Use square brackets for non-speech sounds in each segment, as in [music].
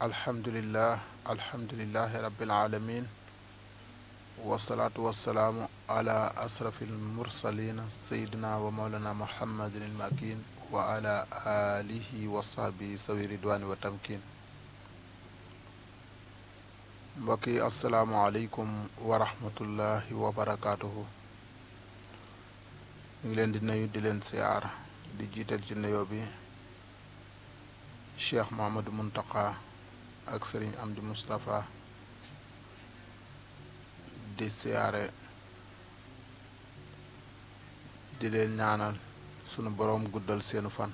alhamdulillah alhamdulillahi rabbil alamin wasalaatu wasalaamu ala asrafi almursalin sayidina wa mawlana muhammadin almakin wa ala alihi wa sahbi sawi ridwani wa tamkin mbokk yi asalaamualeykum wa rahmatullahi wa barakaatuhu ñu ngi leen di nuyu di leen siyaar di jiital ci nuyoo bi cheikh mahamadou muntaqa ak sëriñ Amdi Moustapha di siyaare di leen ñaanal sunu boroom guddal seenu fan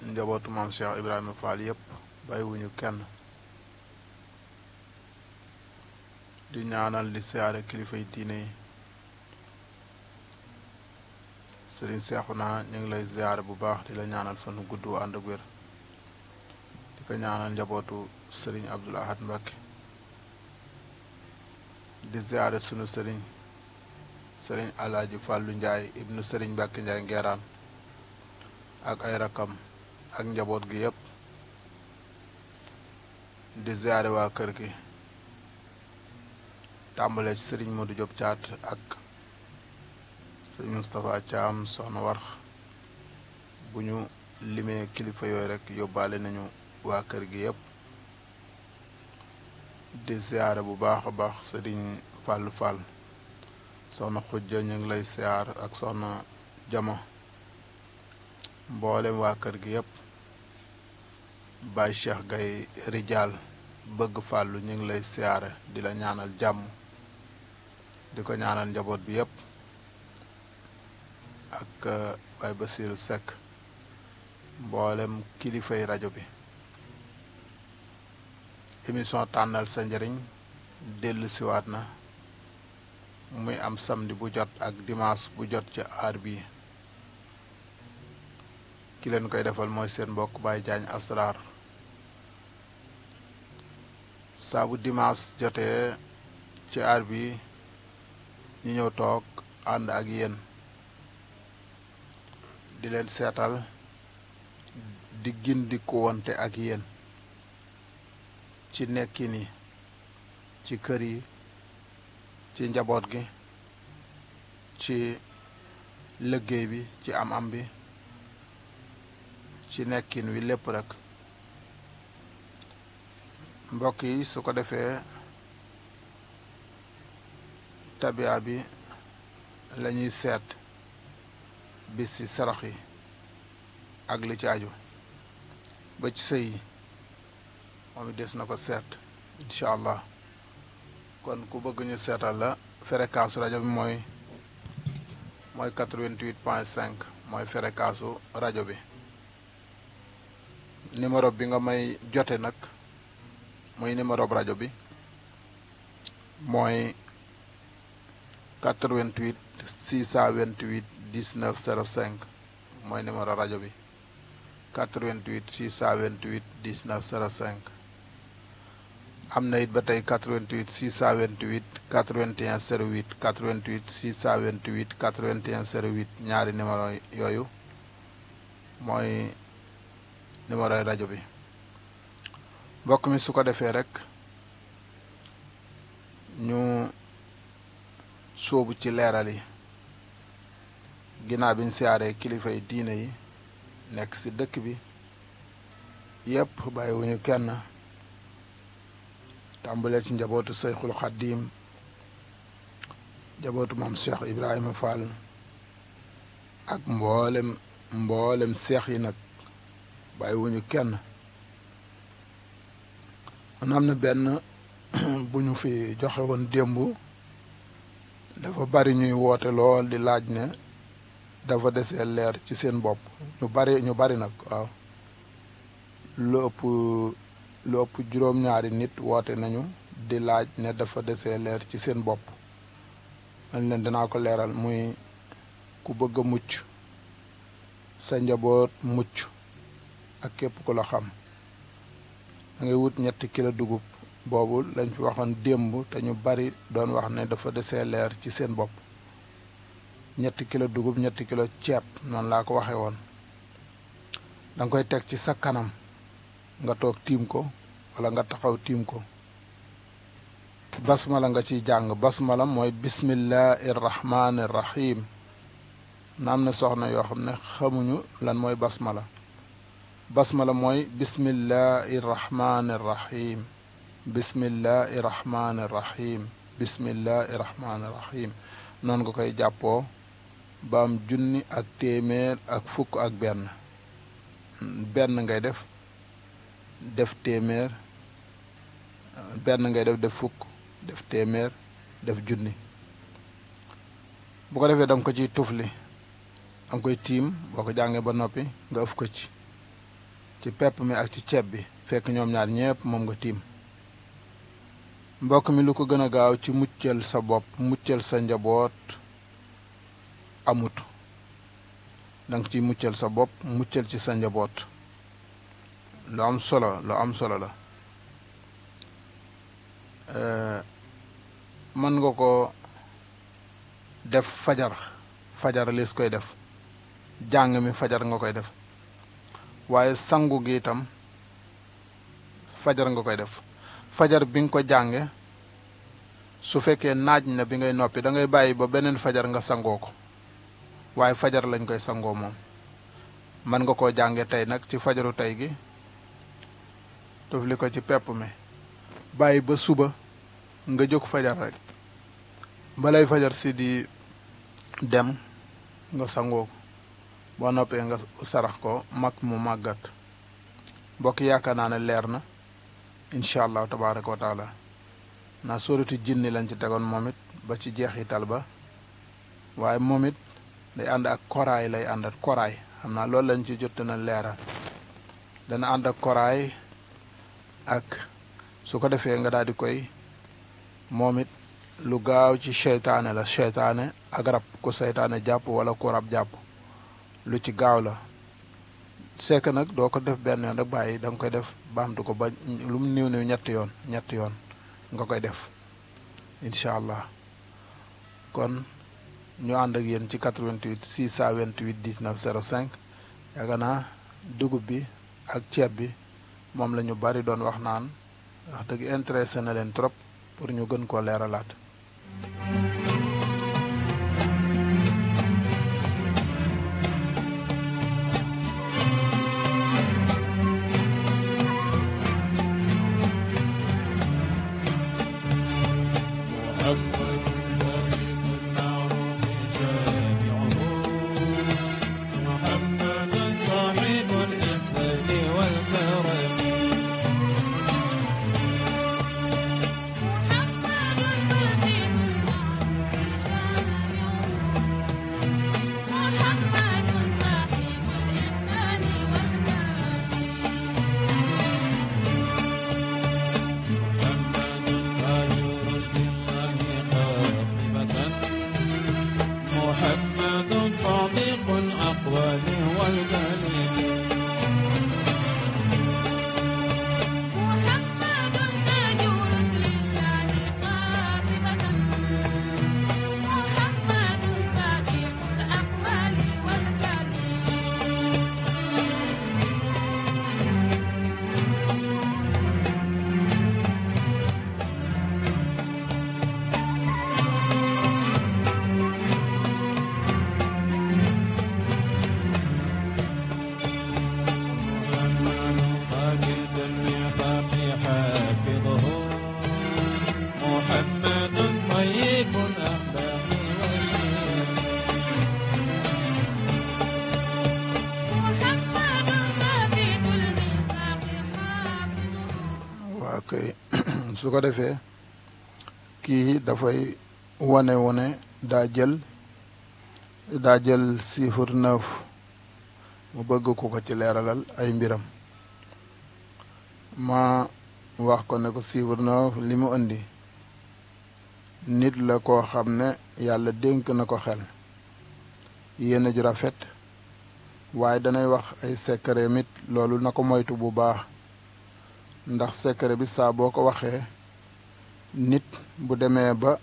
njabootu maam Cheikh Ibrahima yépp bàyyiwuñu kenn di ñaanal di siyaare kilifay diine yi sëriñ seexu naa ñu ngi lay ziyaare bu baax di la ñaanal sunu gudd ànd ak wér ko ñaanal njabootu sëriñ Abdul Ahad Mbakke di ziare sunu sëriñ sëriñ alaaji fàllu njaay ibnu sëriñ Mbakke njaay ngeeraan ak ay rakam ak njaboot gi yépp di ziare waa kër gi tàmbalee ci sëriñ Modou Diop Thiat ak sëriñ Moustapha Thiam soxna warx bu ñu limee kilifa yooyu rekk yóbbaale nañu waa kër gi yëpp di siyaare bu baax a baax sëriñ Fallou Fall soxna xujja ñu ngi lay siyaar ak soxna jama mboolem waa kër gi yëpp Baye Cheikh gay Rijaal bëgg fàllu ñu ngi lay siyaare di la ñaanal jàmm di ko ñaanal njaboot bi yëpp ak euh, Baye Basirou Seck mboolem kilifay rajo bi émission tànnal sa njariñ dellu siwaat na muy am samedi bu jot ak dimanche bu jot ci aar bi ki leen koy defal mooy seen mbokk Baye Diagne Asrar saa bu dimanche jotee ci aar bi ñu ñëw toog ànd ak yéen di leen seetal di gindi ku wonte ak yéen ci nekkin yi ci kër yi ci njaboot gi ci liggéey bi ci am-am bi ci nekkin wi lépp rek mbokk yi su ko defee tabia bi lañuy seet bis ci sarax yi ak li ci aju ba ci sëy moom it des na ko seet incha allah kon ku bëgg ñu seetal la fréquence rajo bi mooy mooy 88 point 5 mooy fréquence rajo bi numéro bi nga may jote nag muy numéro rajo bi mooy 88 628 19 05 mooy numéro rajo bi 88 628 19 05 am na it ba tey 88 628 81 08 88 628 81 08 ñaari numéro yooyu mooy numéro rajo bi mbokk mi su ko defee rek ñu sóobu ci leeral yi ginnaaw bi ñu siyaaree kilifa yi diine yi nekk ci dëkk bi yépp bàyyiwuñu kenn tàmbalee si njabootu Seyxul Xaddiim njabootu maam Cheikh Ibrahima Fall ak mboolem mboolem seex yi nag bàyyiwuñu kenn man am na benn [clears throat] bu ñu fi joxewoon démb dafa bari ñuy woote lool di laaj ne dafa desee leer ci seen bopp ñu bari ñu bari nag waaw lu ëpp lu ëpp juróom-ñaari nit woote nañu di laaj ne dafa desee leer ci seen bopp man leen dinaa ko leeral muy ku bëgg a mucc sa njaboot mucc ak képp ku la xam da ngay wut ñetti kilo dugub boobu lañ fi waxoon démb te ñu bari doon wax ne dafa desee leer ci seen bopp ñetti kilo dugub ñetti kilo ceeb noonu laa ko waxee woon danga koy teg ci sa kanam nga toog tiim ko walla nga taxaw tiim ko basmala nga ci jàng basmala mooy bismillahi na am na soxna yoo ne xamuñu lan mooy basmala basmala mooy bismillahi rahmaani rahim bismillahi rahmaani rahim noonu nga koy jàppoo ba am junni ak téeméer ak fukk ak benn benn ngay def def téeméer benn ngay def def fukk def téeméer def junni bu ko defee da ko ci tuuf li nga koy tiim boo ko jàngee ba noppi nga ëf ko ci ci pepp mi ak ci ceeb bi fekk ñoom ñaar ñépp moom nga tiim mbokk mi lu ko gën a gaaw ci muccal sa bopp muccal sa njaboot amutu danga ciy muccal sa bopp muccal ci sa njaboot lu am solo lu am solo la eh, mën nga koo def fajar fajar lis koy def jàng mi fajar nga koy def waaye sangu gi itam fajar nga koy def fajar bi nga ko jànge su fekkee naaj na bi ngay noppi da ngay bàyyi ba beneen fajar nga sangoo ko waaye fajar lañ koy sangoo moom mën nga koo jànge tey nag ci fajaru tey gi tofli ko ci pepp mi bàyyi ba suba nga jóg fajar rek balay fajar si di dem nga sangoo ko boo noppee nga sarax ko mag mu màggat mbokk yaakaar naa ne leer na incha allahu tabaraka wa na sóoratu jinni lañ ci tegoon moom it ba ci jeexital ba waaye moom it day ànd ak koraay lay ànd ak koraay xam naa loolu lañ ci jot na leeral dana ànd ak koraay ak su ko defee nga daal di koy moom it lu gaaw ci seytaane la seytaane ak rab ku seytaane jàpp wala ku rab jàpp lu ci gaaw la sekk nag doo ko def benn yoon rek bàyyi da koy def baamtu ko ba lu mu néew néew ñetti yoon ñetti yoon nga koy def incha allah kon ñu ànd ak yéen ci 88 628 19 05 yaakaar naa dugub bi ak ceeb bi. moom la ñu bari doon wax naan wax dëgg intéressé na leen trop pour ñu gën koo leeralaat su ko defee kii dafay wane wane daa jël daa jël chiffre neuf mu bëgg ku ko ci leeralal ay mbiram ma wax ko ne ko chiffre neuf li mu indi nit la koo xam ne yàlla dénk na ko xel yéene ju rafet waaye danay wax ay secret mit loolu na ko moytu bu baax ndax secret bi saa boo ko waxee nit bu demee ba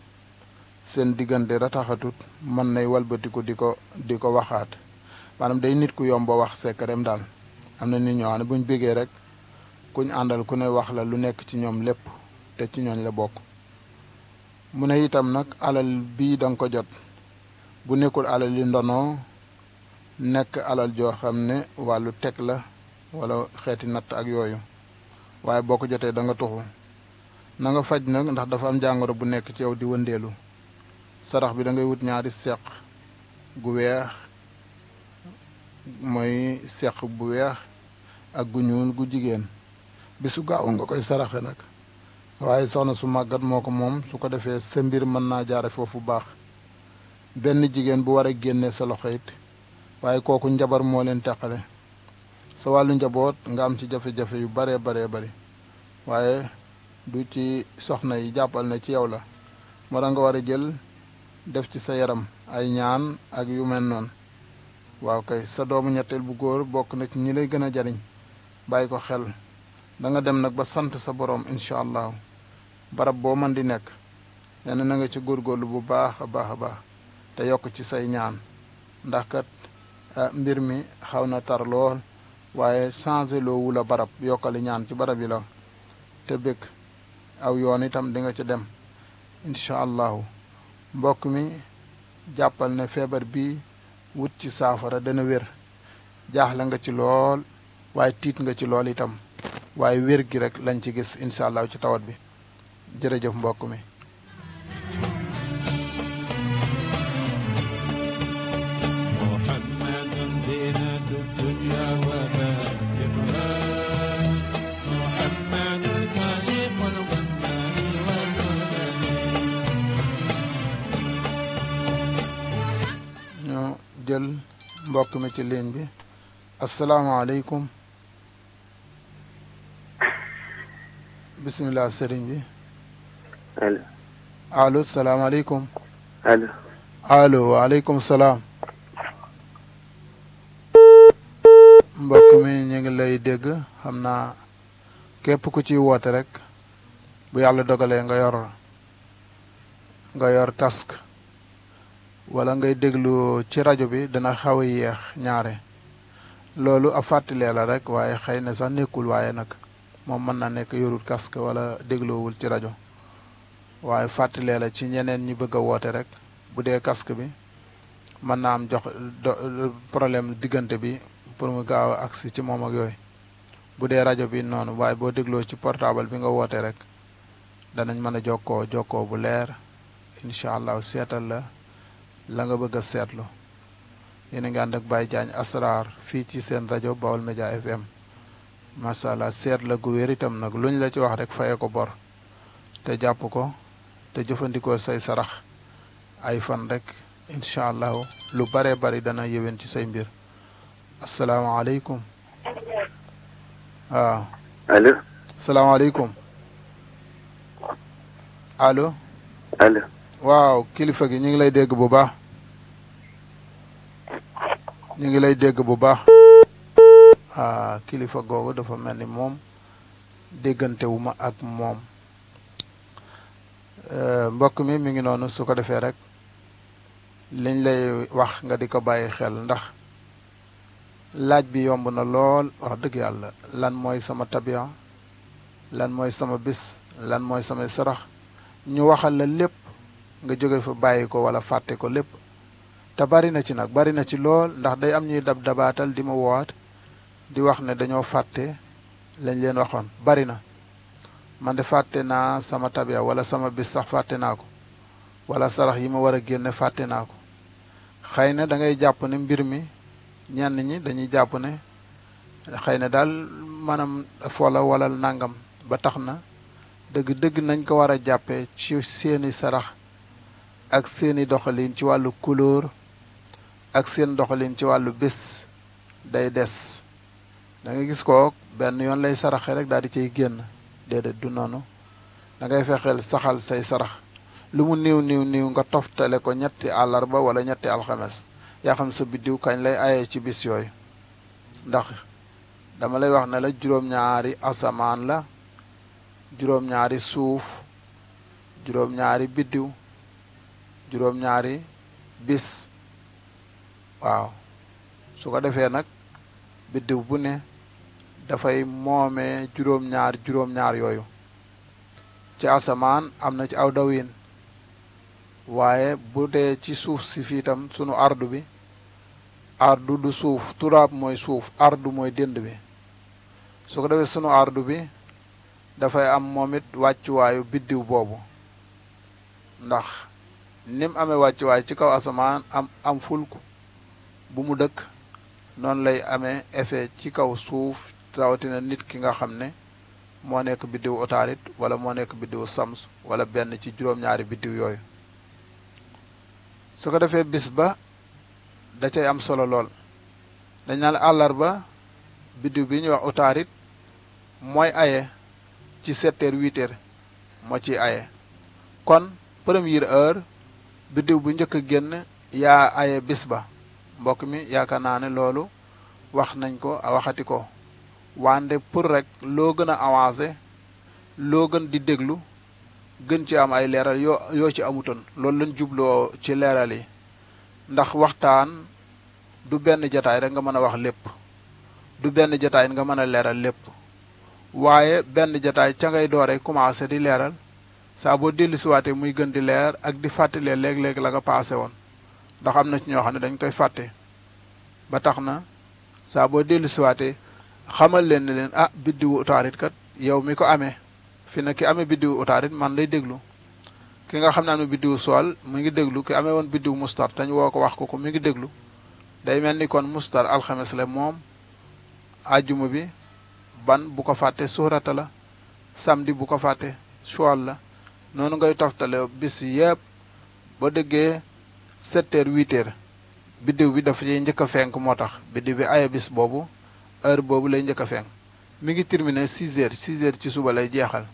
seen diggante rataxatut mën nay walbatiku di ko di ko waxaat maanaam day nit ku yomb a wax sekkareem daal am na nit ñoo xam ne béggee bégee ku ñu àndal ku ne wax la lu nekk ci ñoom lépp te ci ñooñ la bokk mu ne itam nag alal bii da ko jot bu nekkul alal yi ndono nekk alal joo xam ne wàllu teg la wala xeeti natt ak yooyu waaye boo ko jotee da nga nanga faj nag ndax dafa am jàngoro bu nekk ci yow di wëndeelu sarax bi dangay wut ñaari seq gu weex mooy seq bu weex ak gu ñuul gu jigéen bi su gaaw nga koy saraxe nag waaye soxna su màggat moo ko moom su ko defee sa mbir mën naa jaare foofu baax benn jigéen bu war a génne sa loxo it waaye kooku njabar moo leen teqale sa wàllu njaboot nga am ci jafe-jafe yu baree baree bari waaye du ci soxna yi jàppal na ci yow la moo tax war a jël def ci sa yaram ay ñaan ak yu mel noonu waaw kay sa doomu ñetteel bu góor bokk na ci ñi lay gën a jariñ bàyyi ko xel danga dem nag ba sant sa borom incha allah barab boo mën di nekk nee na nga ci góorgóorlu bu baax a baax a baax te yokk ci say ñaan ndax kat ah, mbir mi xaw na tar lool waaye changé loowu la barab yokkali ñaan ci barab yi la te bëgg aw yoon itam di nga ci dem incha allahu mbokk mi jàppal na feebar bi wut ci saafara dana wér jaaxle nga ci lool waaye tiit nga ci lool itam waaye wér gi rek lañ ci gis incha allahu ci tawat bi jërëjëf mbokk mi jël mbokk mi ci ligne bi asalaamaaleykum bisimilah sëriñ bi. allo. allo salaamaaleykum. allo. allo waaleykum salaam. mbokk mi ñu ngi lay dégg xam naa képp ku ci woote rek bu yàlla dogalee nga yor nga yor casque. wala ngay déglu ci rajo bi dana xaw a yéex ñaare loolu a fàttalee la rek waaye xëy na sax nekkul waaye nag moom mën na nekk yorul casque wala dégloowul ci rajo waaye fàttalee la ci ñeneen ñi bëgg a woote rek bu dee casque bi mën naa am jox problème diggante bi pour mu gaaw a agsi ci moom ak yooyu bu dee rajo bi noonu waaye boo dégloo ci portable bi nga woote rek danañ mën a jokkoo jokkoo bu leer incha allah seetal la la nga bëgg a seetlu yéen a ngi ànd ak Baye Diagne Asrar fii ci seen rajo Baol Média FM macha allah seet gu wér itam nag luñ la ci wax rek faye ko bor te jàpp ko te jëfandikoo say sarax ay fan rekk incha allahu lu baree bari dana yéwén ci say mbir asalaamaaleykum. waaw. Ah. allo. salaamaaleykum. allo. waaw kilifa gi ñu ngi lay dégg bu baax ñu ngi lay dégg bu baax ah kilifa googu dafa mel ni moom déggante ak moom eh, mbokk mi mi ngi noonu su ko defee rek liñ lay wax nga di ko bàyyi xel ndax laaj bi yomb na lool wax dëgg yàlla lan mooy sama tabiya lan mooy sama bis lan mooy samay sarax ñu waxal la lépp nga jóge fa bàyyi ko wala fàtte ko lépp te bari na ci nag bari na ci lool ndax day am ñuy dab dabaatal di ma woowaat di wax ne dañoo fàtte lañ leen waxoon bari na man de fàtte naa sama tabia wala sama bis sax fàtte naa ko wala sarax yi ma war a génne fàtte naa ko xëy na da ngay jàpp ne mbir mi ñenn ñi dañuy jàpp ne xëy na daal maanaam fola walal nangam ba tax na dëgg-dëgg nañ ko war a jàppee ci seeni sarax ak seeni doxalin ci wàllu couleur ak seen doxalin ci wàllu bés day des dangay gis ko benn yoon lay saraxe rek daal di cay génn déedéet du noonu dangay ngay fexeel saxal say sarax lu mu niiw niiw niiw nga toftale ko ñetti àllarba wala ñetti alxames yaa xam sa biddiw kañ lay aye ci bis yooy ndax dama lay wax ne la juróom-ñaari asamaan la juróom-ñaari suuf juróom-ñaari biddiw juróom-ñaari bis waaw su ko defee nag biddiw bu ne dafay moomee juróom-ñaar juróom-ñaar yooyu ci asamaan am na ci aw dawin waaye bu dee ci suuf si fii tam sunu ardu bi ardu du suuf turaab mooy suuf ardu mooy dënd bi su ko defee sunu ardu bi dafay am moomit wàccuwaayu biddiw boobu ndax ni mu amee waay ci kaw asamaan am am fulk bu mu dëkk noonu lay amee effet ci kaw suuf rawatina nit ki nga xam ne moo nekk biddiwu otaarit wala moo nekk biddiwu sams wala benn ci juróom-ñaari biddiw yooyu su ko defee bis ba da cay am solo lool dañ naan àllarba biddiw bi ñuy wax otaarit mooy aye ci sept heures moo ciy aye kon première heure biddiw bu njëkk a génn yaa aye bis ba mbokk mi yaakaar naa ne loolu wax nañ ko a waxati ko wande pour rek loo gën a avancé loo gën di déglu gën ci am ay leeral yoo yoo ci amutoon loolu lañ jubloo ci leeral yi ndax waxtaan du benn jataay rek nga mën a wax lépp du benn jataay nga mën a leeral lépp waaye benn jataay ca ngay doore commencé di leeral saa boo dellu siwaatee muy gën di leer ak di fàttalee léeg-léeg la nga paase woon ndax am na ci ñoo xam ne dañ koy fàtte ba tax na saa boo dellu siwaatee xamal leen ne leen ah biddiwu utaarit kat yow mi ko amee fi na ki amee biddiwu utaarit man lay déglu ki nga xam ne amee biddiwu sool mu ngi déglu ki amee woon biddiwu mustar dañu woo ko wax ko ko mu ngi déglu day mel ni kon mustar alxames la moom àjjuma bi ban bu ko fàttee suurata la samdi bu ko fàtte sool la noonu ngay toftale bis yëpp boo déggee sept heures huit biddiw bi dafa ciy njëkk a fenk moo tax biddiw bi aya bis boobu heure boobu lay njëkk a fenk mi ngi terminé six heures six ci suba lay jeexal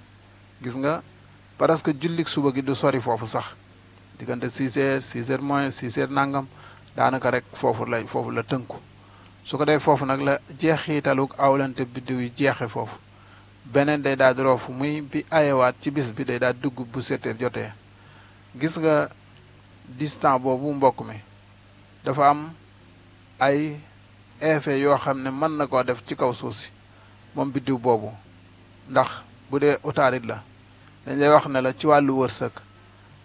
gis nga parce que jullik suba gi du sori foofu sax diggante six heures six heures moins nangam daanaka rek foofu lay foofu la tënku su ko dee foofu nag la jeexitaluk awlante biddiw yi jeexe foofu beneen day daal di roofu muy bi ayewaat ci bis bi day daal dugg bu seteer jotee gis nga distant boobu mbokk mi dafa am ay effet yoo xam ne mën na koo def ci kaw suuf si moom biddiw boobu ndax bu dee utaarit la dañ lay wax ne la ci wàllu wërsëg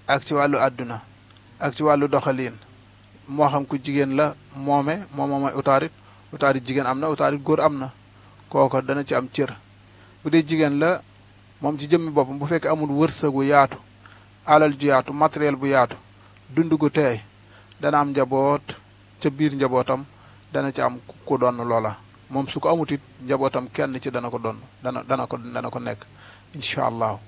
ak ci wàllu àdduna ak ci wàllu doxaliin moo xam ku jigéen la moome moom mooy utaarit utaarit jigéen am na utaarit góor am na kooko dana ci am cër bu dee jigéen la moom ci jëmmi boppam bu fekkee amul wërsëgu yaatu alal ju yaatu matériel bu yaatu dund gu teey dana am njaboot ca biir njabootam dana ci am ku donn loola moom su ko amutit njabootam kenn ci dana ko donn dana dana ko dana ko nekk incha allahu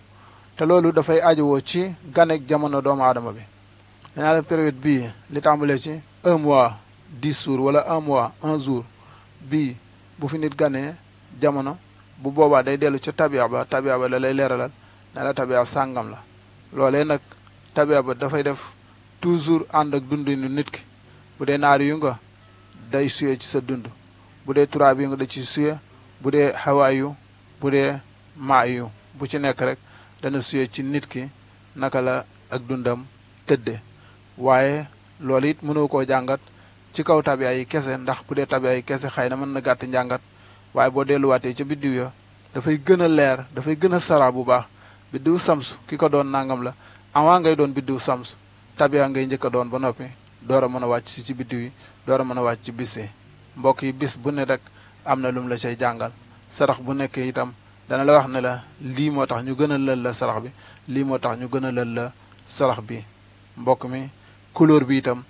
te loolu dafay ajowoo ci ganek jamono doomu aadama bi danaa la période bii li tàmbalee ci un mois dix jours wala un mois un jour bii bu fi nit ganee jamono bu boobaa day dellu ca tabia ba tabia ba la lay leeralal ne la tabia sàngam la loole nag tabia ba dafay def toujours ànd ak dundinu nit ki bu dee naar yu nga day suye ci sa dund bu dee turaab yu nga da ci suye bu dee xawaa yu bu dee maa yu bu ci nekk rek dana suye ci nit ki naka la ak dundam tëdde waaye loolu it mënoo koo jàngat ci kaw tabia yi kese ndax bu dee tabia yi kese xëy na mën na gàtt njàngat waaye boo delluwaatee ca biddiw ya dafay gën a leer dafay gën a sara bu baax biddiw sams ki ko doon nangam la avant ngay doon biddiw samsu tabia ngay njëkk a doon ba noppi door a mën a wàcc si ci biddiw yi door a mën a wàcc ci bis yi mbokk yi bis bu ne rek am na lum la cay jàngal sarax bu nekk itam dana la wax ne la lii moo tax ñu gën a lël la sarax bi lii moo tax ñu gën a lël la sarax bi mbokk mi couleur bi itam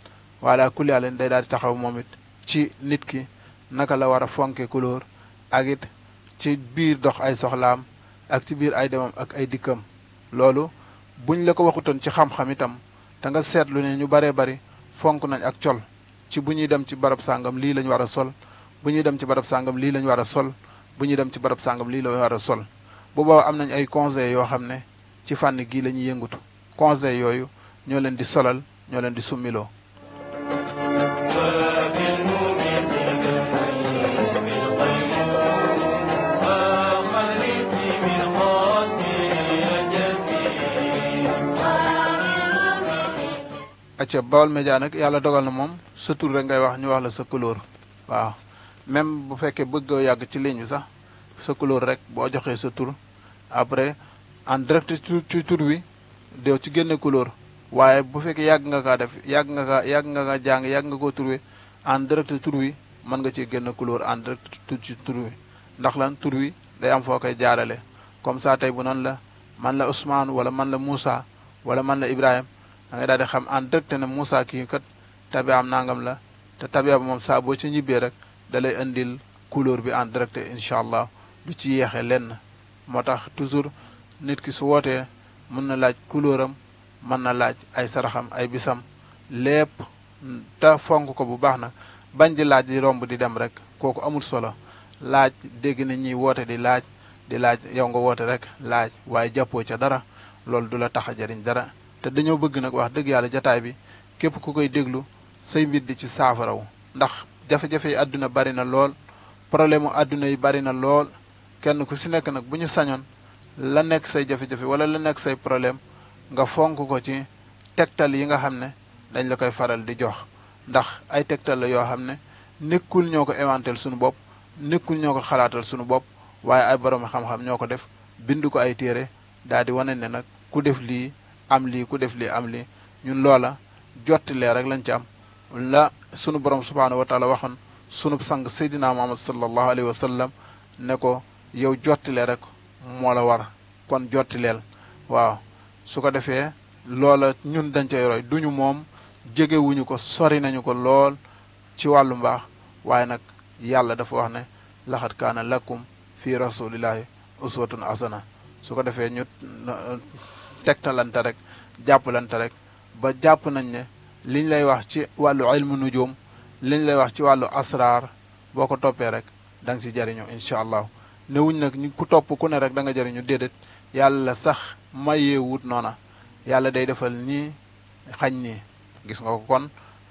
wala kulli leen day daal taxaw moom it ci nit ki naka la war a fonke couleur ak it ci biir dox ay soxlaam ak ci biir ay demam ak ay dikkam loolu buñ la ko waxutoon ci xam-xam itam te nga seetlu ne ñu baree bari fonk nañ ak col ci bu ñuy dem ci barab sàngam lii lañu war a sol bu ñuy dem ci barab sàngam lii lañ war a sol bu ñuy dem ci barab sàngam lii lañ war a sol bu boobaa am nañ ay conseils yoo xam ne ci fànn gii la ñuy yëngatu yooyu ñoo leen di solal ñoo leen di summiloo ca Baol Média nag yàlla dogal na moom sa tur rek ngay wax ñu wax la sa couleur waaw même bu fekkee bëgg yàgg ci ligne bi sax sa couleur rek boo joxee sa tur après en direct ci tur wi déw ci génne couleur waaye bu fekkee yàgg nga kaa def yàgg nga kaa yàgg nga ko jàng yàgg nga koo trouvé en direct tur wi mën nga ci génne couleur en direct ci tur wi ndax lan tur wi day am foo koy jaarale comme ça tey bu nan la man la Ousmane wala man la Moussa wala man la Ibrahima da ngay daal di xam en direct ne Moussa kii kat tabi'am nangam la te tabi'a moom saaboo boo ci ñibbee rek dalay lay indil couleur bi en direct incha allah du ci yéexee lenn moo tax toujours nit ki su wootee mën na laaj couleur mën na laaj ay saraxam ay bisam lépp te fonk ko bu baax nag bañ di laaj di romb di dem rek kooku amul solo laaj dégg na ñuy woote di laaj di laaj yow nga woote rek laaj waaye jàppoo ca dara loolu du la tax a jariñ dara te dañoo bëgg nag wax dëgg yàlla jataay bi képp ku koy déglu say mbir di ci saafarawu ndax jafe-jafe àdduna bari na lool problème mu àdduna yi bari na lool kenn ku si nekk nag bu ñu sañoon la nekk say jafe-jafe wala la nekk say problème nga fonk ko ci tegtal yi nga xam ne dañ la koy faral di jox ndax ay tegtal la yoo xam ne nekkul ñoo ko éventel suñu bopp nekkul ñoo ko xalaatal suñu bopp waaye ay borom xam-xam ñoo ko def bind ko ay téere daal wane ne nag ku def lii am lii ku def lii am lii ñun loola jottilee rek lañ ci am la sunu borom subhaanahu wa taala waxoon sunu sang seydina muhammad sallallahu alayhi wa sallam ne ko yow jottile rek moo la war kon jottileel waaw su ko defee loola ñun dañ cay roy duñu moom jegewuñu ko sori nañu ko lool ci wàllu mbaax waaye nag yàlla dafa wax ne laxat kaana lakum fii rasulillahi uswatun asana su ko defee ñu tegtalante rek jàppalante rek ba jàpp nañ ne liñ lay wax ci wàllu ilmu nujum liñ lay wax ci wàllu asraar boo ko toppee rek danga nga si jariñoo incha allah newuñ nag ñu ku topp ku ne rek da nga jariñu déedéet yàlla sax mayee wut noona yàlla day defal nii xañ ni gis nga ko kon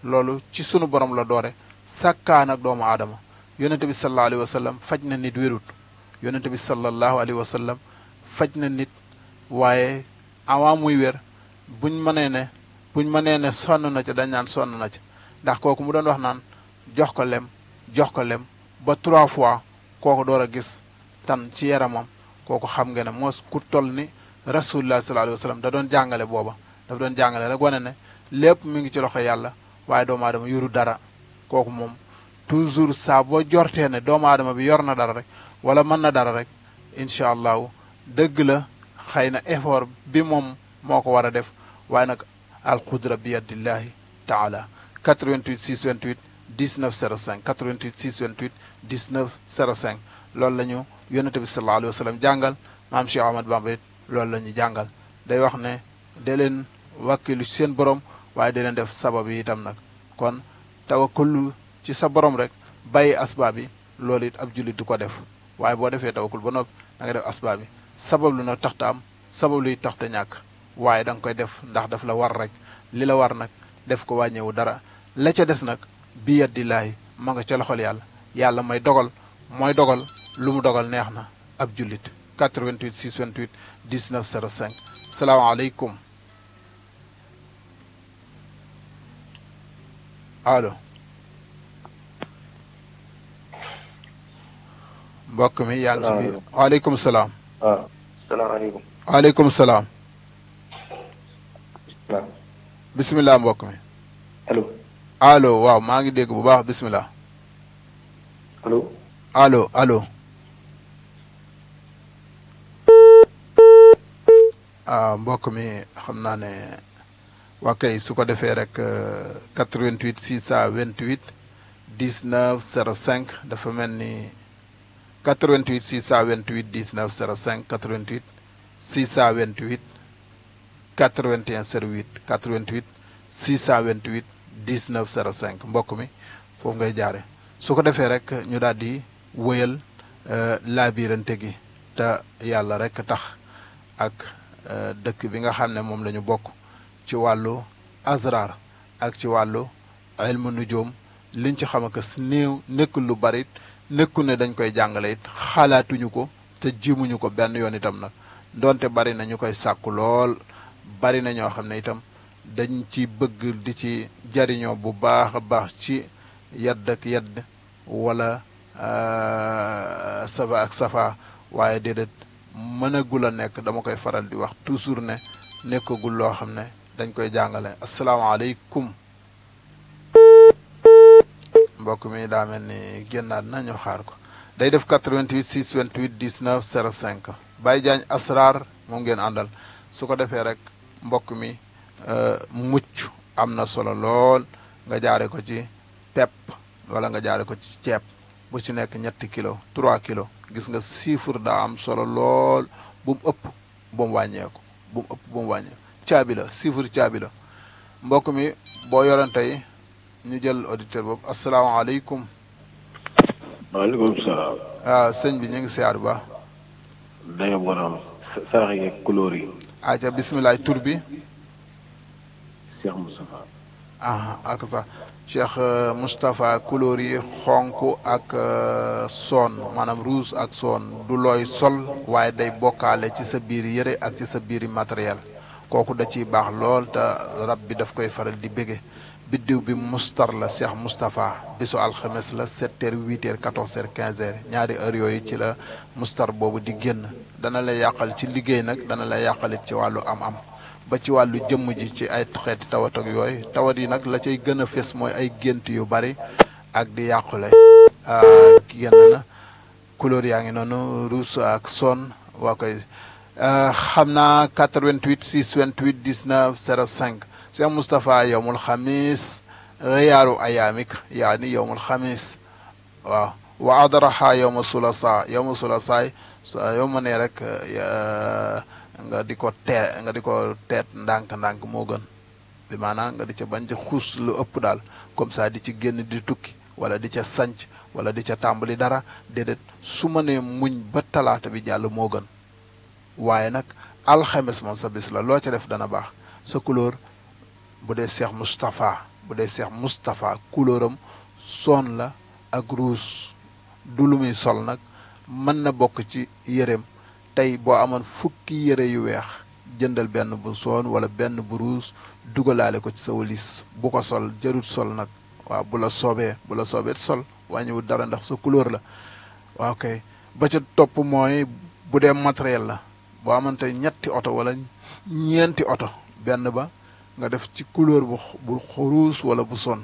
loolu ci sunu borom la doore sàkkaan ak doomu aadama yonente bi sallallahu alayhi wa sallam faj na nit wérut yonente bi sallallahu alayhi wa sallam faj na nit waaye avant muy wér buñ mënee ne buñ mënee ne sonn na ci dañ naan sonn na ci ndax kooku mu doon wax naan jox ko lem jox ko lem ba trois fois kooku door a gis tan ci yaramam kooku xam nga ne moos ku toll ni rasulullah sallallahu alayhi wa sallam da doon jàngale booba dafa doon jàngale rek wane ne lépp mu ngi ci loxo yàlla waaye doomu aadama yoru dara kooku moom toujours saa boo jortee ne doomu aadama bi yor na dara rek wala mën na dara rek incha allahu dëgg la xëy na effort bi moom moo ko war a def waaye nag alxudra bi yadillahi taala 88 628 19 05 88 628 19 05 loolu la ñu yonente bi sallallahu alayhi wa sallam jàngal maam Cheikh Ahmad Bamba it loolu la ñu jàngal day wax ne da leen wàkkilu ci seen borom waaye daleen def sabab yi itam nag kon tawakulu ci sa borom rek bàyyi asbaab yi loolu it ab jullit du ko def waaye boo defee tawakul ba noppi da nga def asbaab yi sabablu lu na te am sabablu luy tax te ñàkk waaye da nga koy def ndax daf la war rek li la war nag def ko wàññeewu dara la ca des nag bi yaddilaay ma nga ca loxol yàlla yàlla may dogal mooy dogal lu mu dogal neex na ab jullit 88 628 19 05 salaamaaleykum allo mbokk mi yaa si biir waaleykum salaam waaw ah, salaamaaleykum. waaleykum salaam. waaw. bisimilah allo. waaw maa ngi dégg bu baax bisimilah. allo. allo allo. ah mbokk mi xam naa ne waa kay su ko defee rek 88 628 19 05 dafa mel ni. 88 628 19 05 88 628 81 08 88 628 19 05 mbokk mi foofu ngay jaare su ko defee rek ñu daal di wëyal euh, laabirante gi te yàlla rek tax ak euh, dëkk bi nga xam ne moom la ñu bokk ci wàllu asrar ak ci wàllu ilmu nujoom liñ ci xam ak néew lu bari nekku ne dañ koy jàngale it xalaatuñu ko te jimuñu ko benn yoon itam nag donte bari na ñu koy sàkku lool bari na ñoo xam ne itam dañ ci bëgg di ci jariñoo bu baax a baax ci yadd ak yadd wala euh, safa ak safa waaye déedéet mënagul a nekk dama koy faral di wax toujours ne nekkagul loo xam ne dañ koy jàngale asalaamaaleykum mbokk mi daa mel ni génnaat na ñu xaar ko day def 88 628 19 05 baay Diagne Asrar moom ngeen àndal su ko defee rek mbokk mi euh, mucc am na solo lool nga jaare ko ci pepp wala nga jaare ko ci ceeb bu ci nekk ñetti kilo 3 kilo gis nga chiffre daa am solo lool bu ëpp bu wàññeeku bu mu ëpp bu mu wàññeeku caabi la chiffre mbokk mi boo yorante yi ñu jël auditeur boobu asalaamaaleykum. maaleykum salaam. Ah, sëñ bi ñu ngi siyaar ba. dayoo borom sarax yi ak couleur yi. bisimilah tur bi. Cheikh Moustapha. ah ak sax Cheikh euh, Moustapha couleur yi xonk ak euh, son maanaam rouge ak soon du looy sol waaye day bokkaale ci sa biir yére ak ci sa biir biiri matériel kooku da ciy baax lool te rab bi daf koy faral di bége. biddiw bi mustar la Cheikh Moustapha bisu alxames la 7 heures 8 heures 14 heures 15 heures ñaari heures yooyu ci la mustar boobu di génn dana la yàqal ci liggéey nag dana la yàqale ci wàllu am-am ba ci wàllu jëmm ji ci ay xeeti tawat yooyu tawat yi nag la cay gën a fes mooy ay gént yu bari ak di yàqule ah, génn la couleur yaa ngi noonu rouge ak sonn waa koy ah, xam naa 88 628 19 05 Cheikh Moustapha yowmul xamis reyaaru ayaamik yaani yowmul xamis waaw wa adaraha yowma sulasa yowma sulasaay yow ma nee rek nga di ko di ko teet ndànk-ndànk moo gën bi maanaam nga di ca bañ ca xuus lu ëpp daal comme ça di ci génn di tukki wala di ca sanc wala di ca tàmbali dara déedéet su ma nee muñ ba talaata bi jàll moo gën waaye nag alxames moom sa bis la loo ca def dana baax sa couleur bu dee seex Moustapha bu dee seex Moustapha couleuram son la ak ruus du lu sol nag mën na bokk ci yéreem tey boo amoon fukki yére yu weex jëndal benn bu soon wala benn bu ruus dugalaale ko ci sa walis bu ko sol jarut sol nag waaw bu la soobee bu la soobee sol wàññiwul dara ndax sa couleur la waaw kay ba ca topp mooy bu dee matériel la boo amante ñetti oto wala ñeenti oto benn ba nga def ci couleur bu xuruus wala bu son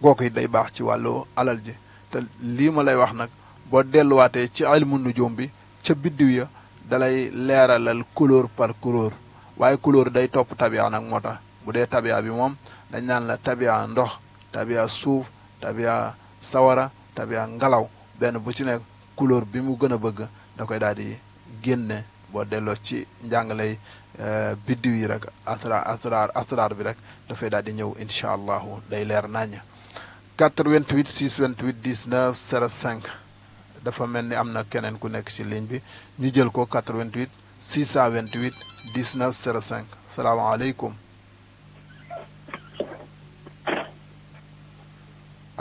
kooku yi day baax ci wàllu alal ji te lii ma lay wax nag boo delluwaatee ci ilmu nujum bi ca biddiw ya dalay leeralal couleur par couleur waaye couleur day topp tabia nag moo tax bu dee tabia bi moom dañ naan la tabia ndox tabia suuf tabia sawara tabia ngelaw benn bu ci nekk couleur bi mu gën a bëgg da koy daal di génne boo delloo ci njàngale yi Euh, biddiw yi rek asrar asrar asrar bi rek dafay daal di ñëw incha allahu day leer naññ 88 628 19 05 dafa mel ni am na keneen ku nekk ci ligne bi ñu jël ko 88 628 19 05 salaamaaleykum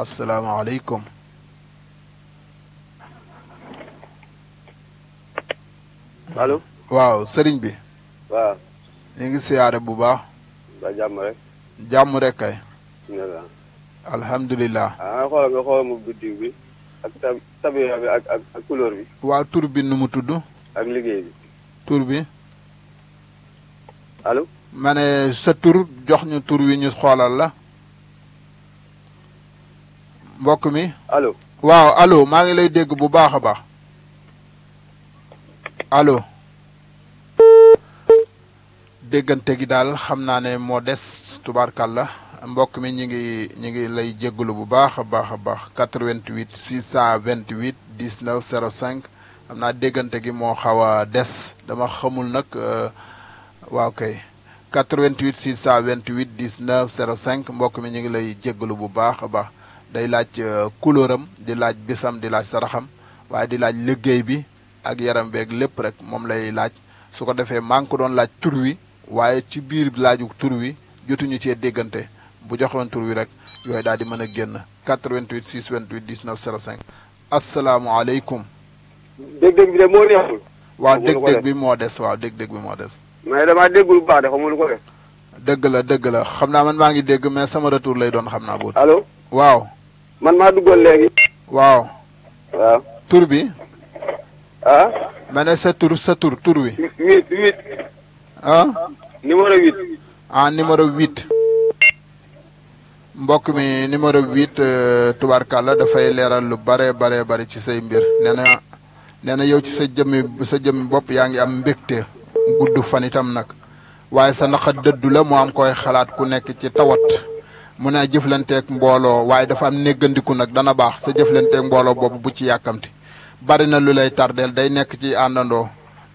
asalaamaaleykum allo waaw sëriñ bi waaw. ñu ngi siyaare bu baax. ba jàmm rek. jàmm rek kay. alhamdulilah. ah xoolal nga xoolal mu biddiw bi bi ak ak ak couleur bi. waa tur bi nu mu tudd. ak liggéey bi. tur bi. alo ma ne sa tur jox ñu tur wi ñu xoolal la. mbokk mi. allo. waaw allo maa ngi lay dégg bu baax a baax. allo. déggante gi daal xam naa ne moo des la mbokk mi ñu ngi ñu ngi lay jégalu bu baax a baax a baax 88 628 19 05 xam naa déggante gi moo xaw a des dama xamul nag euh, waaw kay 88 628 19 05 mbokk mi ñu ngi lay jégalu bu baax a baax day laaj euh, couleuram di laaj bisam di laaj saraxam waaye di laaj liggéey bi ak yaram beeg lépp rek moom lay laaj su ko defee maa ngi ko doon laaj tur waaye ci biir laaju tur wi jotuñu cee déggante bu joxoon tur wi rek yooyu daal di mën a génn 88 628 19 05. asalaamaaleykum. dégg-dégg bi de moo neexul. waaw dégg-dégg bi moo des waaw dégg-dégg bi moo des. mais damaa déggul bu baax dafa mënu ko dëgg la dëgg la xam naa man maa ngi dégg mais sama retour lay doon xam naa boobu. allo waaw. man maa duggoon léegi. waaw. waaw bi. ah. ma ne sa tur sa tur tur wi. ah. numéro 8. Ah, numéro 8. mbokk mi numéro 8 euh, la dafay leeral lu bare bare bare ci say mbir nee yow ci sa jëmmi sa bopp yaa ngi am mbégte gudd fan itam nag waaye sa naxa dëddu la mu am koy xalaat ku nekk ci tawat mu ne jëflanteeg mbooloo waaye dafa am néggandiku nag dana baax sa jëflanteeg mbooloo boobu bu ci yàkkamti bari na lu lay tardeel day nekk ci àndandoo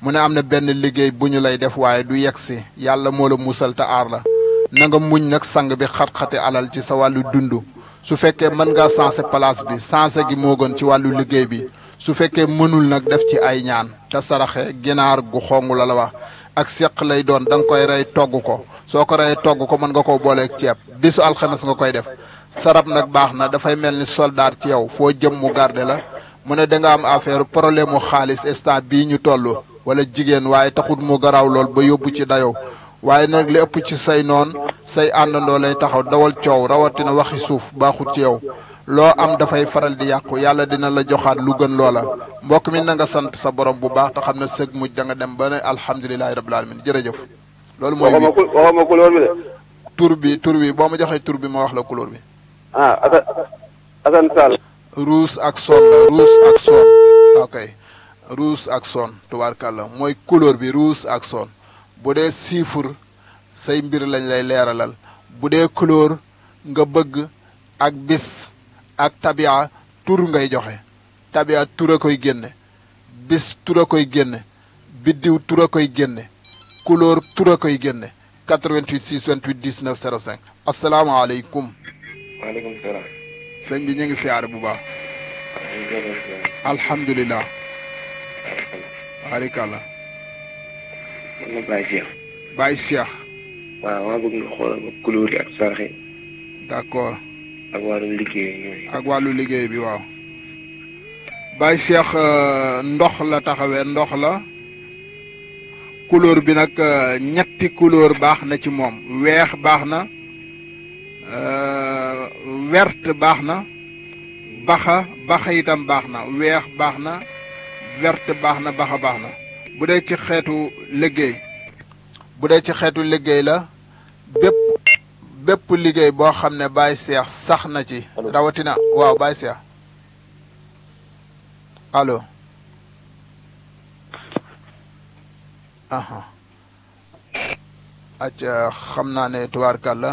mu ne am na benn liggéey bu ñu lay def waaye du yegsi yàlla moo la musal te aar la na muñ nag sang bi xat-xati alal ci sa wàllu dund su fekkee mën ngaa sensé place bi sensé gi moo gën ci wàllu liggéey bi su fekkee mënul nag def ci ay ñaan te saraxe ginaar gu xong la la wax ak seq lay doon da nga koy rey togg ko soo ko reyee togg ko mën nga koo booleeg ceeb bisu alxames nga koy def sarab nag baax na dafay mel ni soldaar ci yow foo jëm mu garde la mu ne da nga am affaire problème mu xaalis instant bii ñu toll wala jigéen waaye taxut mu garaaw lool ba yóbbu ci dayoo waaye nag li ëpp ci say noon say àndandoo lay taxaw dawal coow rawatina waxi suuf baaxut ci yow loo am dafay faral di yàqu yàlla dina la joxaat lu gën loola mbokk mi na nga sant sa borom bu baax te xam na sëg mujj da nga dem ba ne alhamdulilahi rabbil alamin jërëjëf loolu mooy bi waxuma couleur bi de tur bi tur bi boo ma joxee tur bi ma wax la couleur bi ah ruus ak son la ruus ak son rouge ak son tubaarkàlla mooy couleur bi rouge ak son bu dee chiffre say mbir lañ lay leeralal bu dee couleur nga bëgg ak bis ak tabia tur ngay joxe tabia tur a koy génne bis tur a koy génne biddiw tur a koy génne couleur tur koy génne 88 628 19 05 asalaamaaleykum bi ñu ngi siyaare bu baax barikàlla. man la Baye Cheikh. yi ak sarax wàllu liggéey bi waaw. Baye Cheikh euh, ndox la taxawe ndox la. couleur bi nag euh, ñetti couleur baax na ci moom weex baax na wert euh, baax na baxa baxa itam baax na weex baax na gerte baax na baax a baax na bu dee ci xeetu liggéey bu dee ci xeetu liggéey la bépp bépp liggéey boo xam ne Baye Cheikh sax na ci rawatina waaw Baye Cheikh allo acca xam naa ne la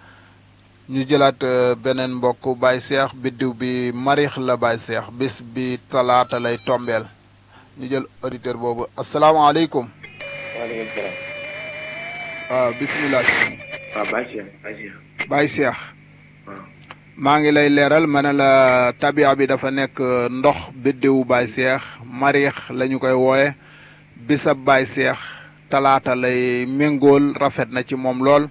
ñu jëlaat euh, beneen mbokk baay Cheikh biddiw bi marix la Baye Cheikh bis bi talaata lay tombeel ñu jël auditeur boobu asalaamaaleykum. waaleykum salaam. waaw ah, bisimilah. waaw ah, Baye ah. maa ngi lay leeral ma ne la tabia bi dafa nekk euh, ndox biddiw Baye Cheikh marix la ñu koy wooye bisab Baye Cheikh talaata lay méngool rafet na ci moom lool.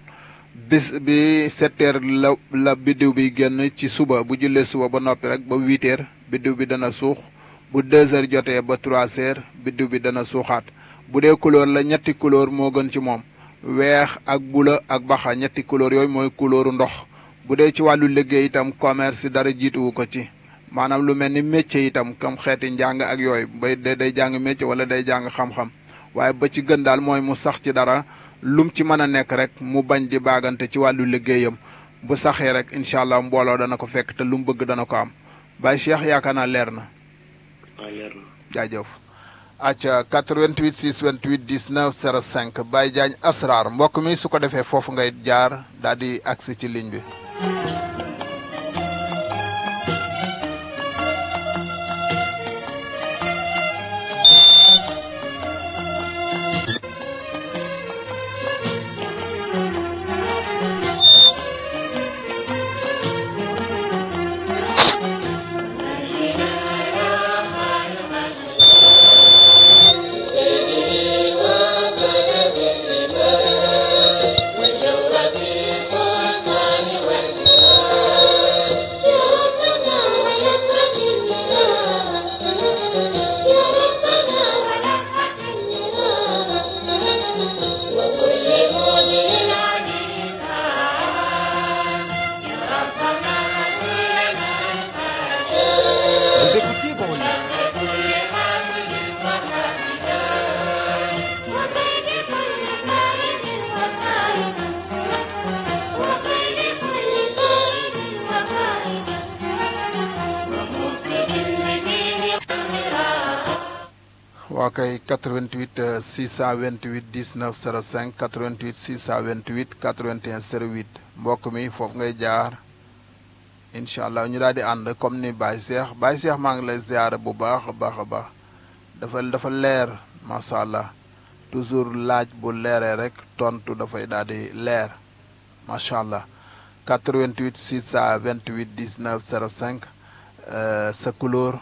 bis bi sept heures la la biddiw bi génn ci suba bu jëlee suba ba noppi rek ba huit heures biddiw bi dana suux bu deux heures jotee ba trois heures bi dana suuxaat bu dee couleur la ñetti couleur moo gën ci moom weex ak bula ak baxa ñetti couleur yooyu mooy couleuru ndox bu dee ci wàllu liggéey itam commerce dara jiituwu ko ci maanaam lu mel ni métier itam kam xeeti njàng ak yooyu bay day jàng métier wala day jàng xam-xam waaye ba ci gën daal mooy mu sax ci dara lum ci mën a nekk rek mu bañ di baagante ci wàllu liggéeyam bu saxee rek incha allah mbooloo dana ko fekk te lu mu bëgg dana ko am Baye Cheikh yaakaar naa leer na. waaw ah, leer na jaajëf. acca 88 628 19 05 Baye mbokk mi su ko defee foofu ngay jaar daal di agsi ci ligne bi. waaw kay 88 628 19 05 88 628 81 08 mbokk mi foofu ngay jaar incha allah ñu daal di ànd comme ni baay seex Baye seex maa ngi lay ziare bu baax a baax a baax dafa dafa leer macha allah toujours laaj bu leeree rek tontu dafay daal di leer macha allah 88 628 19 05 sa couleur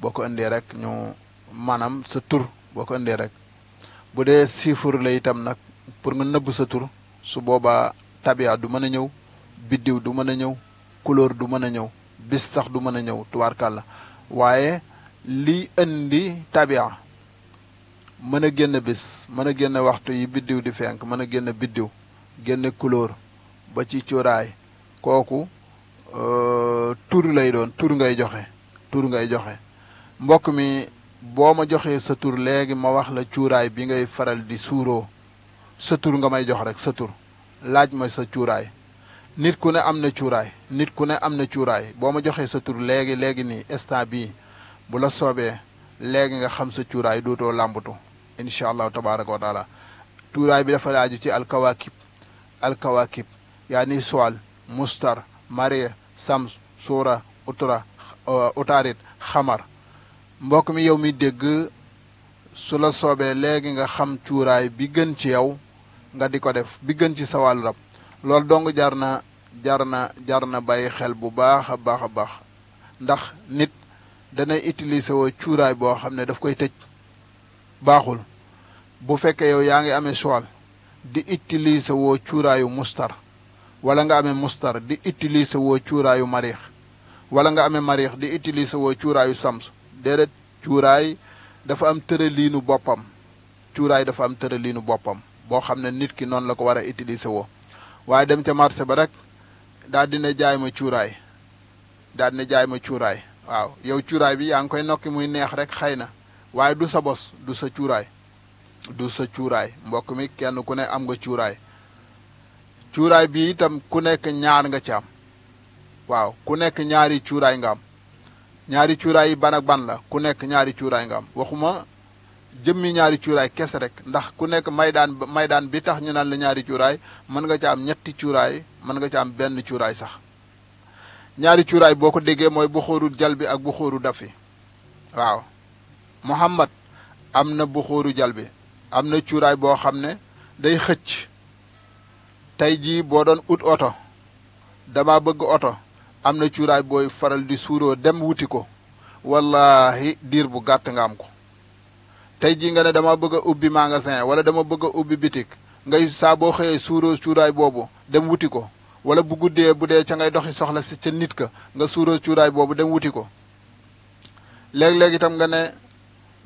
boo ko indee rek ñu. maanaam sa tur boo ko indee rek bu dee chiffre la itam nag pour nga nëbb sa tur su boobaa tabia du mën a ñëw biddiw du mën a ñëw couleur du mën a ñëw bis sax du mën a ñëw tubaarkàlla waaye li indi tabia mën a génn bis mën a génn waxtu yi biddiw di fenk mën a génn biddiw génn couleur ba ci cuuraay kooku euh, tur lay doon tur ngay joxe tur ngay joxe mbokk mi boo ma joxee sa tur léegi ma wax la cuuraay bi ngay faral di suuroo sa tur nga may jox rek sa tur laaj ma sa cuuraay nit ku ne am na cuuraay nit ku ne am na cuuraay boo ma joxee sa tur léegi léegi ni instant bi bu la soobee léegi nga xam sa cuuraay dootoo làmbatu incha allahu tabaraka wa taala cuuraay bi dafa laaju ci alkawaakib alkawaakib yaani suwal mustar marie sams suura utura uh, utaarit xamar mbokk mi yow mi dégg su la soobee léegi nga xam cuuraay bi gën ci yow nga di ko def bi gën ci sawal wàllu rab loolu dong jar na jar na jar na bàyyi xel bu baax a baax a baax ndax nit danay utiliser woo cuuraay boo xam ne daf koy tëj baaxul bu fekkee yow yaa ngi amee soal di utiliser woo cuuraayu mustar wala nga amee mustar di utiliser woo cuuraayu mariix wala nga amee mariix di utiliser woo cuuraayu sams déedéet cuuraay dafa am tëraliinu boppam cuuraay dafa am tëraliinu boppam boo xam ne nit ki noonu la ko war a utiliser woo waaye dem ca marché ba rek daal dina jaay ma cuuraay daal dina jaay ma cuuraay waaw yow cuuraay bi yaa ngi koy nokki muy neex rek xëy na waaye du sa bos du sa cuuraay du sa cuuraay mbokk mi kenn ku ne am nga cuuraay cuuraay bi itam ku nekk ñaar nga ci am waaw ku nekk ñaari cuuraay nga am ñaari cuuraay yi ban ak ban la ku nekk ñaari cuuraay nga am waxuma jëmmi ñaari cuuraay kese rek ndax ku nekk maydaan bi tax ñu naan la ñaari cuuraay mën nga ca am ñetti cuuraay mën nga ca am benn cuuraay sax ñaari cuuraay boo ko déggee mooy bu xóoru jal bi ak bu xóoru dafi waaw Muhammad am na bu xóoru jal bi am na cuuraay boo xam ne day xëcc tey jii boo doon ut oto dama bëgg oto am na cuuraay booy faral di suuroo dem wuti ko wallaahi diir bu gàtt nga am ko tey jii nga ne dama bëgg ubbi magasin wala dama bëgg ubbi bitik ngay saa boo xëyee suuroo cuuraay boobu dem wuti ko wala bu guddee bu dee ca ngay doxi soxla si ca nit ka nga suuroo cuuraay boobu dem wuti ko léeg-léeg itam nga ne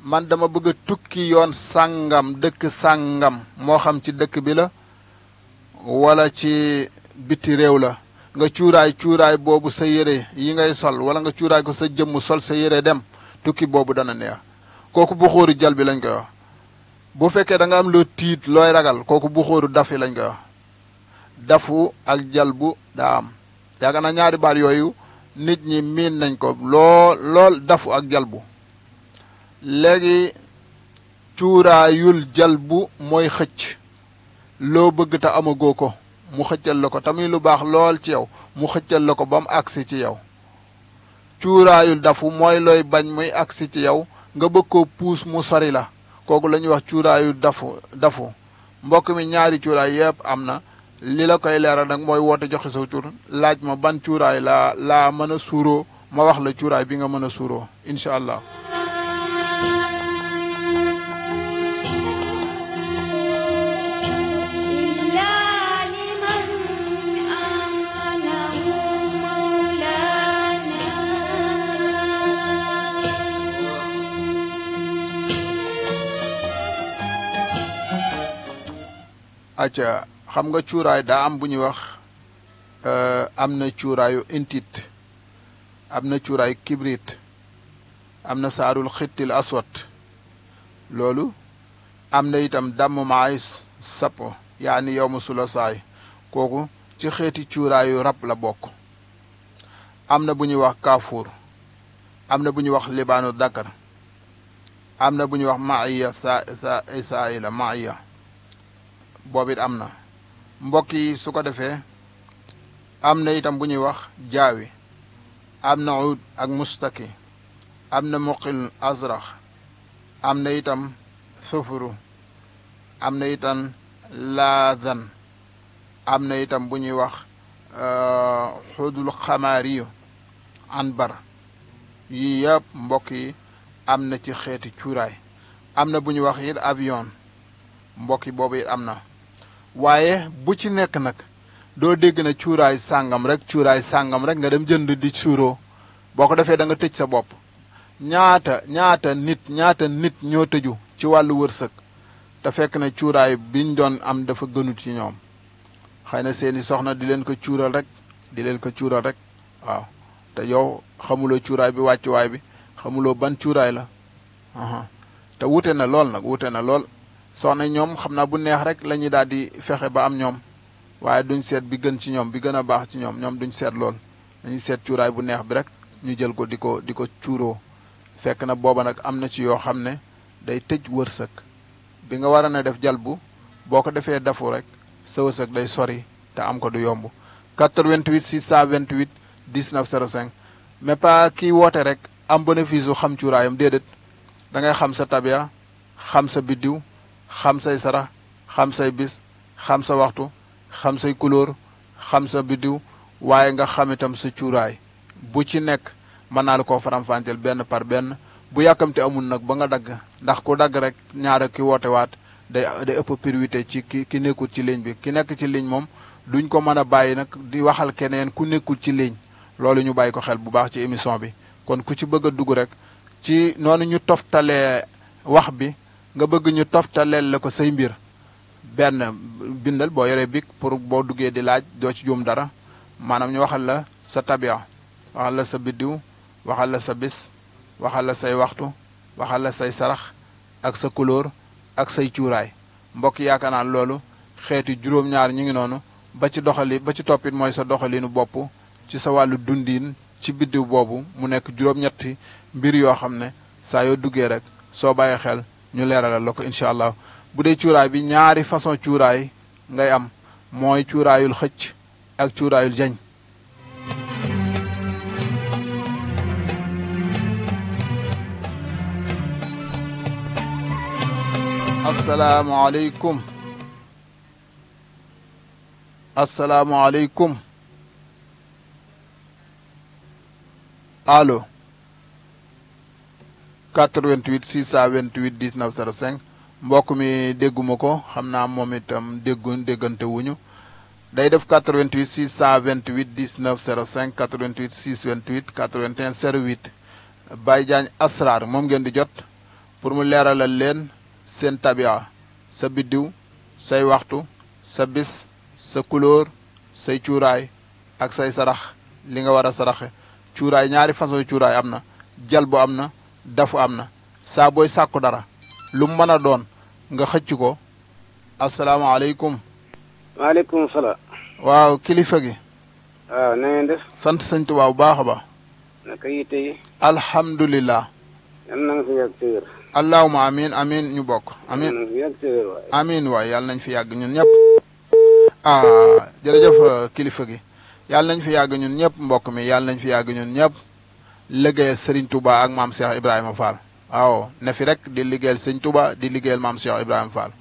man dama bëgg tukki yoon sàngam dëkk sàngam moo xam ci dëkk bi la walla ci biti réew la nga cuuraay cuuraay boobu sa yére yi ngay sol wala nga cuuraay ko sa jëmm sol sa yére dem tukki boobu dana neex kooku buxóoru jal bi lañ koy wax bu fekkee danga am loo tiit looy ragal kooku buxóoru dafi lañ ko wax dafu ak jalbu daa am yaakaar naa ñaari baat yooyu nit ñi miin nañ ko loo lool dafu ak jalbu léegi cuuraayul jalbu mooy xëcc loo bëgg te amagoo ko mu xëccal la ko tamit lu baax lool ci yow mu xëccal la ko ba mu agsi ci yow cuuraayul dafu mooy looy bañ muy agsi ci yow nga bëgg ko puus mu sori la kooku la ñuy wax cuuraayul dafu dafu mbokk mi ñaari cuuraay yëpp am na li la koy leeral nag mooy woote joxe sa tur laaj ma ban cuuraay laa laa mën a suuroo ma wax la cuuraay bi nga mën a suuroo incha allah acca xam nga cuuraay daa am bu ñuy wax euh, am na cuuraayu intit am na cuuraayu kibrit am na saarul xittil aswat loolu am na itam damm maay sappo yaani yow ma sula saay kooku ci xeeti cuuraayu rab la bokk am na bu ñuy wax kaafuur am na bu ñuy wax libaanu dakar am na bu ñuy wax maiya sa sa saayila maiya boobu it am na mbokk yi su ko defee am na itam bu ñuy wax jaawi am na uud ak mustaki am na muqil azrax am na itam sufuru am na itam laazan am na itam bu ñuy wax euh, xudul xamaariyu anbar yi yëpp mbokk yi am na ci xeeti cuuraay am na bu ñuy wax it avion mbokk yi boobu am na waaye bu ci nekk nag doo dégg na cuuraay sàngam rek cuuraay sàngam rek nga dem jënd di suuroo boo ko defee danga tëj sa bopp ñaata ñaata nit ñaata nit ñoo tëju ci wàllu wërsëg te fekk na cuuraay biñ doon am dafa gënu ci ñoom xëy na seeni soxna di leen ko cuural rek di leen ko cuural rek waaw te yow xamuloo cuuraay bi wàccuwaay bi xamuloo ban cuuraay la te wute na lool nag wute na lool soxna ñoom xam naa bu neex rek la ñuy daal di fexe ba am ñoom waaye duñ seet bi gën ci ñoom bi gën a baax ci ñoom ñoom duñ seet lool dañuy seet cuuraay bu neex bi rek ñu jël ko di ko di ko cuuroo fekk na booba nag am na ci yoo xam ne day tëj wërsëg bi nga war a na def jalbu boo ko defee dafu rek sa wërsëg day sori te am ko du yomb 88 628 19 05 mais pas kii woote rek am bénéfice u xam cuuraayam déedéet da ngay xam sa tabia xam sa biddiw xam say sarax xam say bis xam sa waxtu xam say couleur xam sa biddiw waaye nga xam itam sa cuuraay bu ci nekk mën naa la koo faram benn par benn bu yàkkamte amul nag ba nga dagg ndax ku dagg rek ñaara ki woote waat day day ëpp priorité ci ki ki nekkul ci ligne bi ki nekk ci ligne moom duñ ko mën a bàyyi nag di waxal keneen ku nekkul ci ligne loolu ñu bàyyi ko xel bu baax ci émission bi kon ku ci bëgg a dugg rek ci noonu ñu toftalee wax bi nga bëgg ñu toftaleel la ko say mbir benn bindal boo yoree bic pour boo duggee di laaj doo ci juum dara maanaam ñu waxal la sa tabia waxal la sa biddiw waxal la sa bis waxal la say waxtu waxal la say sarax ak sa couleur ak say cuuraay mbokk yaakaar naa loolu xeeti juróom-ñaar ñu ngi noonu ba ci doxali ba ci toppit mooy sa doxalinu bopp ci sa wàllu dundiin ci biddiw boobu mu nekk juróom-ñetti mbir yoo xam ne saa yoo duggee rek soo bàyyi xel ñu leeral la ko incha allah bu dee cuuraay bi ñaari façon cuuraay ngay am mooy cuuraayul xëcc ak cuuraayul jañ asalaamualeykum asalaamualeykum allo 88 628 19 05 mbokk mi dégguma ko xam naa moom itam déggu déggante wuñu day def 88 628 19 05 88 628 81 08 Baye Diagne Asrar moom ngeen di jot pour mu leeralal leen seen tabia sa biddiw say waxtu sa bis sa couleur say cuuraay ak say sarax li nga war a saraxe cuuraay ñaari façon cuuraay am na jal bu am na dafu am na saa booy sàkku dara lu mu mën a doon nga xëcc ko asalaamaaleykum waaleykum waaw kilifa gi sant sañt Tuubaa bu baax a baax naka yitte yi alhamdulilah yal na allahuma amin amin ñu bokk amin amin waay yàlla nañ fi yàgg ñun ñëpp ah jërëjëf kilifa gi yàlla nañ fi yàgg ñun ñëpp mbokk mi yàlla nañ fi yàgg ñun ñëpp liggéeyal Serigne Touba ak maam Cheikh Ibrahima Fall waaw ne rek di liggéeyal sëñ Touba di liggéeyal maam Cheikh Ibrahima Fall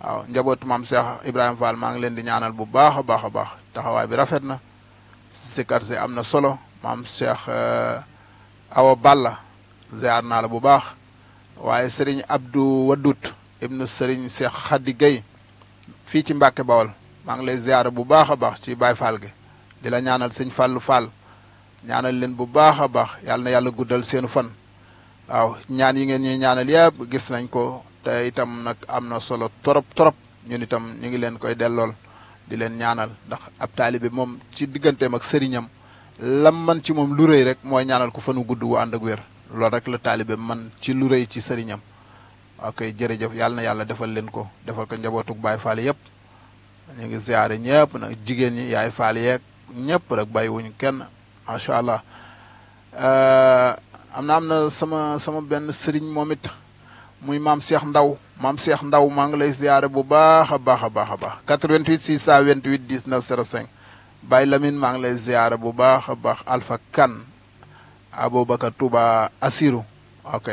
waaw njabootu maam Cheikh Ibrahima Fall maa ngi leen di ñaanal bu baax a baax a baax taxawaay bi rafet na sikar si am na solo maam Cheikh eh, Awa Balla ziar naa la bu baax waaye Serigne Abdou Wadout ibnu Serigne Cheikh Khady Gueye fii ci Mbacke Bawol maa ngi lay bu baax a baax ci Baye Fall gi di la ñaanal sëñ fallu Fall ñaanal leen bu baax a baax yàlla na yàlla guddal seenu fan waaw ñaan yi ngeen ñuy ñaanal yëpp gis nañ ko te itam nag am na solo trop trop ñun itam ñu ngi leen koy dellool di leen ñaanal ndax ab taalibe moom ci digganteem ak sëriñam lam man ci moom lu rëy rek mooy ñaanal ko fanu gudd wu ànd ak wér loolu rek la taalibe man ci lu rëy ci sëriñam ok jërëjëf yàlla na yàlla defal leen ko defal ko njabootuk Baay Faal yëpp ñu ngi ziyaare ñëpp nag jigéen ñi yaay yeeg ñëpp rek bàyyiwuñu macha allah uh, am na am na sama sama benn sëriñ moom muy maam Cheikh Ndaw maam Cheikh Ndaw maa ngi lay ziare bu baax a baax a baax a baax 88 628 19 05 Baye Lamine maa ngi lay ziare bu baax a baax Alpha Kan Aboubacar tuba Assirou ok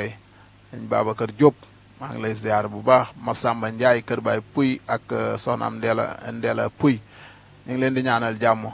sëñ Babacar Diop maa ngi lay ziare bu baax ma Massamba Ndiaye Kër Baye Puy ak uh, soxnaam Ndeela Ndeela Puy ñu ngi leen di ñaanal jàmm.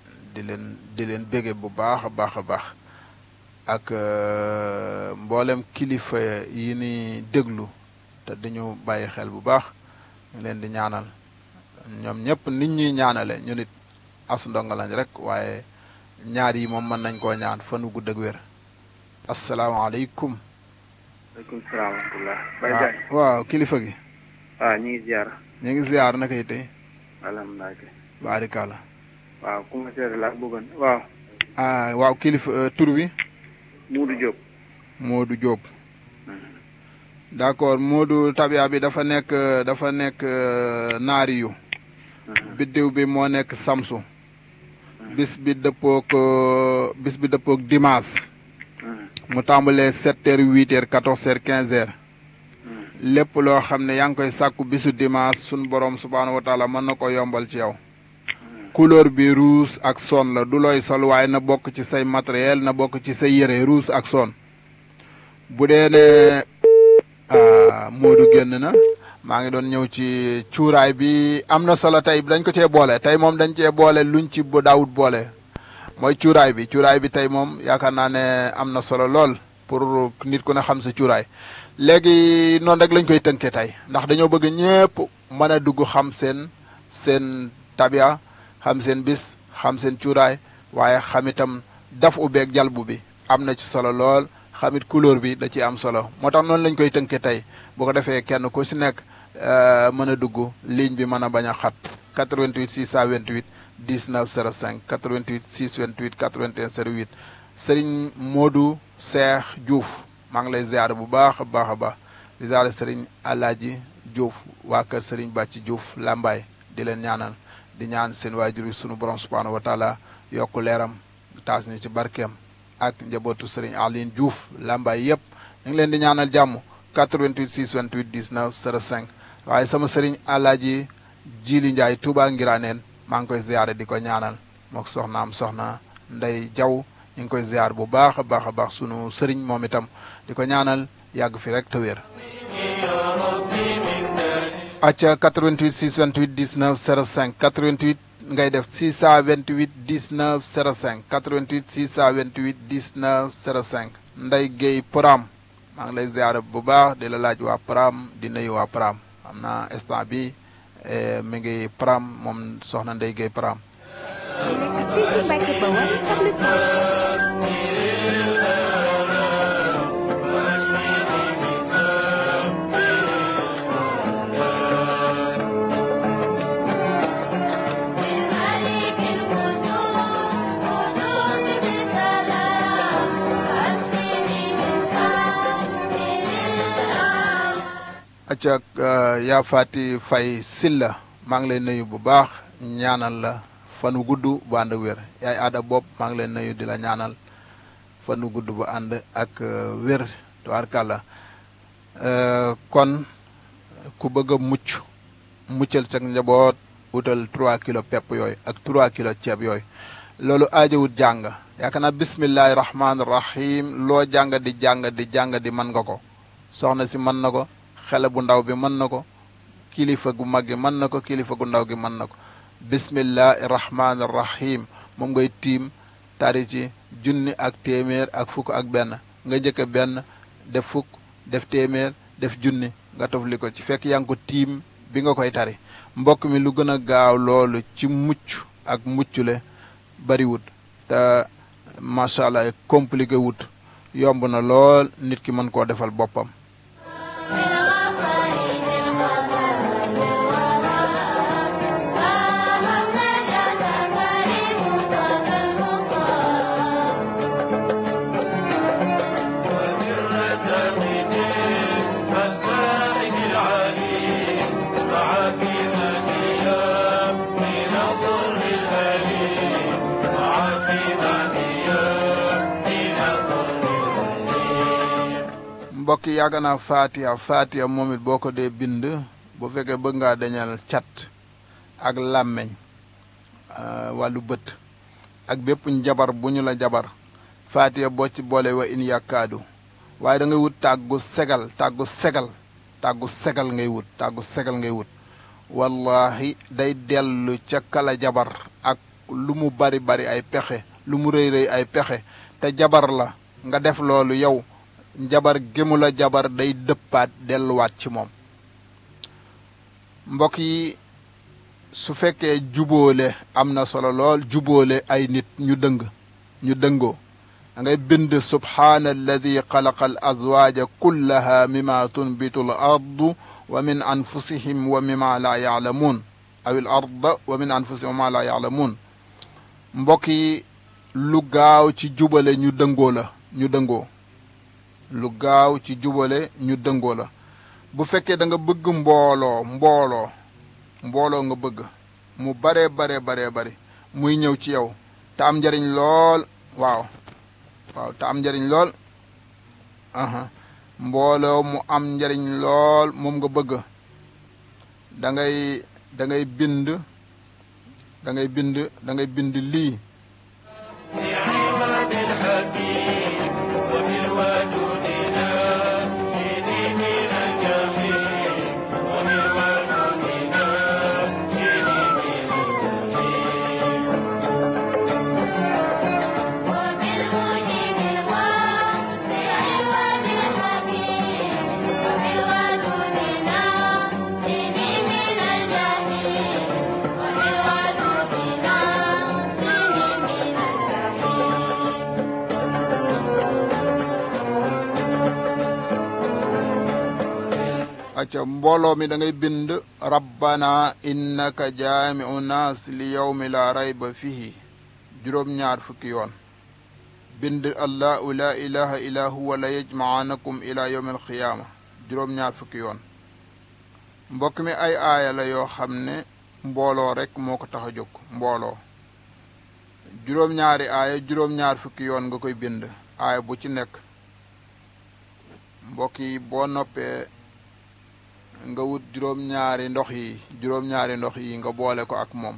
di leen di leen bége bu baax a baax a baax ak euh, mboolem kilifa yi ni déglu te dañu bàyyi xel bu baax ñu leen di ñaanal ñoom ñëpp nit ñuy ñaanale ñu nit as ndongo rek waaye ñaar yi moom mën nañ koo ñaan fanu gudd ak wér asalaamaaleykum aleykum waaw kilifa gi waaw ah, ñu ngi ziar ñu ngi ziar naka yi tey alhamdulilah barikaala waaw ku ma seede laa bëggoon waaw. ah waaw kilifa euh, tur wi. Moodu d' mm-hmm. accord Moodu tabia bi dafa nekk euh, dafa nekk euh, naari yu. Mm-hmm. biddiw bi moo nekk samsu. Mm-hmm. bis bi dëppook bis bi mu tàmbalee sept heures huit heures quatorze heures quinze heures. lépp loo xam ne yaa ngi koy sàkku bisu dimanche sunu borom subhaanahu wa taala mën na ko yombal ci yow. couleur bi rouge ak son la du looy sol waaye na bokk ci say matériel na bokk ci say yére ruus ak son bu dee ne ah, Moodu génn na maa ngi doon ñëw ci cuuraay bi am na solo tey dañ ko cee boole tey moom dañ cee boole luñ ci bu daawut boole mooy cuuraay bi cuuraay bi tey moom yaakaar naa ne am na solo lool pour nit ku ne xam sa cuuraay léegi noonu rek lañ koy tënkee tey ndax dañoo bëgg ñépp mën a dugg xam seen seen tabia xam seen bis xam seen cuuraay waaye xam itam daf u jalbu bi am na ci solo lool xamit couleur bi da ci am solo moo tax noonu lañ koy tënke tey bu ko defee kenn ku si nekk euh, mën a dugg ligne bi mën a bañ a xat 88 628 19 05 88 628 81 08 Serigne Modou Cheikh Diouf maa ngi lay ziar bu baax a baax a baax di ziar Serigne Alaaji Diouf waa kër baax ci Diouf Lambaay di leen ñaanal di ñaan seen waajur wi sunu borom subhaanahu wa taala yokk leeram taas ñu ci barkeem ak njabootu sëriñ Aline Diouf làmbaay yëpp ñu ngi leen di ñaanal jàmm 88 628 19 05 waaye sama sëriñ Alaaji Jiili Njaay Tuubaa neen maa ngi koy ziyaare di ko ñaanal mook soxna am soxna Ndey Jaw ñu ngi koy ziyaar bu baax a baax a baax sunu sëriñ moom itam di ko ñaanal yàgg fii rek te acca 88 628 19 05 88 ngay def 628 19 05 88 628 19 05 Ndeye Guèye Pram maa ngi lay ziare bu baax di la laaj waa Pram di nuyu waa Pram am na instant bi eh, mi ngi Pram moom soxna Ndeye Guèye Pram. ca euh, yaa faati fay silla maa ngi lay nuyu bu baax ñaanal la fan gudd bu ànd ak wér yaay aada bopp maa ngi lay nuyu di la ñaanal fan gudd bu ànd ak euh, wér tubaarkàlla euh, kon ku bëgg a mucc muccal sa njaboot utal 3 kilos pepp yooyu ak 3 kilos ceeb yooyu loolu aajowut jàng yaakaar naa bismillahi rahmaani rahim loo jàng di jàng di jàng di mën nga ko soxna si mën na ko xale bu ndaw bi mën na ko kilifa gu mag gi mën na ko kilifa gu ndaw gi mën na ko bismillahi rahmaani rahim moom ngay tiim tari ci junni ak téeméer ak fukk ak benn nga njëkk benn def fukk def téeméer def junni nga tofli ko ci fekk yaa ko tiim bi nga koy tari mbokk mi lu gën a gaaw loolu ci mucc ak muccule bariwut te macha allah compliqué wut yomb na lool nit ki mën koo defal boppam mbokk yi yàgg naa faatiya faatiya moom it boo ko dee bind bu fekkee bëgg nga dañal cat ak làmmeñ euh, wàllu bët ak bépp jabar bu ñu la jabar faatiya boo ci boole wa in yàkkaadu waaye dangay ngay wut tàggu segal tàggu segal tàggu segal ngay wut tàggu segal ngay wut wallaahi day dellu ca kala jabar ak lu mu bari bari ay pexe lu mu rëy rëy ay pexe te jabar la nga def loolu yow jabar gému jabar day dëppaat delluwaat ci moom mbokk yi su fekkee juboole am na solo lool juboole ay nit ñu dëng ñu dëngoo da ngay bind subhaana alladi xalaqa al kullaha mima tunbitu ardu wa min anfusihim wa mima la yaalamuun aw wa min anfusihim wa mima la yaalamuun mbokk yi lu gaaw ci jubale ñu dëngoo la ñu dëngoo lu gaaw ci jubale ñu dëngoo la bu fekkee danga bëgg mbooloo mbooloo mbooloo nga bëgg mu bare bare bare bare muy ñëw ci yow te am njariñ lool waaw waaw te am njariñ lool aha mbooloo mu am njariñ lool moom nga bëgg da dangay da bind dangay bind da bind lii ca mbooloo mi dangay bind rabbana innaka jaamiu naas li yawmi la rayba fihi juróom-ñaar fukki yoon bind allahu la ilaha illa huwa la yajmaanakum ila yawmi juróom-ñaar fukki yoon mbokk mi ay aaya la yoo xam ne mbooloo rekk moo ko tax a jóg mbooloo juróom-ñaari aaya juróom-ñaar fukki yoon nga koy bind aaya bu ci nekk mbokk yi boo noppee nga wut juróom-ñaari ndox yi juróom-ñaari ndox yi nga boole ko ak moom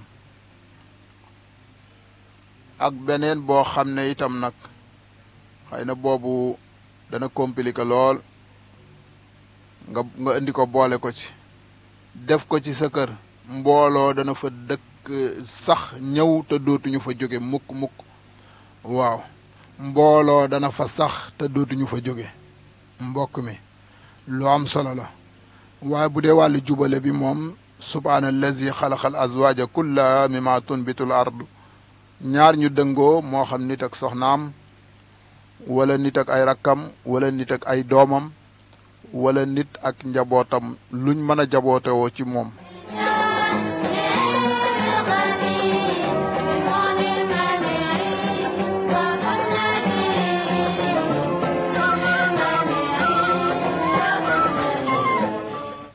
ak beneen boo xam ne itam nag xëy na boobu dana compliqué lool nga nga indi ko boole ko ci def ko ci sa kër mbooloo dana fa dëkk sax ñëw te dootuñu fa jóge mukk mukk waaw mbooloo dana fa sax te dootuñu fa jóge mbokk mi lu am solo la waaye bu dee wàllu jubale bi moom subhaana allazi xalaqal azwaaja kulla mimma tunbitul ard ñaar ñu dëngoo moo xam nit ak soxnaam wala nit ak ay rakkam wala nit ak ay doomam wala nit ak njabootam luñ mën a jabootewoo ci moom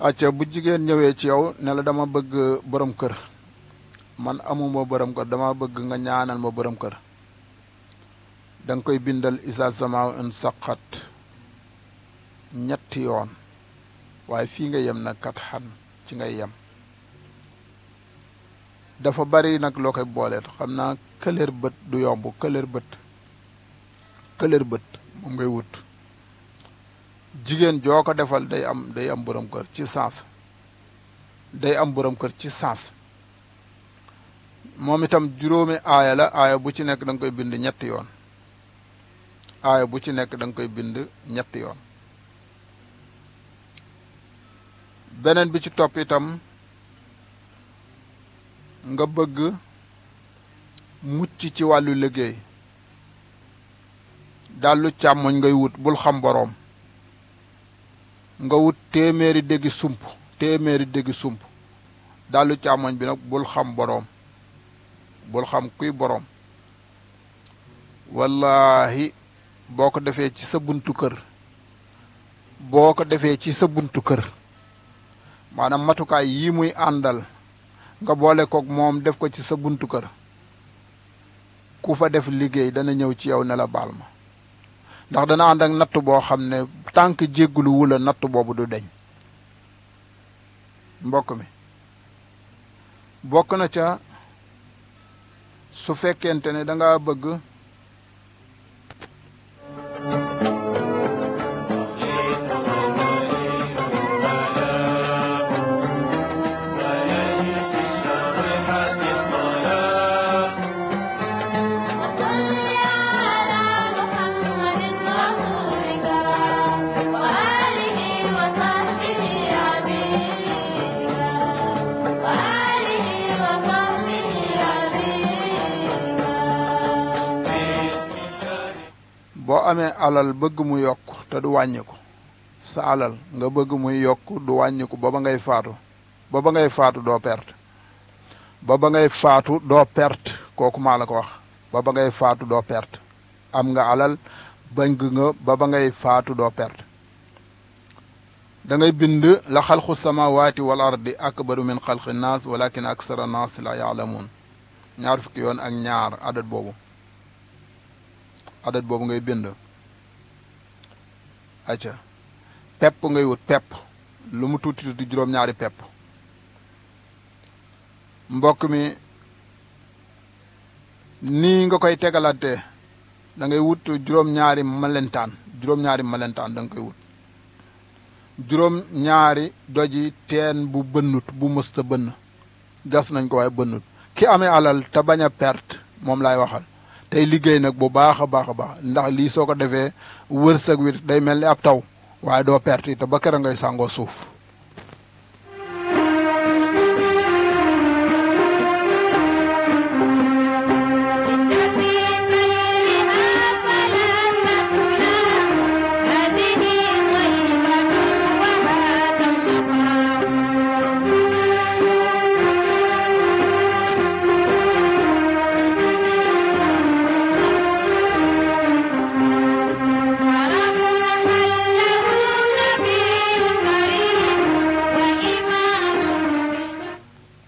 acca bu jigéen ñëwee ci yow ne la dama bëgg boroom kër man amuma borom kër dama bëgg nga ñaanal ma borom kër danga koy bindal isa sama un ñetti yoon waaye fii nga yem nag kat xan ci ngay yem dafa bari nag loo koy booleel xam naa këlër bët du yomb këlër bët këlër bët moom ngay wut jigéen joo ko defal day am day am boroom kër ci sens day am boroom kër ci sens moom itam juróomi aaya la aaya bu ci nekk danga koy bind ñetti yoon aaya bu ci nekk danga koy bind ñetti yoon beneen bi ci topp itam nga bëgg mucc ci wàllu liggéey dalu càmmoñ ngay wut bul xam boroom nga wut téeméeri dégg sump téeméeri dégg sump dalu càmmoñ bi nag bul xam boroom bul xam kuy boroom wallaahi boo ko defee ci sa buntu kër boo ko defee ci sa buntu kër maanaam matukaay yii muy àndal nga boole kook moom def ko ci sa buntu kër ku fa def liggéey dana ñëw ci yow ne baal ma ndax dana ànd ak natt boo xam ne tànk jéggulu wula natt boobu du deñ mbokk mi bokk na ca su fekkente ne da nga bëgg amee alal bëgg mu yokk te du wàññiku sa alal nga bëgg muy yokk du wàññiku ba ba ngay faatu ba ba ngay faatu doo perte ba ba ngay faatu doo perte kooku maa la ko wax ba ba ngay faatu doo perte am nga alal bëgg nga ba ba ngay faatu doo perte da bind la xalqu samawaati wal men akbaru min xalqi naas walakin aksara naas la yaalamuun ñaar fukki yoon ak ñaar adat boobu adat boobu ngay bind acca pepp ngay wut pepp lu mu tuuti tuuti juróom-ñaari pepp mbokk mi nii nga koy tegalantee dangay wut juróom-ñaari malentaan juróom-ñaari malentaan da koy wut juróom-ñaari doji teen bu bënnut bu mësta bënn gas nañ ko waaye bënnut ki amee alal te bañ perte moom laay waxal tey liggéey nag bu baax a baax a baax ndax lii soo ko defee wërsëg wi day mel ni ab taw waaye doo perti te ba kera ngay sàngoo suuf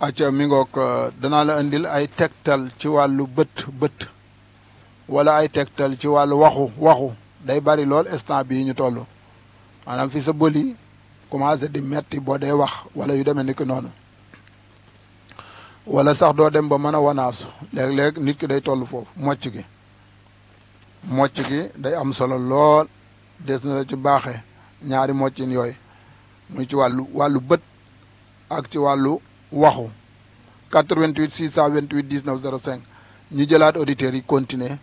acca mi ngoog euh, danaa la indil ay tegtal ci wàllu bët bët wala ay tegtal ci wàllu waxu waxu day bari lool instant bii ñu toll maanaam fi sa bëli commencé di metti boo dee wax wala yu demee ni ki noonu wala sax doo dem ba mën a wanaas léeg-léeg nit ki day toll foofu mocc gi mocc gi day am solo lool des na la ci baaxe ñaari moccin yooyu muy ci wàllu wàllu bët ak ci wàllu waxu 88 628 19 05 ñu jëlaat auditeurs yi continuer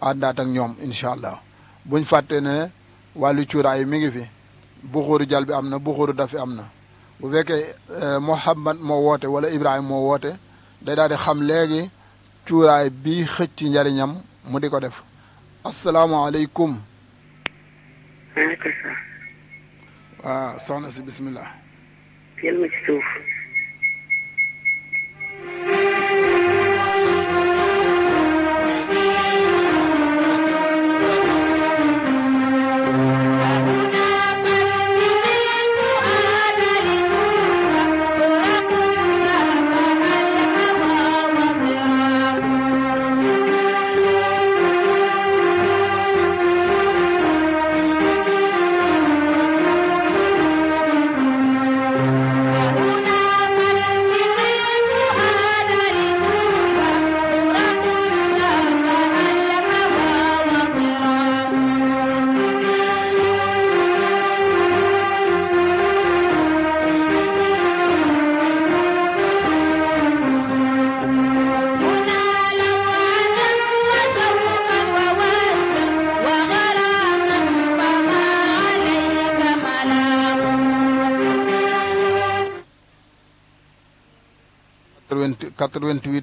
àndaat ak ñoom incha allah buñ fàtte ne wàllu cuuraay mi ngi fi buxóoru jal bi am na buxóoru dafi am na bu fekkee eh, Mouhamad moo woote wala ibrahim moo woote day daal di xam léegi cuuraay bi xëcc njariñam mu di ko def asalaamaaleykum maaleykum salaam waaw soxna si bisimilah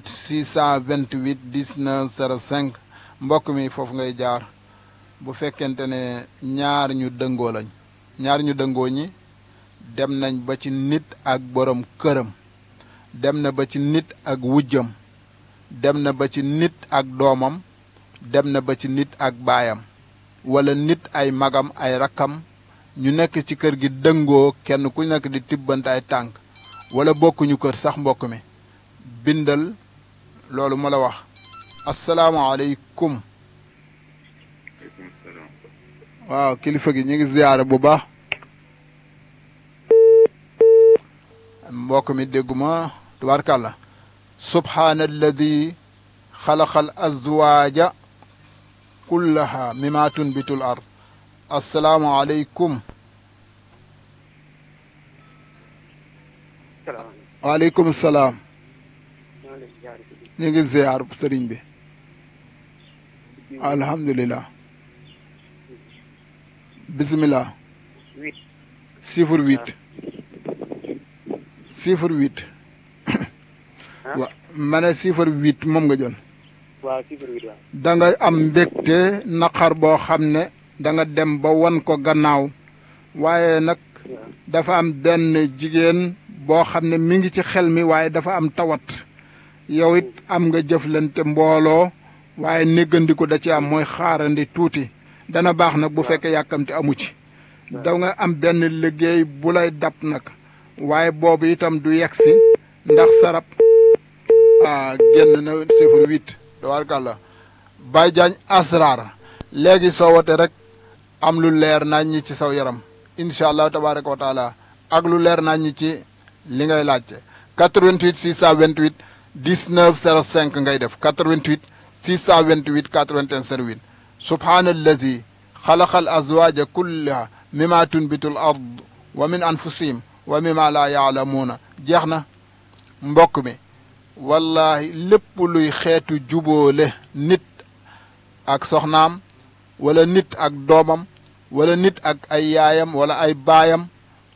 88 628 19 05 mbokk mi foofu ngay jaar bu fekkente ne ñaar ñu dëngoo lañ ñaar ñu dëngoo ñi dem nañ ba ci nit ak boroom këram dem na ba ci nit ak wujjam dem na ba ci nit ak doomam dem na ba ci nit ak baayam wala nit ay magam ay rakkam ñu nekk ci kër gi dëngoo kenn ku nekk di tibbantaay tànk wala bokkuñu kër sax mbokk mi bindal loolu ma la wax asalaamaaleykum waaw kilifa gi ñu ngi ziyaare bu baax mbokk mi dégguma tubaarkàlla subhaana alladi xalaqa al azwaaja kullaha mima tunbitul ard asalaamualeykum waaleykum salaam ñu ngi ziar sëriñ bi alhamdulilah bisimilah chiffre huit chiffre huit waaw ma ne chiffre moom nga jël danga am mbégte naqar boo xam ne danga dem ba wan ko gannaaw waaye nag dafa am benn jigéen boo xam ne mi ngi ci xel mi waaye dafa am tawat yow it am nga jëflante mbooloo waaye néggandiku da ci am mooy xaarandi tuuti dana baax nag bu fekkee yàkkamti amu ci da nga am benn liggéey bu lay dab nag waaye boobu itam du yegg si ndax sarab ah génn na chiffre huit tabaarkàlla Baye léegi soo wote rek am lu leer naa ñi ci saw yaram incha allah tabaaraka wa ak lu leer naa ñi ci li ngay laajte 88 628 19 05 ngay def 88 628 81 08 subhaana allazi xalaqa al azwaaja kullaha mima tunbitu l ard wa min anfusihim wa mima laa yaalamuuna jeex na mbokk mi wallahi lépp luy xeetu juboole nit ak soxnaam wala nit ak doomam wala nit ak ay yaayam wala ay baayam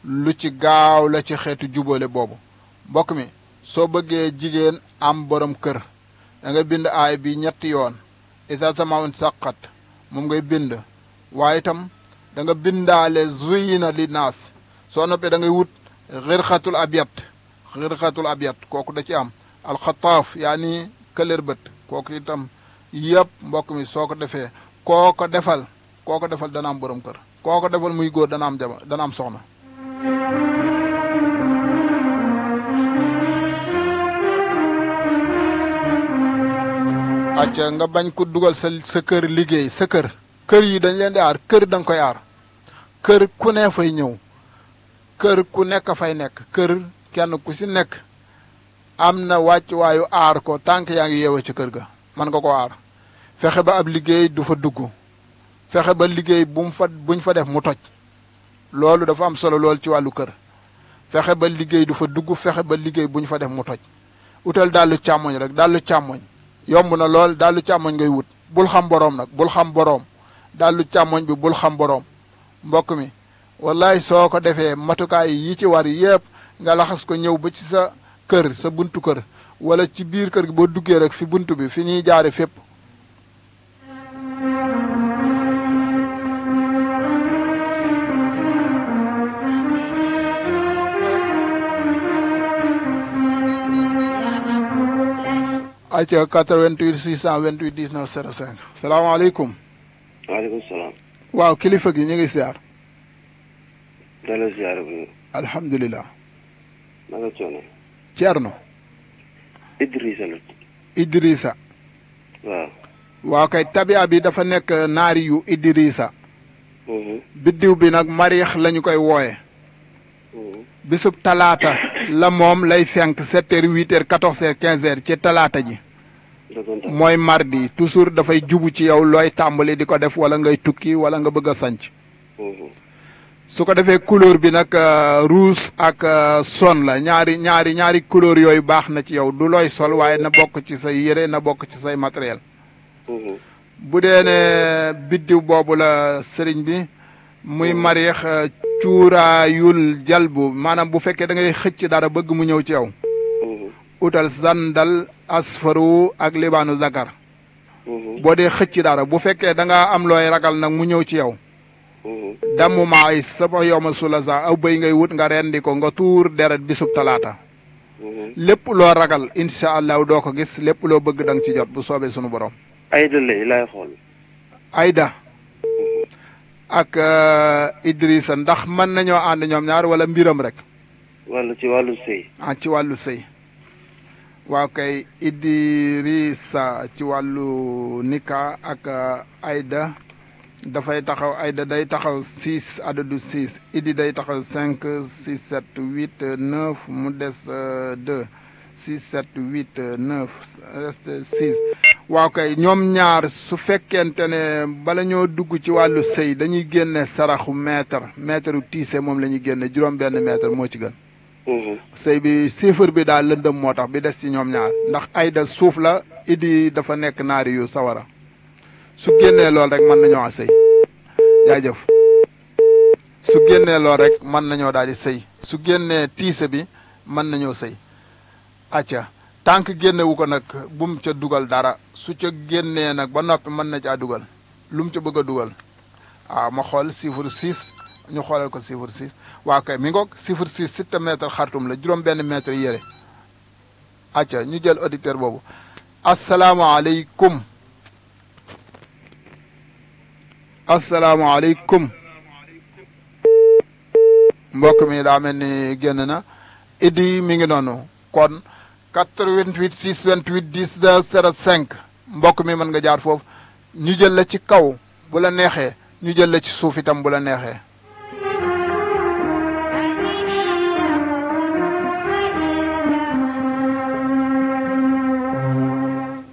lu ci gaaw la ci xeetu juboole boobu mbokk mi soo bëggee jigéen am borom kër da bind aay bi ñetti yoon isa samaawun sàqat moom ngay bind waaye itam danga nga bindaale zuyina li naas soo noppee da ngay wut xirxatul abyat xatul abyat kooku da ci am alxataaf yaa ni këlër bët kooku itam yëpp mbokk mi soo ko defee koo ko defal koo ko defal dana am boroom kër koo ko defal muy góor dana am jaba dana am soxna acca nga bañ ko dugal sa sa kër liggéey sa kër kër yi dañ leen di aar kër da nga koy aar kër ku ne fay ñëw kër ku nekk fay nekk kër kenn ku si nekk am na wàccuwaayu aar ko tànk yaa ngi yeewee ca kër ga mën nga ko aar fexe ba ab liggéey du fa dugg fexe ba liggéey bu mu fa buñ fa def mu toj loolu dafa am solo lool ci wàllu kër fexe ba liggéey du fa dugg fexe ba liggéey bu ñu fa def mu toj utal dalu càmmoñ rek dalu càmmoñ yomb na lool daalu càmmoñ ngay wut bul xam boroom nag bul xam boroom daalu càmmoñ bi bul xam boroom mbokk mi wallaay soo ko defee matukaay yi ci war yépp nga laxas ko ñëw ba ci sa kër sa buntu kër wala ci biir kër gi boo duggee rek fi buntu bi fi ñuy jaare fépp ayca 88 628 19 05 salaamaaleykum. waaleykum salaam. waaw kilifa gi ñu ngi siyaar. delloo siyaar na nga waaw. kay tabia bi dafa nekk naar yu Idrissa. Mhm. biddiw bi nag mariix lañu koy wooye mhm. bisub talaata la moom lay fenk sept heures huit heures ci talaata ji mooy mardi toujours dafay jubu ci yow looy tàmbali di ko def wala ngay tukki wala nga bëgg a sanc mhm. su ko defee couleur bi nag euh, rouge ak euh, son la ñaari ñaari ñaari couleur yooyu baax na ci yow du looy sol waaye na bokk ci say yére na bokk ci say matériel mhm. bu dee ne biddiw boobu la sëriñ bi muy mhm. mariex euh, cuuraayul jalbu maanaam bu fekkee da ngay xëcc dara bëgg mu ñëw ci yow utal sandal asfaru ak libaanu dakar mhm. boo dee xëcc dara bu fekkee da nga am looy ragal nag mu ñëw ci yow mhm. damm maa ay sama yow ma sula sa aw bëy ngay wut nga rendi ko nga tuur deret bisub talaata mhm. lépp loo ragal incha allahu doo ko gis lépp loo bëgg da ci jot bu soobee sunu borom ayda lay xool ayda ak euh, idrissa ndax mën nañoo ànd ñoom ñaar wala mbiram rek wala ci wàllu sëy ah ci wàllu sëy waaw kay Idrissa ci wàllu nika ak uh, ayda dafay taxaw ayda day taxaw six adadu six Idi day taxaw cinq six sept huit mu des uh, deux six sept huit neuf reste six ñoom ñaar su fekkente ne bala ñoo dugg ci wàllu sëy dañuy génne saraxu mètre mètre u tiise moom la ñuy génne juróom benn mètre moo ci gën sëy bi chiffre bi daal lëndëm moo tax bi des ci ñoom ñaar ndax ayda suuf la idi dafa nekk naari yu sawara su génnee lool rek mën nañoo sëy jaajëf su génnee lool rek mën nañoo daal di sëy su génnee tiise bi mën nañoo sëy acca tànk génnewu ko nag bu mu ca dugal dara su ca génnee nag ba noppi mën na caa dugal lu mu ca bëgg a dugal waaw ah, ma xool chiffre 6 ñu xoolal ko chiffre 6 waaw kay mi ngoog chiffre 6 7 mètre la juróom benn mètre yére acca ñu jël auditeur boobu asalaamaaleykum asalaamaaleykum mbokk mi daa mel ni génn na idi mi ngi noonu kon 88 628 19 05 mbokk mi mën nga jaar foofu ñu jël la ci kaw bu la neexee ñu jël la ci suuf itam bu la neexee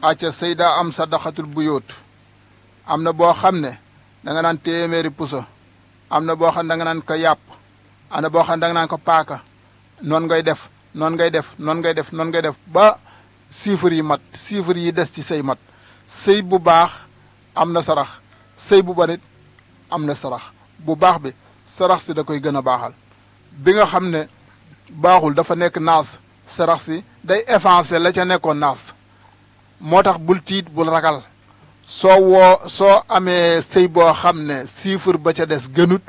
acca sëy daa am bu yoot am na boo xam ne danga nga naan téeméeri puso am na boo xam ne da nga naan ko yàpp am na boo xam ne da nga ko paaka noonu ngay def noonu ngay def noonu ngay def noonu ngay def ba chiffres yi mat chiffres yi des ci sëy mat sëy bu baax am na sarax sëy bu banit am na sarax bu baax bi sarax si da koy gën a baaxal bi nga xam ne baaxul dafa nekk naas sarax si day effacer la ca nekkoon naas moo tax bul tiit bul ragal soo woo soo amee sëy boo xam ne chiffre ba ca des gënut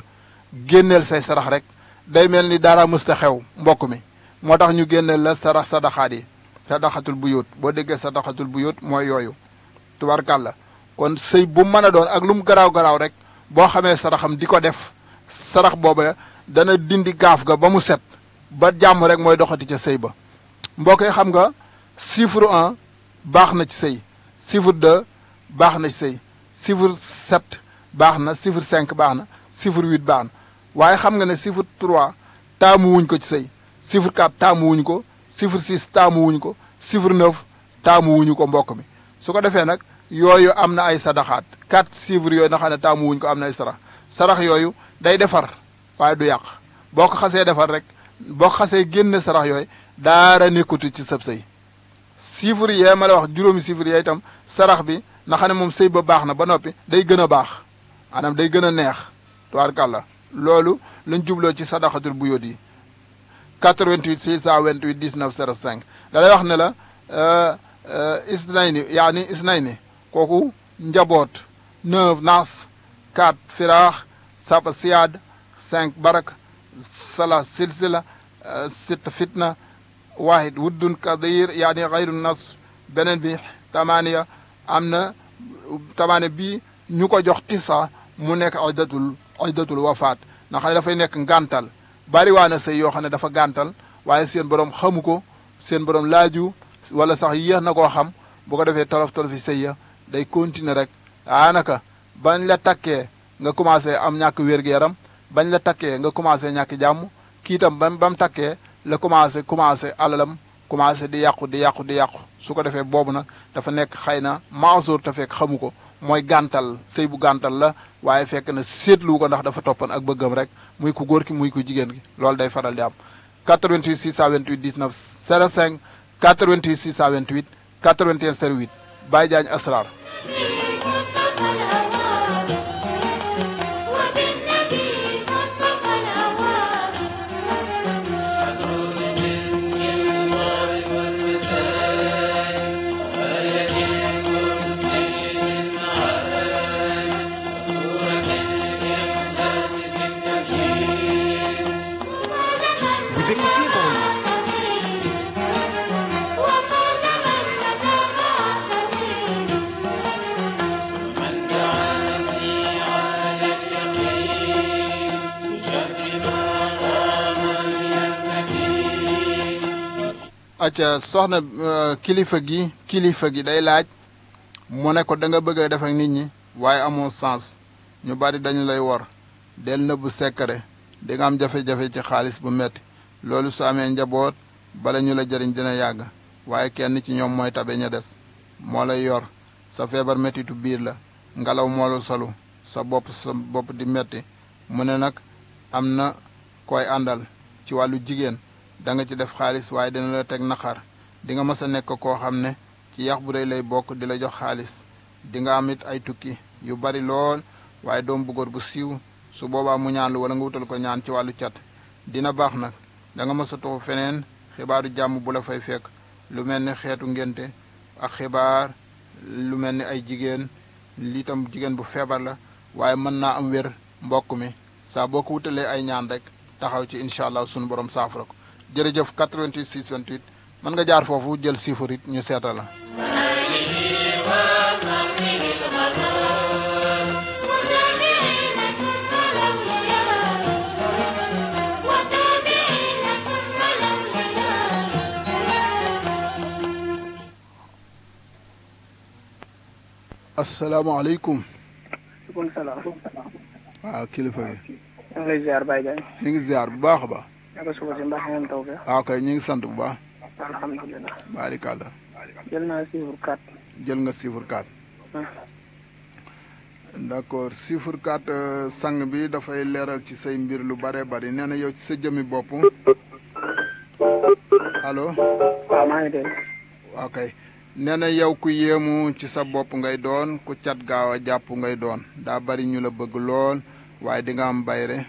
génneel say sarax rek day mel ni dara mësta xew mbokk mi moo tax ñu génneel la sarax sadaxaat yi sadaxatul bu yóot boo déggee sadaxatul bu yóot mooy yooyu tubarkàlla kon sëy bu mën a doon ak lu mu garaaw garaaw rek boo xamee saraxam di ko def sarax booba dana dindi gaaf ga ba mu set ba jàmm rek mooy doxati ca sëy ba mbokk xam nga chiffre en baax na ci sëy chiffre deux baax na ci sëy chiffre sept baax na chiffre cinq baax na chiffre huit baax na waaye xam nga ne chiffre trois taamu wuñ ko ci sëy chiffre quatre taamu wuñ ko chiffre six taamu wuñ ko chiffre neuf taamu wuñu ko mbokk mi su ko defee nag yooyu am na ay sadaxaat quatre chiffres yooyu nga ne taamu wuñ ko am na ay sarax sarax yooyu day defar waaye du yàq boo ko xasee defar rek boo ko xasee génne sarax yooyu daara nekkutu ci sab sëy chiffre yee ma la wax juróomi chiffre yee itam sarax bi na xam ne moom sëy ba baax na ba noppi day gën a baax maanaam day gën a neex tubaarkàlla loolu lañ jubloo ci sadaxatul bu yóot yi 88 628 19 05 da lay wax ne la euh, euh, isnayni yaani isnayni kooku njaboot 9 naas 4 firaax saba siyaad 5 barak sala silsila euh, sitt fitna waahid wuddun kadir yaani xayru nas beneen bi tamaaniya am na tamaane bi ñu ko jox xissa mu nekk iddatul iddatul wafaat ndax ne dafay nekk ngàntal bari waa na sëy yoo xam ne dafa gàntal waaye seen borom xamu ko seen borom laaju wala sax yéex na koo xam bu ko defee tolof tolofi sëy ya day continuer rek daanaka bañ la takkee nga commencé am ñàkk wér-gu-yaram bañ la takkee nga commencé ñàkk jàmm kii itam ba mu takkee la commencé commencé alalam commencé di yàqu di yàqu di yàqu su ko defee boobu nag dafa nekk xëy na maasóor te fekk xamu ko mooy gàntal sëy bu gàntal la waaye fekk na seetlu ko ndax dafa toppan ak bëggam rek muy ku góor ki muy ku jigéen ki loolu day faral di am 88 628 19 05 88 628 81 08 Baye Diagne Asrar acca soxna uh, kilifa gi kilifa gi day laaj mu ne ko da nga bëgg a def nit ñi waaye amoo sens ñu bari dañu lay wor del bu secret di nga am jafe-jafe ci xaalis bu metti loolu sa amee njaboot bala ñu la jariñ dina yàgg waaye kenn ci ñoom mooy tabe ña des moo lay yor sa feebar mettitu biir la ngelaw moo la solu sa bopp sa bopp di metti mu ne nag am na koy àndal ci wàllu jigéen da nga ci def xaalis waaye dina la teg naqar di nga mës a nekk koo xam ne ci yax bu rëy lay bokk di la jox xaalis di nga am it ay tukki yu bari lool waaye doom bu góor bu siiw su boobaa mu ñaan lu wala nga wutal ko ñaan ci wàllu cat dina baax nag danga nga mës a tuxu feneen xibaaru jàmm bu la fay fekk lu mel ni xeetu ngénte a xibaar lu mel ni ay jigéen liitam jigéen bu feebar la waaye mën naa am wér mbokk mi saa boo ko wutalee ay ñaan rek taxaw ci incha allah sunu borom saafara ko jërëjëf 88 mën nga jaar foofu jël siifar it ñu seeta la asalaamaaleykum. waaleykum salaam. waaw kilifa gi. ñu ngi ziar Baye Ndiaye. ñu ngi ziar bu baax a baax. naka suba ah, ñu ngi sant bu baax. alhamdulilah. jël nga chiffre 4. Ah. d' accord chiffre euh, sang bi dafay leeral ci say mbir lu bare bari nee na yow ci sa jëmmi bopp. allo. waaw maa ngi dégg. yow ku yéemu ci sa bopp ngay doon ku cat gaaw a jàpp ngay doon daa bari ñu la bëgg lool waaye di nga am bayre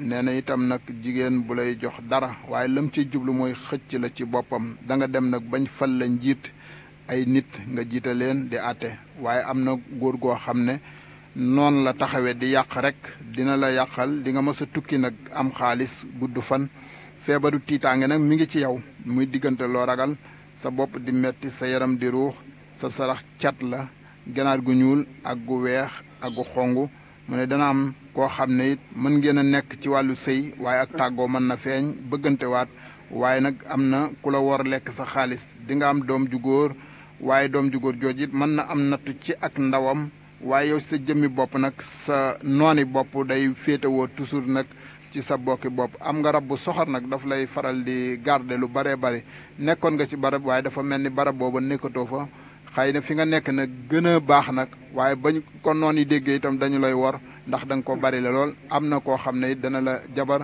nee na itam nag jigéen bu lay jox dara waaye lam ci jublu mooy xëcc la ci boppam da nga dem nag bañ fal la njiit ay nit nga jiite leen di àtte waaye am na góor goo xam ne noonu la taxawee di yàq rek dina la yàqal di nga mës a tukki nag am xaalis gudd fan feebaru tiitaange nag mi ngi ci yow muy diggante loo ragal sa bopp di metti sa yaram di ruux sa sarax cat la ganaar gu ñuul ak gu weex ak gu xonq mu ne dana am koo xam ne it mën ngeen a nekk ci wàllu sëy waaye ak tàggoo mën na feeñ bëggantewaat waaye nag am na ku la war a lekk sa xaalis di nga am doom ju góor waaye doom ju góor jooju it mën na am nattu ci ak ndawam waaye yow sa jëmmi bopp nag sa nooni bopp day féetewoo toujours nag ci sa bokki bopp am nga rab bu soxor nag dafa lay faral di garde lu baree bari nekkoon nga ci barab waaye dafa mel ni barab boobu nekkatoo fa xëy na fi nga nekk nag gën baax nag waaye bañ ko noonu déggee itam dañu lay wor ndax da nga ko bari la lool am na koo xam ne dana la jabar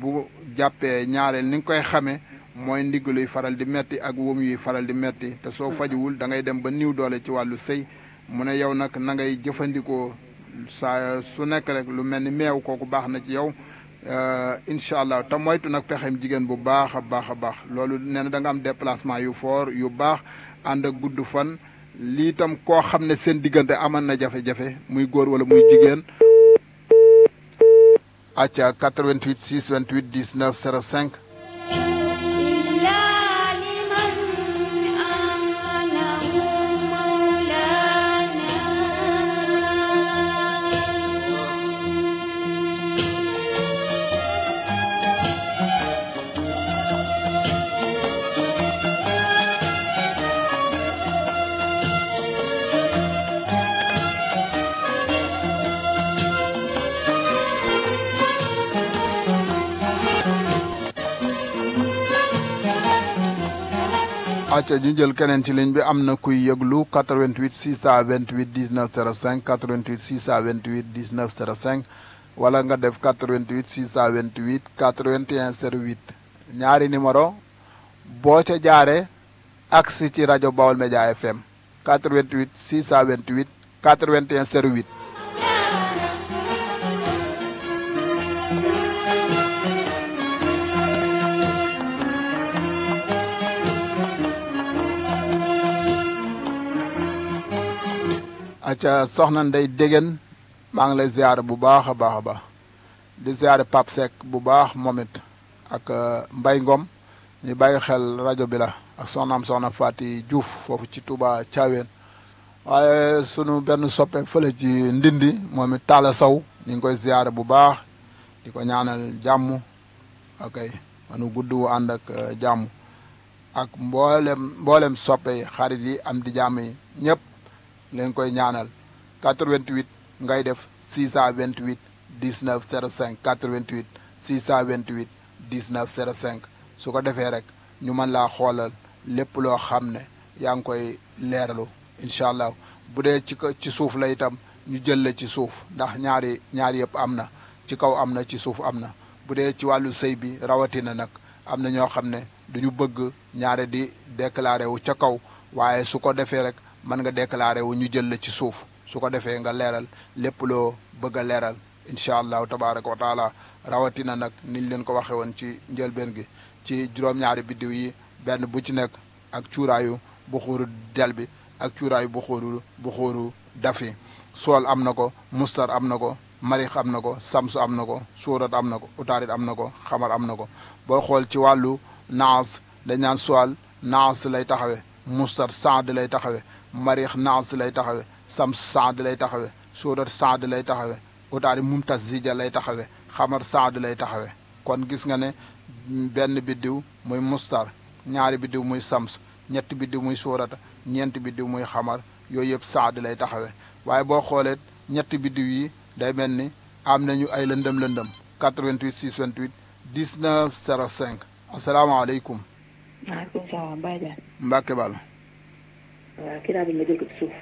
bu jàppee ñaareel ni nga koy xamee mooy ndigg luy faral di metti ak wóom yuy faral di metti te soo hmm. fajuwul da ngay dem ba niw doole ci wàllu sëy mu ne yow nag na ngay jëfandikoo saa su nekk rek lu mel ni meew kooku baax na ci yow euh, incha allah te moytu nag pexem jigéen bu baax a baax a baax loolu nee na da nga am déplacement yu fort yu baax ànd ak gudd fan lii tam koo xam ne seen diggante aman na jafe-jafe muy góor wala muy jigéen acca 88 628 19 acca ñu jël keneen ci ligne bi am na kuy yëglu 88 628 19 05 88 628 19 05 wala nga def 88 628 81 08 ñaari numéro boo ca jaaree agsi ci rajo Baol Média FM 88 628 81 08 acca soxna Ndeye Dégène maa ngi lay ziare bu baax a baax a baax di ziare Pape Seck bu baax moom it ak euh, mbay Ngom ñu bàyyi xel rajo bi la ak soxnaam soxna Faty juuf foofu ci Touba Thiawéen waaye sunu benn soppe fële ci Ndindi moom it Talla Sow ñu ngi koy ziare bu baax di ko ñaanal jàmm ok manu gudd wu ànd ak euh, jàmm ak mboolem mboolem soppe yi xarit yi am di jàmm yi ñëpp. leen koy ñaanal 88 ngay def 628 19 05 88 628 19 05 su ko defee rek ñu mën laa xoolal lépp loo xam ne yaa ngi koy leeralu incha allah bu dee ci ci suuf la itam ñu jël la ci suuf ndax ñaari ñaar yëpp am na ci kaw am na ci suuf am na bu dee ci wàllu sëy bi rawatina nag am na ñoo xam ne du ñu bëgg ñaare di déclaré wu ca kaw waaye su ko defee rek mën nga déclaré wu ñu jël la ci suuf su ko defee nga leeral lépp loo bëgg a leeral incha allahu tabaraka wa taala rawatina nag niñ leen ko waxe woon ci njëlbeen gi ci juróom-ñaari biddiw yi benn bu ci nekk ak cuuraayu bu xóoru del bi ak cuuraayu bu xóoru bu xóoru dafi am na ko mustar am na ko marix am na ko samsu am na ko suurat am na ko utaarit am na ko xamar am na ko boo xool ci wàllu naas dañ naan sool naas lay taxawe mustar saad lay taxawe mariix naas lay taxawe sams saad lay taxawe sóodat saad lay taxawe otaari mumtazija lay taxawe xamar saad lay taxawe kon gis nga ne mm, benn biddiw muy mustar ñaari biddiw muy sams ñetti biddiw muy sóorata ñeenti biddiw muy xamar yooyu yëpp saad lay taxawe waaye boo xoolee ñetti biddiw yi day mel ni am nañu ay lëndëm lëndëm 88 628 19 05 asalaamaaleykum. maaleykum salaam waaw kiraa bi nga jël ko ci suuf.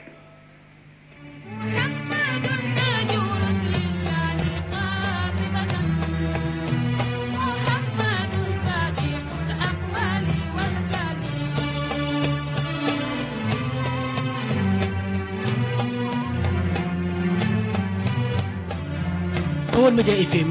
Baol Medias FM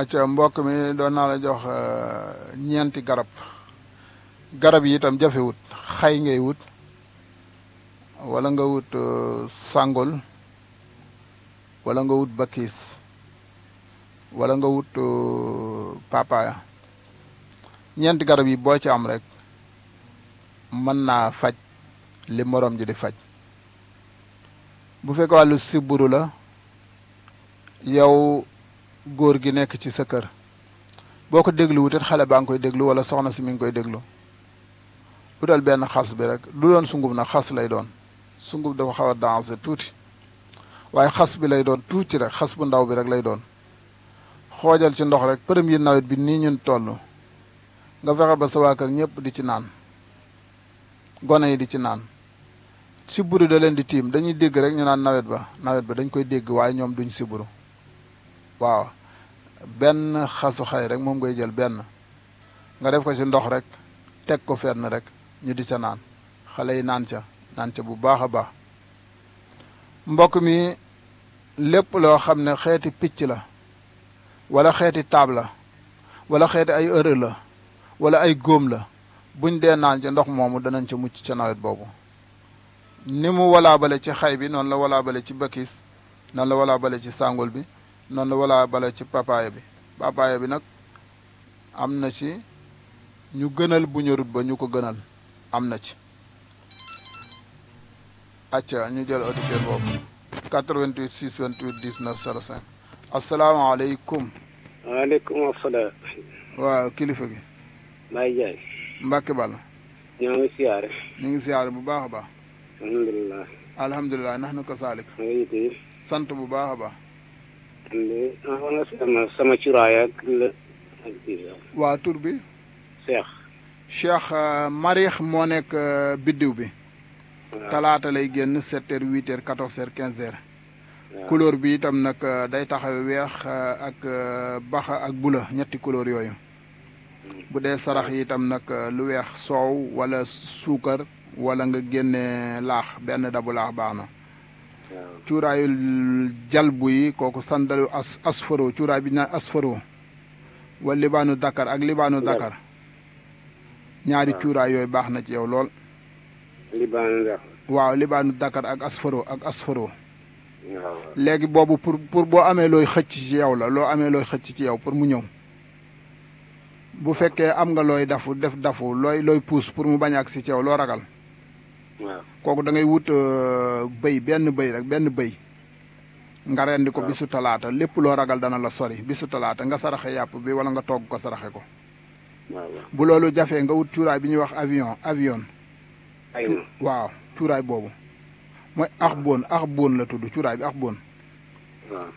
acca mbokk mi doon naa la jox euh, ñeenti garab garab yi itam jafewut xay ngay wut walla nga wut sàngol wala nga wut bakkiis euh, wala nga wut euh, papaya ñeenti garab yi boo ci am rek mën naa faj li morom ji di faj bu fekk wàllu siburu la yow góor gi nekk ci sa kër boo ko dégluwut it xale baa ngi koy déglu wala soxna si mu ngi koy déglu utal benn xas bi rek du doon sunguf nag xas lay doon sunguf dafa xaw a dansé tuuti waaye xas bi lay doon tuuti rek xas bu ndaw bi rek lay doon xoojal ci ndox rek yi nawet bi nii ñun toll nga fexe ba sa waa kër ñépp di ci naan gone yi di ci naan si siburu da leen di tiim dañuy dégg rek ñu naan nawet ba nawet ba dañ koy dégg waaye ñoom duñ siburu waaw benn xasu xay rek moom ngay jël benn nga def ko ci ndox rek teg ko fenn rek ñu di sa naan xale yi naan ca naan ca bu baax a baax mbokk mi lépp loo xam ne xeeti picc la wala xeeti taab la wala xeeti ay ërë la wala ay góom la buñ dee naan ca ndox moomu danañ ca mucc ca nawet boobu ni mu wallaabale ci xay bi noonu la wallaabale ci bëkkis noonu la walaabale ci sàngul bi noonu la wala bale ci papaaya bi papaaya bi nag am na ci ñu gënal bu ñu ba ñu ko gënal am na ci acca ñu jël auditeur boobu 88 628 19 05 asalaamaaleykum waaw kilifa gi Baye Ndiaye Mbacke Balla ñoo ngi siyaare ñu ngi siyaare bu baax a baax alhamdulilah alhamdulilah nax nu ko saalik sant bu baax a sama waa tur bi. Cheikh. Cheikh Marix moo nekk biddiw bi. talaata lay génn sept heures huit heures quatorze heures quinze heures. couleur bi itam nag day taxaw weex ak baxa ak bula ñetti couleur yooyu. Mm. bu dee sarax yi nag lu weex soow wala suukar wala nga génne laax benn dabu laax baax na. cuuraayul jalbu yi kooku sandalu as asfaro cuuraay bi naa naan asfaro libaanu Dakar ak libaanu Dakar ñaari cuuraay yooyu baax na ci yow lool. libaanu waaw libaanu Dakar ak asfaro ak asfaro. léegi boobu pour pour boo amee looy xëcc ci yow la loo amee looy xëcc ci yow pour mu ñëw. bu fekkee am nga looy dafu def dafu looy looy puus pour mu bañ ak si ci yow loo ragal. kooku da ngay wut euh, bëy benn bëy rek benn bëy nga rendi ko su talaata lépp loo ragal dana la sori su talaata nga saraxe yàpp bi wala nga togg ko saraxe ko bu loolu jafee nga wut cuuraay bi ñuy wax avion avion waaw cuuraay boobu mooy ax boon ax boon la tudd cuuraay bi ax boon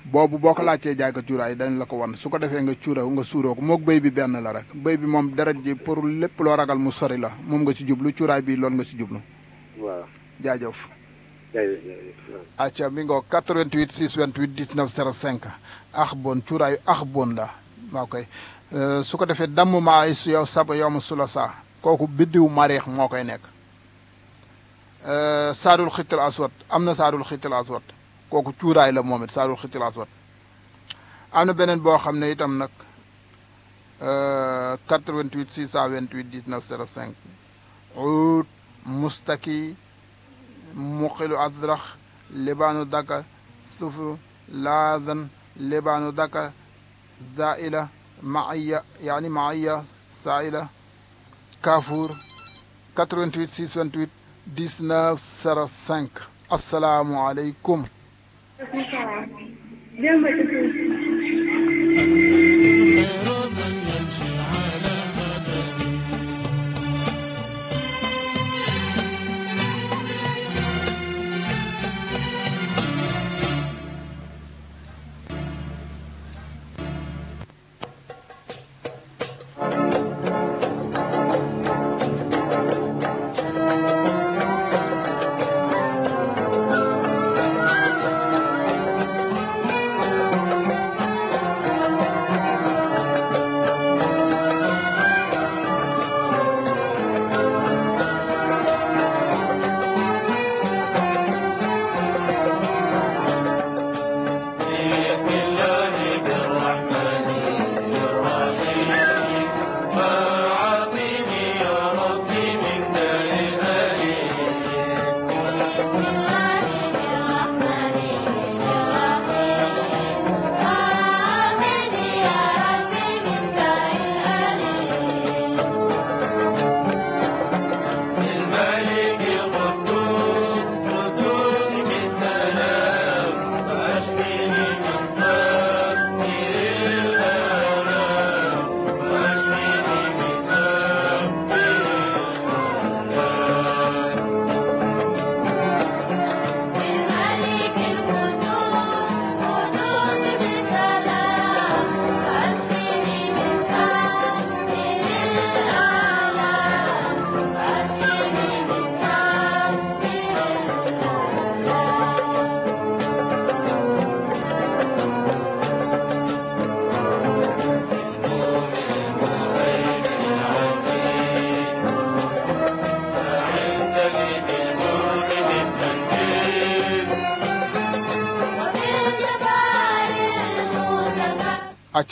boobu boo ko laajtee jaay ko cuuraay dañ la ko wan su ko defee nga cuuraw nga suuroo ko moog béy bi benn la rek béy bi moom deret ji pour lépp loo ragal mu sori la moom nga si jublu cuuraay bi loolu nga si jublu jaajëf acca mi ngoo 88 628 19 05 ax boon cuuraayu ax la waaw koy euh, su ko defee damm maay su yow saba yowma sula sa kooku biddiw mareex moo koy nekk euh, saadul xital aswat am na saadul xital aswat kooku cuuraay la moom it saadul xital aswat am na beneen boo xam ne itam nag 88 628 19 05 ut mustaki muqilu azrax libaanu dakar sufru laazan libaanu dakar zaila maaya yaani maaya saila kaafuur 88 628 19 05 asalaamualeykum démb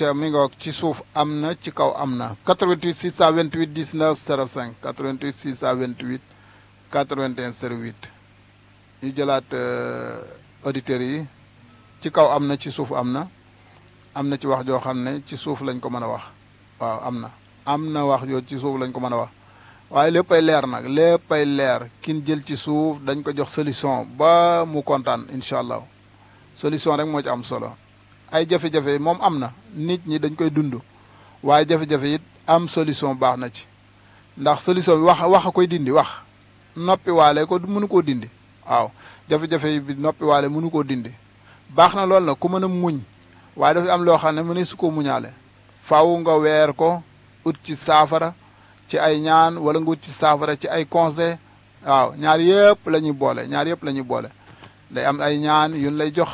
ca mi ngoog ci suuf am na ci kaw am na 88 628 19 05 88 628 81 08 ñu jëlaat euh, auditeurs yi ci kaw am na ci suuf am na am na ci wax joo xam ne ci suuf lañ ko mën a wax waaw am na am na wax joo ci suuf lañ ko mën a wax waaye léppay leer nag léppay leer kin jël ci suuf dañ ko jox solution ba mu kontaan incha allah solution rek moo ci am solo ay jafe-jafe moom am na nit ñi dañ koy dund waaye jafe-jafe it am solution baax na ci ndax solution bi wax wax koy dindi wax noppi waale ko mënu koo dindi waaw jafe-jafe bi mënu koo dindi baax na lool na ku mën a muñ waaye dafa am loo xam ne mu su ko muñaale faw nga weer ko ut ci saafara ci ay ñaan wala nga ut ci saafara ci ay conseil waaw ñaar yëpp la ñuy boole ñaar yëpp la ñuy boole day am ay ñaan yun lay jox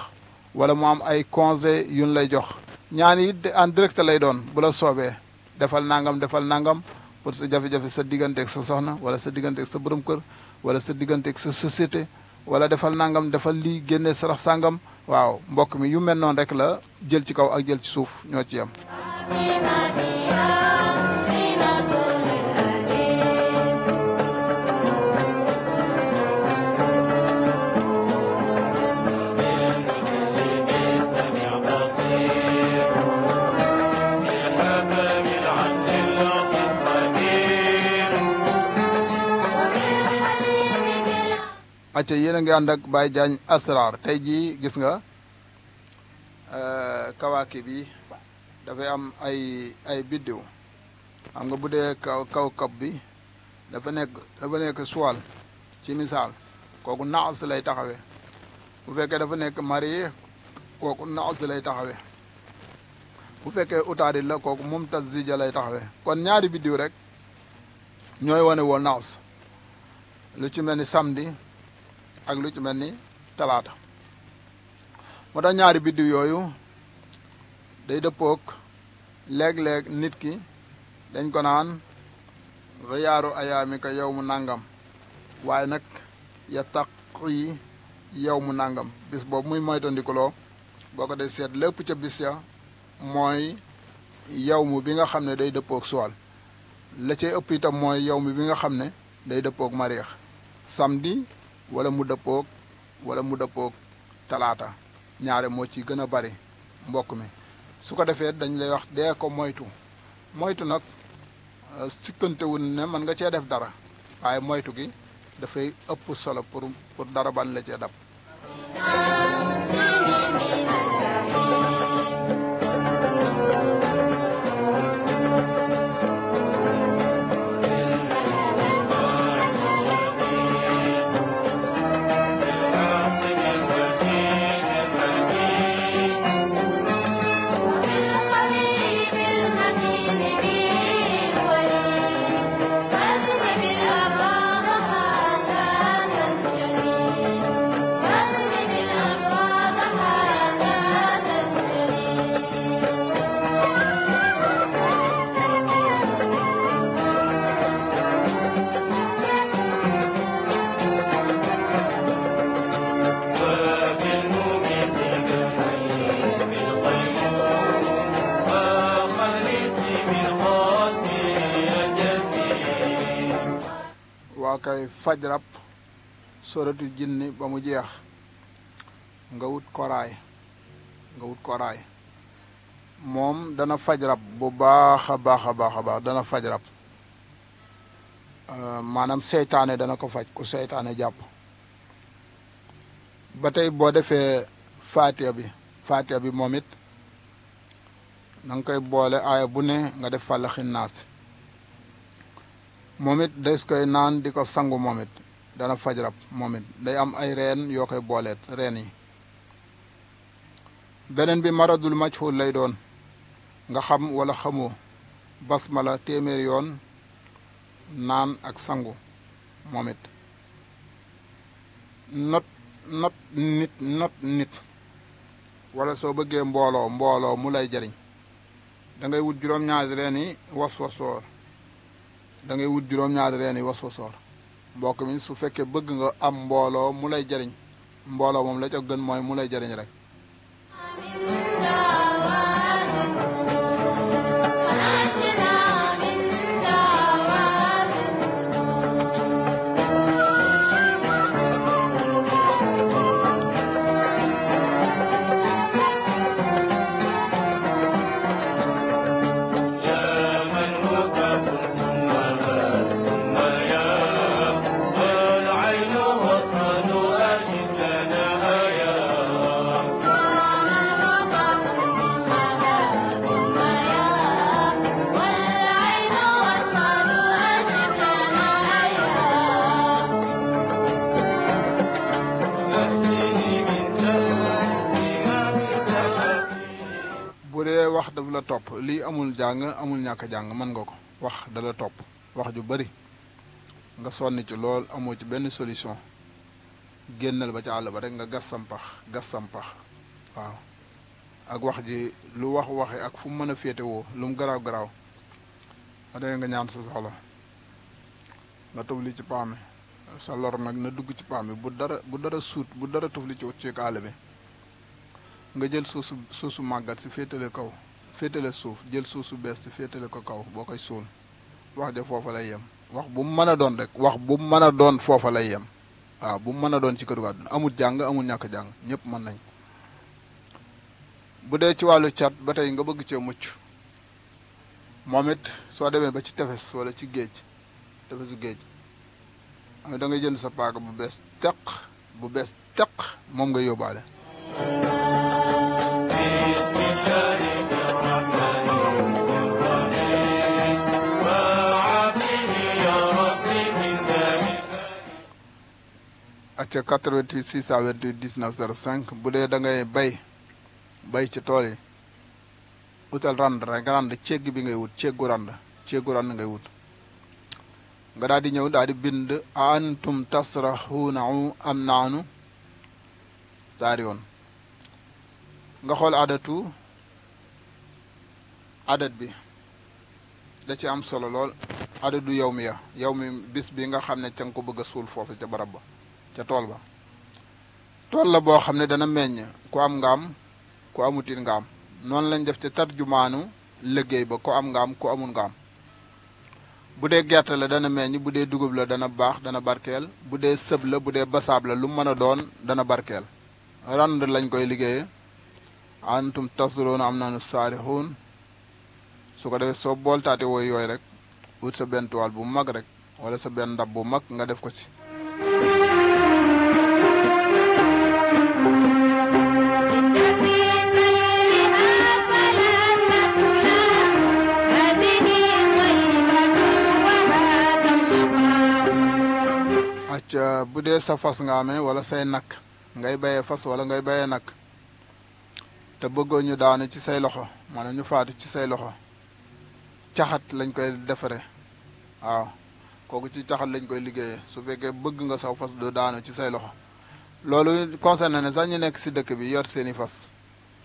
wala mu am ay conseil yuñ lay jox ñaan yi en direct lay doon bu la soobee defal nangam defal nangam pour sa jafe-jafe sa digganteeg sa soxna wala sa digganteeg sa borom kër wala sa digganteeg sa société wala defal nangam defal li génne sarax sàngam waaw mbokk mi yu mel noonu rek la jël ci kaw ak jël ci suuf ñoo ci yem acca yéen a ngi ànd ak Baye Diagne Asrar tey jii gis nga euh, kawaaki bi dafay am ay ay biddiw xam nga bu dee kaw kab bi dafa nekk dafa nekk suwal ci misaal kooku naas lay taxawe bu fekkee dafa nekk marié kooku naas lay taxawe bu fekkee utaadit la kooku mumtaz zija lay taxawee kon ñaari biddiw rek ñooy wane woo naas lu ci mel ni samedi ak lu ci mel ni talaata moo tax ñaari biddiw yooyu day dëppook léeg-léeg nit ki dañ ko naan riyaaru ayaami ka yow mu nàngam waaye nag ya taq yi yow mu nàngam bis boobu muy moytandikuloo boo ko dee seet lépp ca bis ya mooy yow mu bi nga xam ne day dëppook suwal la ca ëpp itam mooy yow mi bi nga xam ne day dëppook mariix samedi wala mu dëppook wala mu dëppoog talaata ñaare moo ci gën a bari mbokk mi su ko defee dañ lay wax dee ko moytu moytu nag euh, sikkantewul ne mën nga cee def dara waaye moytu gi dafay ëpp solo pour pour dara ban la cee dab moo koy faj rab soratu jinni ba mu jeex nga wut koraay nga wut koraay moom dana faj rab bu baax a baax a baax baax dana faj rab euh, maanaam seytaane dana ko faj ku seytaane jàpp ba tey boo defee faatiya bi faatiya bi moom it na koy boole aaya bu ne nga def fàllaxin naas moom it des koy naan di ko sangu moom it dana faj rab moom it day am ay reen yoo koy booleet reen yi beneen bi maradul majhul lay doon nga xam wala xamoo basmala téeméer yoon naan ak sangu moom it not not nit not nit wala soo bëggee mbooloo mbooloo mu lay jariñ dangay wut juróom-ñaari reen yi was wasoor da ngay wut juróom-ñaari reen yi waswasoor mbokk mi su fekkee bëgg nga am mbooloo mu lay jariñ mbooloo moom la ca gën mooy mu lay jariñ rek nga amul ñàkk jàng mën nga ko wax dala topp wax ju bari nga sonni ci lool amoo ci benn solution génnal ba ci àll ba rek nga gas sampax gas sampax waaw ak wax ji lu wax waxe ak fu mu mën a féetewoo lu mu garaaw garaaw a dee nga ñaan sa soxla nga tufli ci paame sa lor nag na dugg ci paam bi bu dara bu dara suut bu dara tufli ci ci kaale bi nga jël suusu suusu màggat si féetale kaw féetale suuf jël suuf su bees si féetale ko kaw boo koy suul wax de foofa lay yem wax bu mu mën a doon rek wax bu mu mën a doon foofa lay yem waaw bu mu mën a doon ci këru àdduna amul jàng amul ñàkk jàng ñépp mën nañ bu dee ci wàllu cat ba tey nga bëgg cee mucc moom it soo demee ba ci tefes walla ci géej tefesu géej da ngay jënd sa paaka bu bees teq bu bees teq moom nga yóbbaale. ca 88 628 19 05 bu dee da ngay bay bay ci tool yi utal rand rek rand cégg bi ngay wut céggu rand céggu rand ngay wut nga daal di ñëw daal di bind antum tasraxuunahu am naanu saari yoon nga xool adatu adat bi da ci am solo lool adadu yow mi ya yow mi bis bi nga xam ne ca nga ko bëgg a suul foofu ca barab ba ca tool ba tool la boo xam ne dana meññ ku am ngaam ku amutin nga am noonu lañ def ca tarjumaanu liggéey ba ku am nga am ku amul ngaam bu dee gerte la dana meññ bu dee dugub la dana baax dana barkeel bu dee sëb la bu dee basaab la lu mën a doon dana barkeel rand lañ koy liggéeye antum tasroona am nanu saarixuun su ko defee soo booltaate wooyu yooyu rek wut sa benn toile bu mag rek wala sa benn ndab bu mag nga def ko ci bu dee sa fas nga amee wala say nakk ngay bayee fas wala ngay bayee nakk te bëggoo ñu daanu ci say loxo maanaam ñu faatu ci say loxo caxat lañ koy defare waaw kooku ci caxat lañ koy liggéey su fekkee bëgg nga saw fas du daanu ci say loxo loolu concerné ne sax ñu nekk si dëkk bi yor seeni fas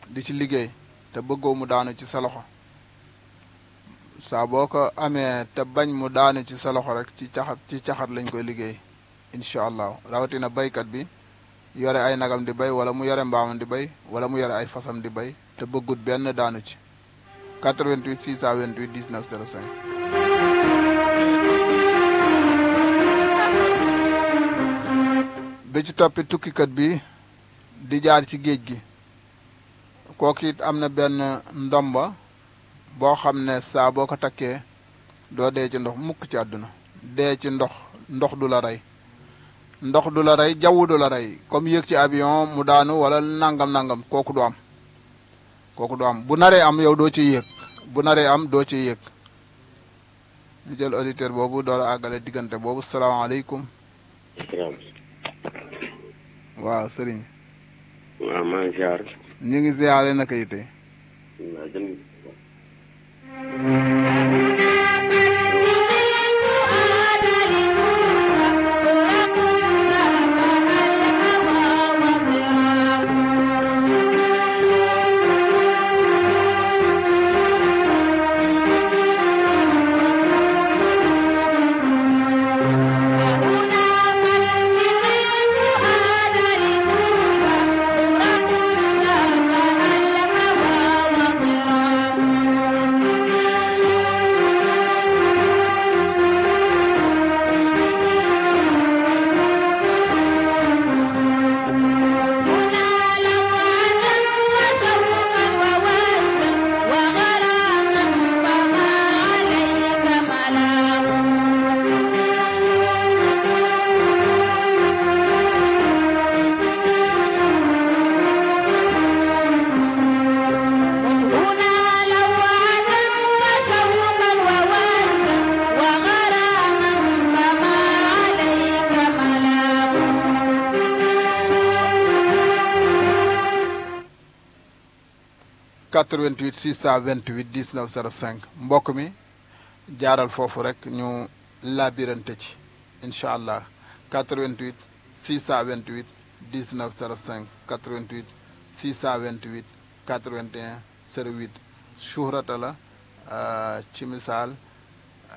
di ci liggéey te bëggoo mu daanu ci sa loxo saa boo ko amee te bañ mu daanu ci sa loxo rek ci caxat ci caxat lañ koy liggéey incha allah rawatina baykat bi yore ay nagam di bay wala mu yore mbaamam di bay wala mu yore ay fasam di bay te bëggut benn daanu ci 88 628 19 05 bi ci toppi tukkikat bi di jaar ci géej gi kooku it am na benn ndomba boo xam ne saa boo ko takkee doo dee ci ndox mukk ci àdduna dee ci ndox ndox du la rey ndox du la rey jaww du la rey comme yéeg ci avion mu daanu wala nangam-nangam kooku du am kooku du am bu naree am yow doo ci yéeg bu naree am doo ci yéeg ñu jël auditeur boobu door a diggante boobu salaamaaleykum waaw sëriñ ningi maa ngi ziar ñu naka yite 88 628 19 05 mbokk mi jaaral foofu rek ñu labirante ci incha allah 88 628 19 05 88 628 81 08 suhrata la euh, ci misaal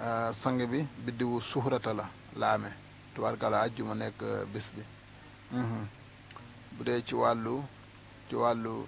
euh, sang bi biddiwu suhrata la la amee tubaarkala ajjuma nekk euh, bés bi mhm. bu dee ci wàllu ci wàllu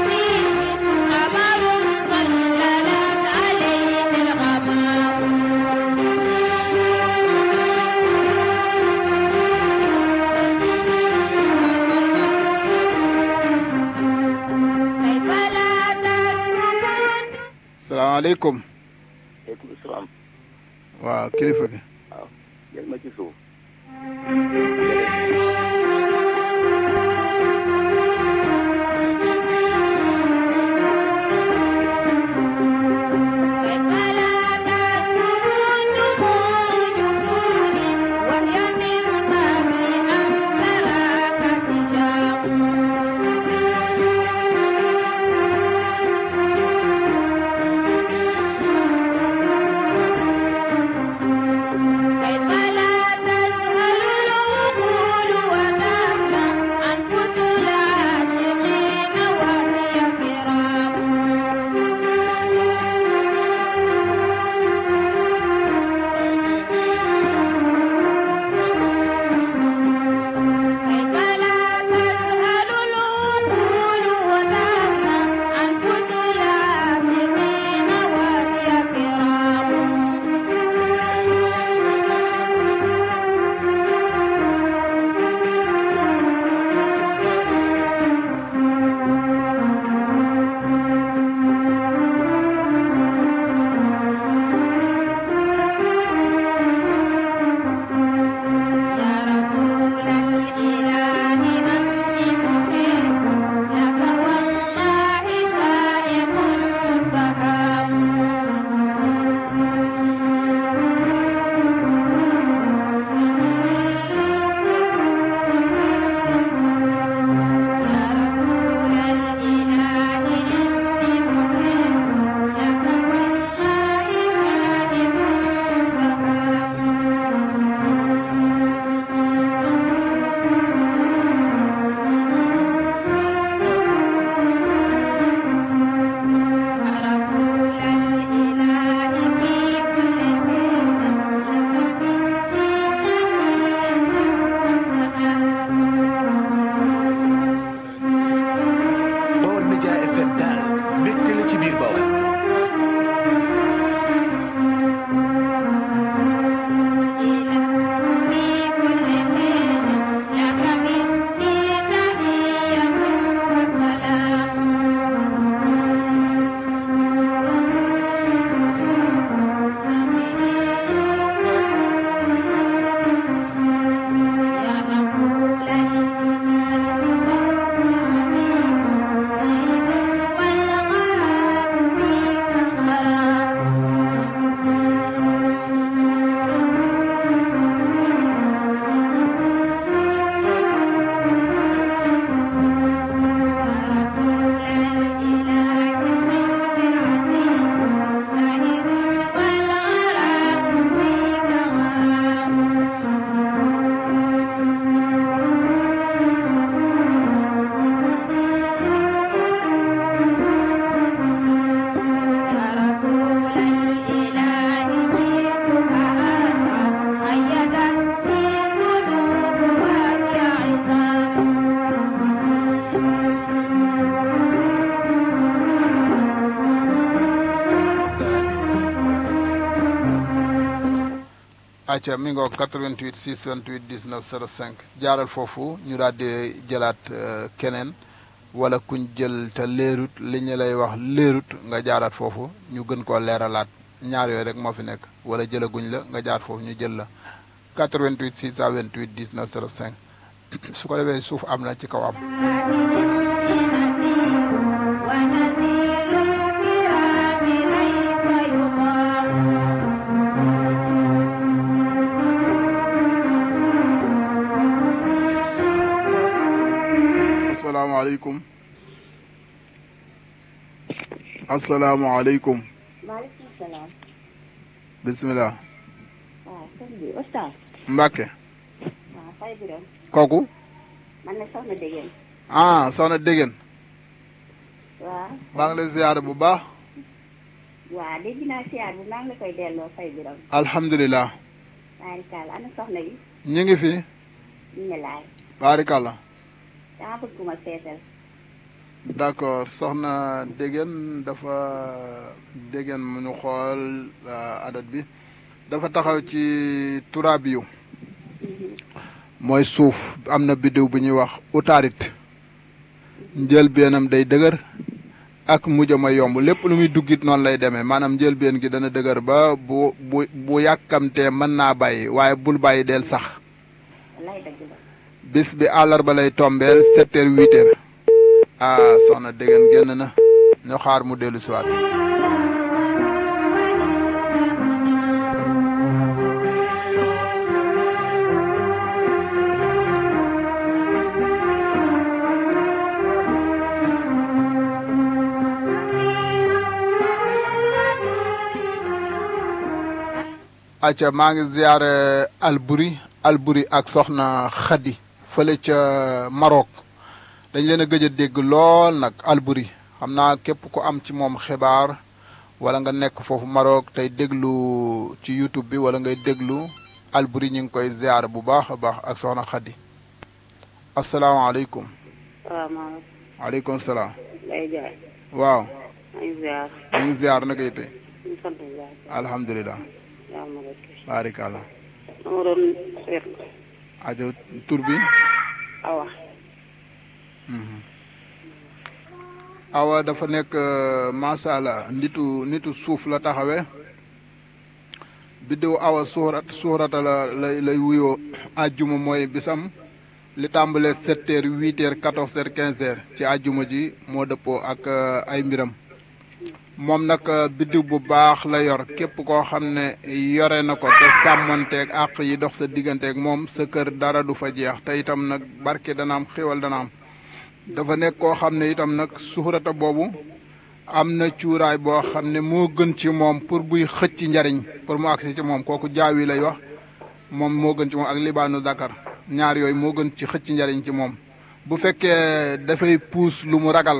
salaamaaleykum. maaleykum salaam. waaw kilifa gi. waaw yéen ma ci suuf. aca mi ngoo 88 628 19 05 jaaral foofu ñu daal di jëlaat euh, keneen wala kuñ jël te leerut li ñu lay wax leerut nga jaaraat foofu ñu gën koo leeralaat ñaar yooyu rek moo fi nekk wala jëlaguñ la nga jaar foofu ñu jël la 88 628 19 05 su ko defee suuf am na ci kaw am asalaamaaleykum. maaleykum salaam. bisimilah. waaw ah, ah, fay biram. kooku. man na soxna Degen. ah soxna Degen. waaw. maa ngi lay bu baax. alhamdulilah. baarikàlla ana soxna yi. ñu ngi fi. ñu ngi laay. baarikàlla. daa ma seetal. d' accord soxna Degen dafa Degen mu ñu xool euh, adat bi dafa taxaw ci turaabiyu mooy suuf am na biddiw bu ñuy wax utaarit njël beenam day dëgër ak mujj ma yomb lépp lu muy duggit noonu lay demee maanaam njël been gi dana dëgër ba bu bu bu yàkkamtee mën naa bàyyi waaye bul bàyyi del sax bis bi àllarba lay tombeel sept heures ah soxna déggan génn na ñu xaar mu dellu siwaat acca maa ngi ziyaare Alburi Alburi ak soxna Xadi fële ca Maroc dañ leen a gëj a dégg lool nag Albury xam naa képp ku am ci moom xibaar wala nga nekk foofu Maroc tey déglu ci YouTube bi wala ngay déglu Albury ñu ngi koy ziar bu baax a baax ak soxna Xadi asalaamaaleykum. waaw maaleykum. waaleykum waaw. maa ngi ziar. maa ngi alhamdulilah. baarikàlla. maa bi. Mm-hmm. awa dafa nekk euh, masala nitu nitu suuf la taxawee biddiw awa suurat suurata la lay lay wuyoo àjjuma mooy bisam li tàmbalee sept heures huit heures quatorze heures ci àjjuma ji moo dëppoo ak euh, ay mbiram moom nag euh, biddiw bu baax la yor képp koo xam ne yore na ko te sàmmanteeg àq yi dox sa digganteeg moom sa kër dara du fa jeex te itam nag barke dana am xéwal dana dafa nekk koo xam ne itam nag suxurata boobu am na cuuraay boo xam ne moo gën ci moom pour buy xëcc njariñ pour mu agsi ci moom kooku jaawi lay wax moom moo gën ci moom ak libaanu dakar ñaar yooyu moo gën ci xëcc njariñ ci moom bu fekkee dafay puus lu mu ragal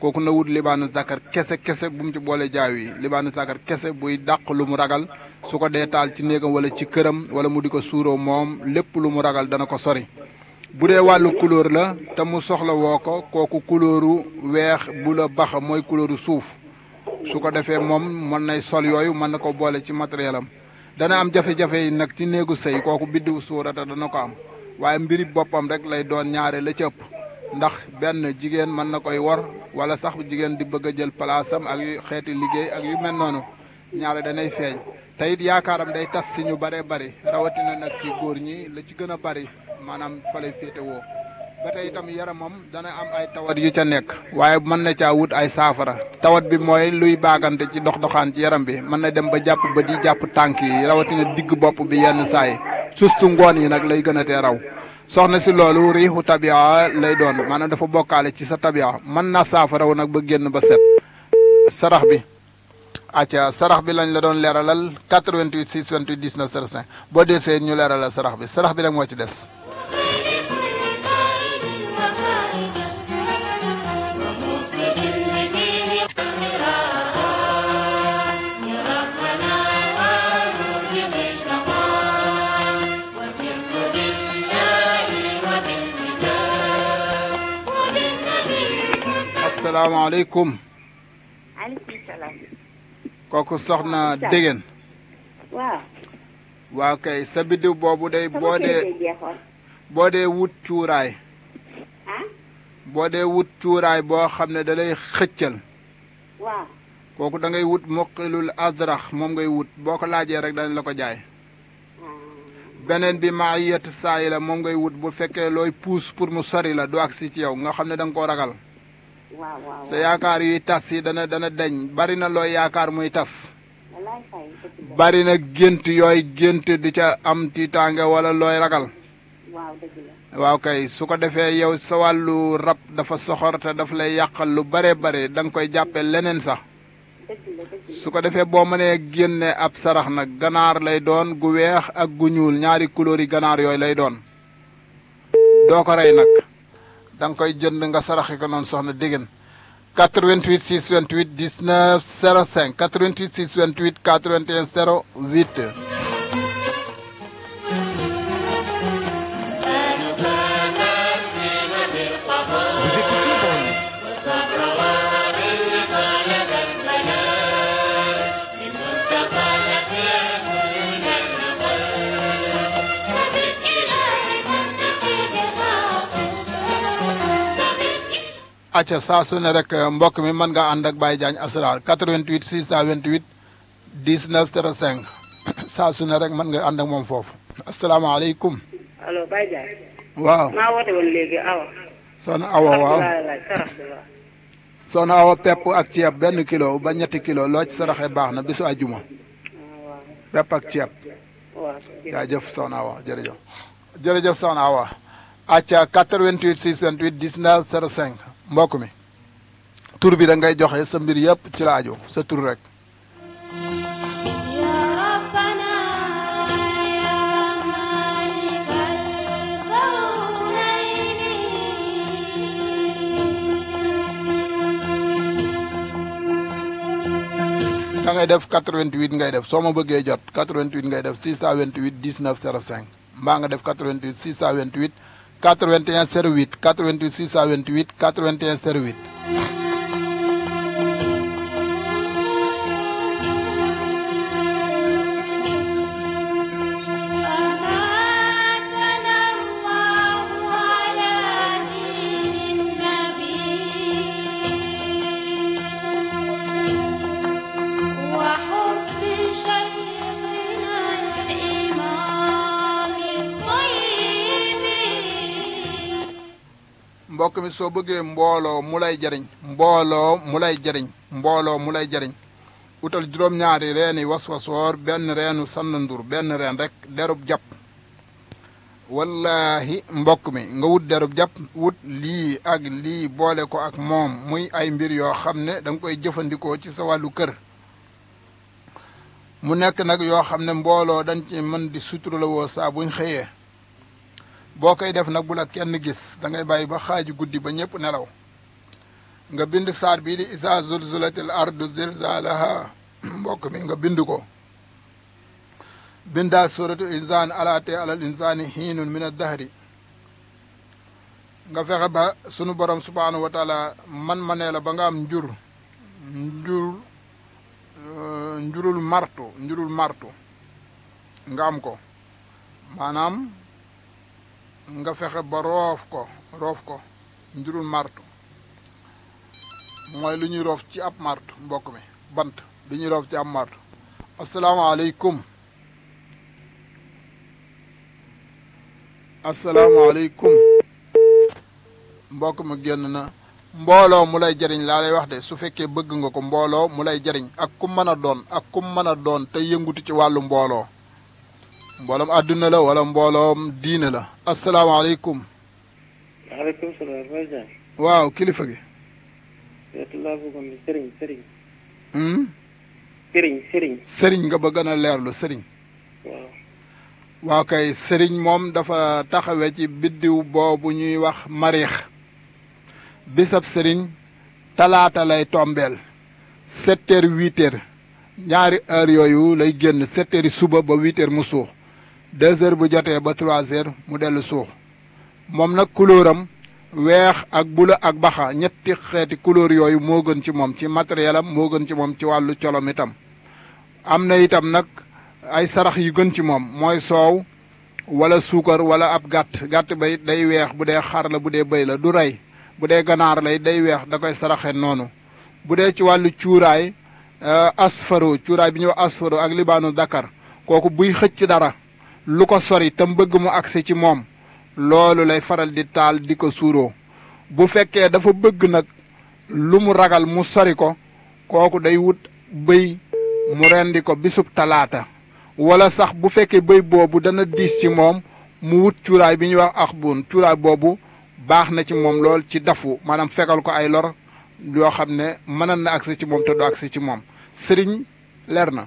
kooku na wut libaanu dakar kese kese bu mu ci boole jaaw yi libaanu dakar kese buy dàq lu mu ragal su ko dee taal ci néegam wala ci këram wala mu di ko suuroo moom lépp lu mu ragal dana ko sori bu dee wàllu couleur la te mu soxla woo ko kooku couleuru weex bu la baxa mooy couleuru suuf su ko defee moom mën na sol yooyu mën na ko boole ci matériel am dana am jafe-jafe yi nag ci néegu sëy kooku biddiw suurata dana ko am waaye mbiri boppam rek lay doon ñaare la ci ëpp ndax benn jigéen mën na koy wor wala sax jigéen di bëgg a jël palaasam ak yu xeeti liggéey ak yu mel noonu ñaare danay feeñ te it yaakaaram day tas si ñu bare bari rawatina nag ci góor ñi la ci gën a bari maanaam fa lay féetewoo ba tey itam yaramam dana am ay tawat yu ca nekk waaye mën na caa wut ay saafara tawat bi mooy luy baagante ci dox doxaan ci yaram bi mën na dem ba jàpp ba di jàpp tànk yi rawatina digg bopp bi yenn saa yi sustu ngoon yi nag lay gën a tee raw soxna si loolu riixu tabia lay doon maanaam dafa bokkaale ci sa tabia mën naa saafara wu nag ba génn ba set sarax bi acca sarax bi lañ la doon leeralal 88 628 19 05 boo desee ñu leeralal sarax bi sarax bi rek moo ci des salaamaaleykum. maaleykum salaam. kooku soxna Degen. waaw. waaw kay sa biddiw boobu day. boo dee boo dee wut cuuraay boo dee cuuraay boo xam ne dalay lay kooku da ngay wut muqilul azrax moom ngay wut boo ko laajee rek dañ la ko jaay beneen bi yet saay la moom ngay wut bu fekkee looy puus pour mu sori la du agsi ci yow nga xam ne danga nga koo ragal sa yaakaar yuy tas yi dana dana deñ bari na looy yaakaar muy tas bari na gént yooy gént di ca am tiitaange wala looy ragal waaw waaw kay su ko defee yow sa wàllu rab dafa soxor te daf lay yàqal lu bare bare da nga koy jàppee leneen sax. su ko defee boo mënee génne ab sarax nag ganaar lay doon gu weex ak gu ñuul ñaari couleur yi ganaar yooyu lay doon. doo ko rey nag da nga koy jënd nga saraxe ko noonu soxna Degen. 88 628 19 05 88 628 81 08. acca saa su ne rek eh, mbokk mi mën nga ànd ak Baye Diagne Asrar 88 628 19 05 saa su ne rek mën nga ànd moom foofu. asalaamaaleykum. allo Baye waaw maa awa. waaw soxna awa pepp ak ceeb benn kilo ba ñetti kilo loo ci saraxe baax na bisu àjjuma. pepp ak ceeb. waaw jaajëf soxna awa jërëjëf. jërëjëf soxna awa. acca 88 628 19 05. mbokk mi tur bi da ngay joxe sa mbir yëpp ci la aju sa tur rek da ngay def 88 ngay def soo ma bëggee jot 88 ngay def 628 19 05 mbaa nga def 88 628 81 08 88 628 81 08 soo bëggee mbooloo mu lay jariñ mbooloo mu lay jariñ mbooloo mu lay jariñ utal juróom-ñaari reeni waswasoor benn reenu sandandur benn reen rek derub jàpp wallahi mbokk mi nga wut derub jàpp wut lii ak lii boole ko ak moom muy ay mbir yoo xam ne danga koy jëfandikoo ci sa wàllu kër mu nekk nag yoo xam ne mbooloo dañ mën di sutura la woo saa buñ xëyee boo koy def nag bu kenn gis da ngay bàyyi ba xaaj guddi ba ñépp nelaw nga bind saar bii di isa zulzulatil ardu zilzalaha mbokk mi nga bind ko bindaa suratu insaan alaate alal insaani hiinun min addahri nga fexe ba sunu borom subhaanahu wa man ma nee la ba nga am njur njur njurul martu njurul martu nga am ko maanaam nga fexe ba roof ko roof ko njurul martu mooy lu ñuy roof ci ab martu mbokk mi bant lu ñuy roof ci ab martu asalaamaaleykum asalaamaaleykum mbokk mi génn na mbooloo mu lay jariñ laa lay wax de su fekkee bëgg nga ko mbooloo mu lay jariñ ak ku mën a doon ak ku mën a doon te yëngutu ci wàllu mbooloo mbooloom àdduna la wala mbooloom diine la asalaamaaleykum. waaleykum waaw kilifa gi. laa bëggoon di sëriñ sëriñ. Hmm? sëriñ sëriñ. sëriñ nga ba gën a leerlu sëriñ. waaw. kay sëriñ moom dafa taxawe ci biddiw boobu ñuy wax mariix bisab sëriñ talaata lay tombeel sept heures ñaari heures yooyu lay génn sept suba ba huit mu suux deux heures bu jotee ba trois mu dellu suux moom nag couleuram weex ak bula ak baxa ñetti xeeti couleur yooyu moo gën ci moom ci matériel am moo gën ci moom ci wàllu colom itam am na itam nag ay sarax yu gën ci moom mooy soow wala suukar wala ab gàtt gàtt bay day weex bu dee xar la bu dee bëy la du rey bu dee ganaar lay day weex da koy saraxe noonu bu dee ci wàllu cuuraay euh, asfaro cuuraay bi ñuy wax asfaro ak libaanu dakar kooku buy xëcc dara lu ko sori tam bëgg mu agsi ci moom loolu lay faral di taal di ko suuroo bu fekkee dafa bëgg nag lu mu ragal mu sori ko kooku day wut bëy mu rendi ko bisub talaata wala sax bu fekkee bëy boobu dana diis ci moom mu wut cuuraay bi ñuy wax ax buun cuuraay boobu baax na ci moom lool ci dafu maanaam fegal ko ay lor yoo xam ne mënal na agsi ci moom te du agsi ci moom sëriñ leer na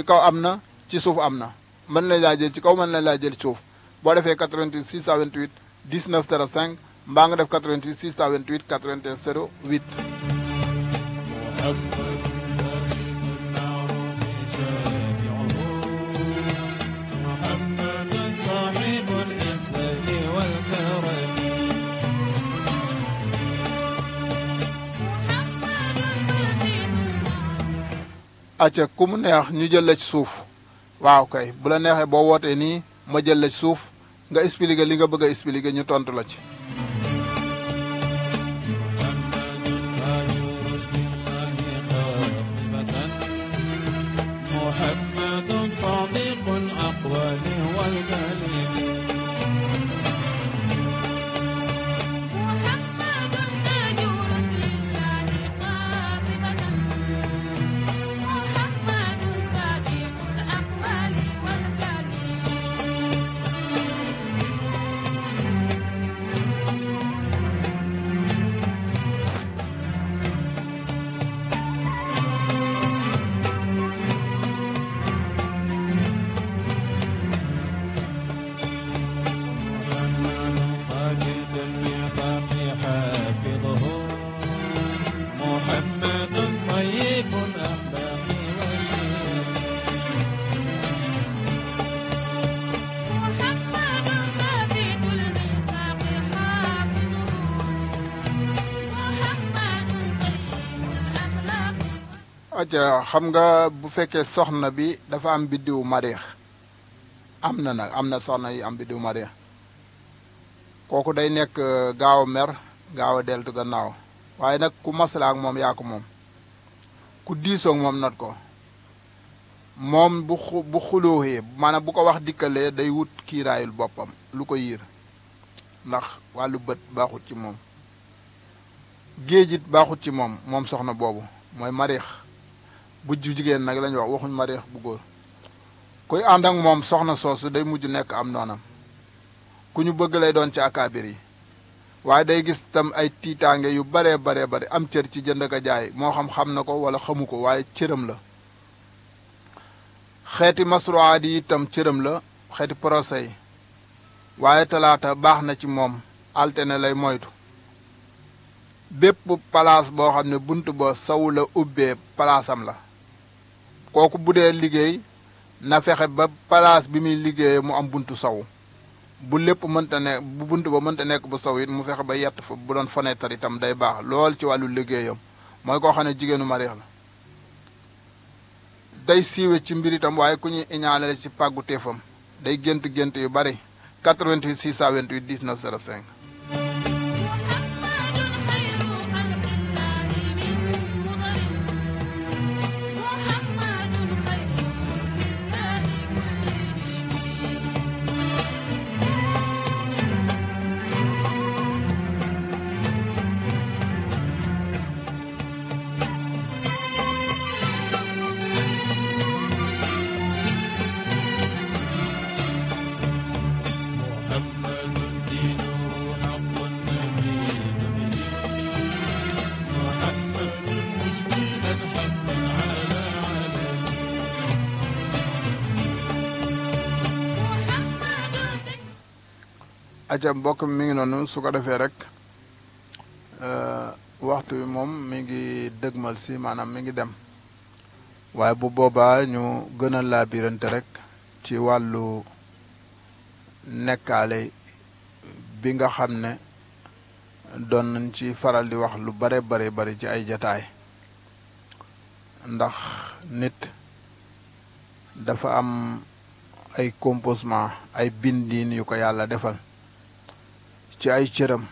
ci kaw am na ci suuf am na mën nañ laa jël ci kaw mën nañ laa jël ci suuf boo defee 88 628 19 05 mbaa nga def 88 628 81 08 acca ku mu neex ñu jël la ci suuf waaw kay bu la neexee boo wootee nii ma jël la suuf nga expliquer li nga bëgg a expliquer ñu tontu la ci acca eh, xam nga bu fekkee soxna bi dafa am biddiwu mariix am na nag am na soxna yu am biddiwu mariix kooku day nekk eh, gaaw a mer gaaw a deltu gannaaw waaye nag ku masla ak moom yaa ko moom ku diisoog moom not ko moom bu xu bu maanaam bu ko wax dikkalee day wut kiiraayul boppam lu ko yiir ndax wàllu bët baaxut ci moom géejit baaxut ci moom moom soxna boobu mooy mariix bu jigéen nag lañu wax waxuñ mariix bu góor kuy ànd ak moom soxna soosu day mujj nekk am noonam ku ñu bëgg lay doon ci akaabir yi waaye day gis tam ay tiitaange yu baree baree bare am cër ci jënd ak jaay moo xam xam na ko wala xamu ko waaye cëram la xeeti masruwaat yi itam cëram la xeeti procès yi waaye talaata baax na ci moom altine lay moytu bépp palaas boo xam ne bunt ba sawu la ubbee palaasam la kooku bu dee liggéey na fexe ba place bi muy liggéeyee mu am bunt saw bu lépp mënta ne bu bunt ba mënta nekk bu saw it mu fexe ba yett fa bu doon fenêtre itam day baax lool ci wàllu liggéeyam mooy koo xam ne jigéenu mariix la day siiwe ci mbir itam waaye ku ñuy iñaanale ci pàggu téefam day gént gént yu bari 88 628 19 05 aca mbokk mi ngi noonu su ko defee rek euh, waxtu wi moom mi ngi dëgmal si maanaam mi ngi dem waaye bu boobaa ñu gën a laabirante rek ci wàllu nekkaale bi nga xam ne doon nañ ci faral di wax lu bare bare bari ci ay jataay ndax nit dafa am ay composement ay bindiin yu ko yàlla defal ci ay cëram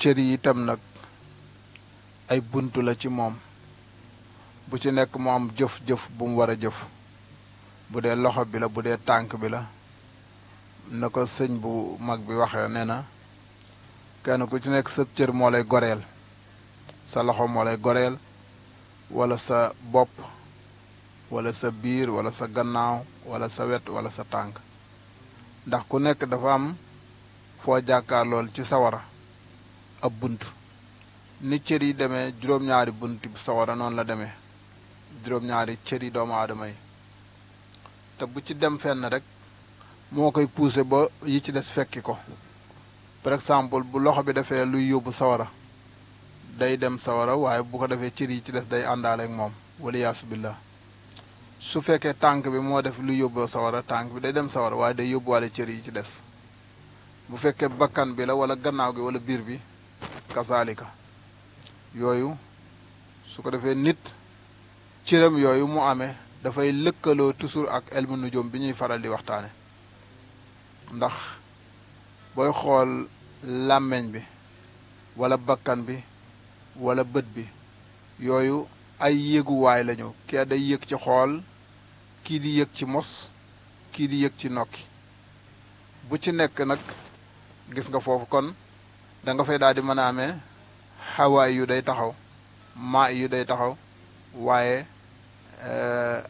cër yi itam nag ay bunt la ci moom bu ci nekk mu am jëf-jëf bu mu war a jëf bu dee loxo bi la bu dee tànk bi la na ko sëñ bu mag bi waxee nee na kenn ku ci nekk sa cër moo lay goreel sa loxo moo lay goreel wala sa bopp wala sa biir walla sa gannaaw wala sa wet wala sa tànk ndax ku nekk dafa am foo jàkkaar lool ci sawara ab bunt ni cër yi demee juróom-ñaari bunt bu sawara noonu la demee juróom-ñaari cër yi doomu aadama yi te bu ci dem fenn rek moo koy poussé ba yi ci des fekki ko par exemple bu loxo bi defee luy yóbbu sawara day dem sawara waaye bu ko defee cër yi ci des day àndaaleek moom wala yaasubillah su fekkee tànk bi moo def luy yóbbu sawara tànk bi day dem sawara waaye day yóbbu yóbbuwaale cër yi ci des bu fekkee bakkan bi la wala gannaaw gi wala biir bi kasaalika yooyu su ko defee nit cëram yooyu mu amee dafay lëkkaloo toujours ak elmu nujum bi ñuy faral di waxtaane ndax booy xool làmmeñ bi walla bakkan bi wala bët bi yooyu ay yéeguwaay lañu kee day yëg ci xool kii di yëg ci mos kii di yëg ci nokki bu ci nekk nag gis nga foofu kon danga nga fay daal di mën a ame xawaay yu day taxaw maa yu day taxaw waaye euh,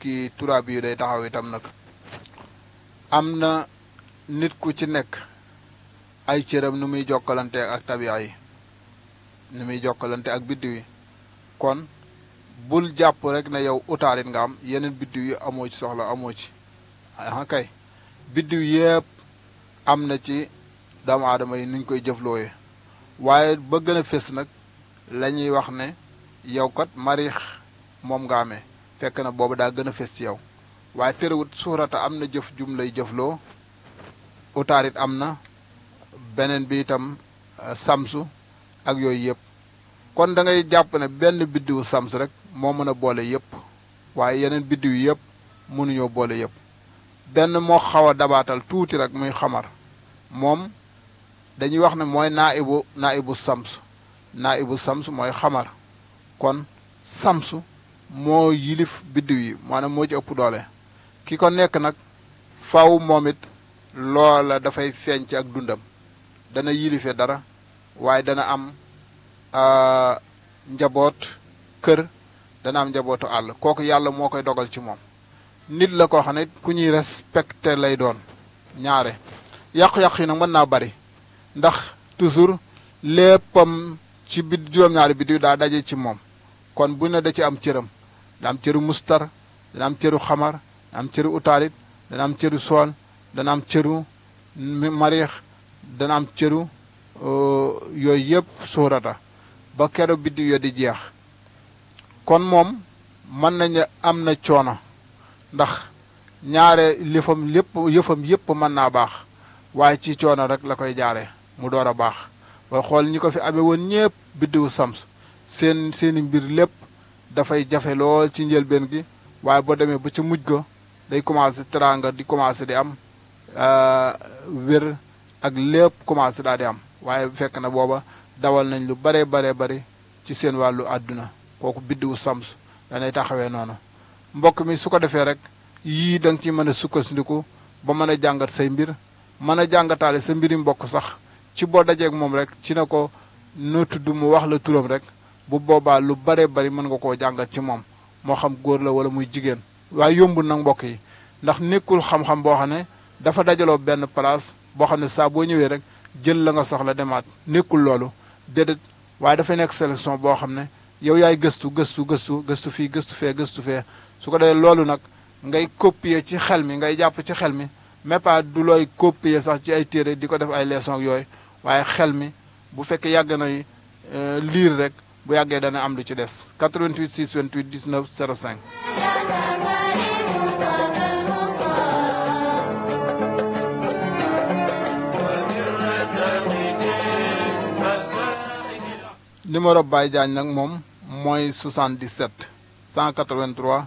kii turaab yu day taxaw itam nag am na nit ku ci nekk ay cëram nu muy jokkalante ak tabia yi nu muy jokkalante ak biddiw yi kon bul jàpp rek na yow utaarit nga am yeneen biddiw yi amoo ci soxla amoo ci ah kay biddiw yépp am na ci doomu aadama yi nuñ koy jëflooyee waaye ba gën a fés nag la ñuy wax ne yow kot mariix moom nga amee fekk na boobu daa gën a fés ci yow waaye terewut suurata am na jëf jum lay jëfloo utaarit am na beneen bi itam euh, samsu ak yooyu yëpp kon dangay jàpp ne benn biddiwu samsu rek moo mën a boole yëpp waaye yeneen biddiw yëpp mënuñoo boole yëpp benn moo xaw a dabaatal tuuti rek muy xamar moom dañuy wax ne mooy naa naaibu naaibu sams ibu sams mooy xamar kon samsu moo yilif biddiw yi maanaam moo ci ëpp doole ki ko nekk nag faw moom it loola dafay feeñ ci ak dundam dana yilife dara waaye dana am njaboot kër dana am njabootu àll kooku yàlla moo koy dogal ci moom nit la koo xam ne ku ñuy respecté lay doon ñaare yàqu-yàqu yi nag mën naa bari ndax toujours léppam ci bi juróom-ñaari biddiw daa daje ci moom kon bu ne da ci am cëram da am cëru mustar dana am cëru xamar dana am cëru utaarit dana am cëru sool dana am cëru mariix dana am cëru yooyu yëpp suurata ba keroog biddiw yo di jeex kon moom mën nañu am na coono ndax ñaare lifam lépp yëfam yëpp mën naa baax waaye ci coono rek la koy jaare mu door a baax booy xool ñi ko fi amee woon ñépp biddiwu sams seen seeni mbir lépp dafay jafe lool ci njëlbeen gi waaye boo demee ba ci mujj ko day commencé teraanga di commencé di am euh, wér ak lépp commencé daal di am waaye fekk na booba dawal nañ lu bare bare bari ci seen wàllu àdduna kooku biddiwu sams danay taxawee noonu mbokk mi su ko defee rek yii da nga ci mën a sukkandiku ba mën a jàngat say mbir mën a jàngataale sa mbiri mbokk sax ci boo dajeeg moom rek ci ne ko noo tudd mu wax la turam rek bu boobaa lu baree bari mën nga koo jàngat ci moom moo xam góor la wala muy jigéen waaye yombul nag mbokk yi ndax nekkul xam-xam boo xam ne dafa dajaloo benn place boo xam ne saa boo ñëwee rek jël la nga soxla demaat nekkul loolu déedéet waaye dafay nekk sélection boo xam ne yow yaay gëstu gëstu gëstu gëstu fii gëstu fee gëstu fee su ko defee loolu nag ngay copier ci xel mi ngay jàpp ci xel mi mais pas du looy copier sax ci ay téere di ko def ay leçon ak yooyu waaye xel mi bu fekkee yàgg na euh, liir rek bu yàggee dana am lu ci des 88 628 19 05. numéro Baye Diagne nag moom mooy 77 183.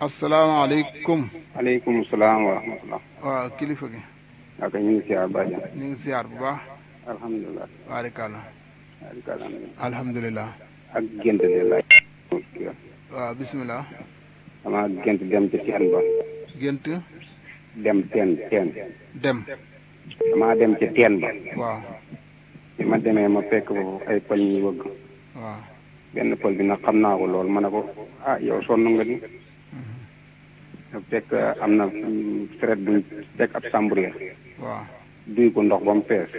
asalaamaaleykum. aleykum salaam wa rahmatulah. waaw kilifa gi. ñu ngi siyaar baax ñu ngi siyaar bu baax. alhamdulilah. baarikàlla. baarikàlla. alhamdulilah. ak gént de laaj. waaw bisimilah. damaa gént dem ci teen ba. gént. dem teen teen. dem. damaa dem ci teen ba. waaw. ma demee ma fekk foofu ay pël wëgg. waaw. benn pël bi nag xam naa ko lool ma ne ko ah yow sonn nga fekk uh, am na traite buñ fekk ab chambre waaw duy ko ndox ba mu fees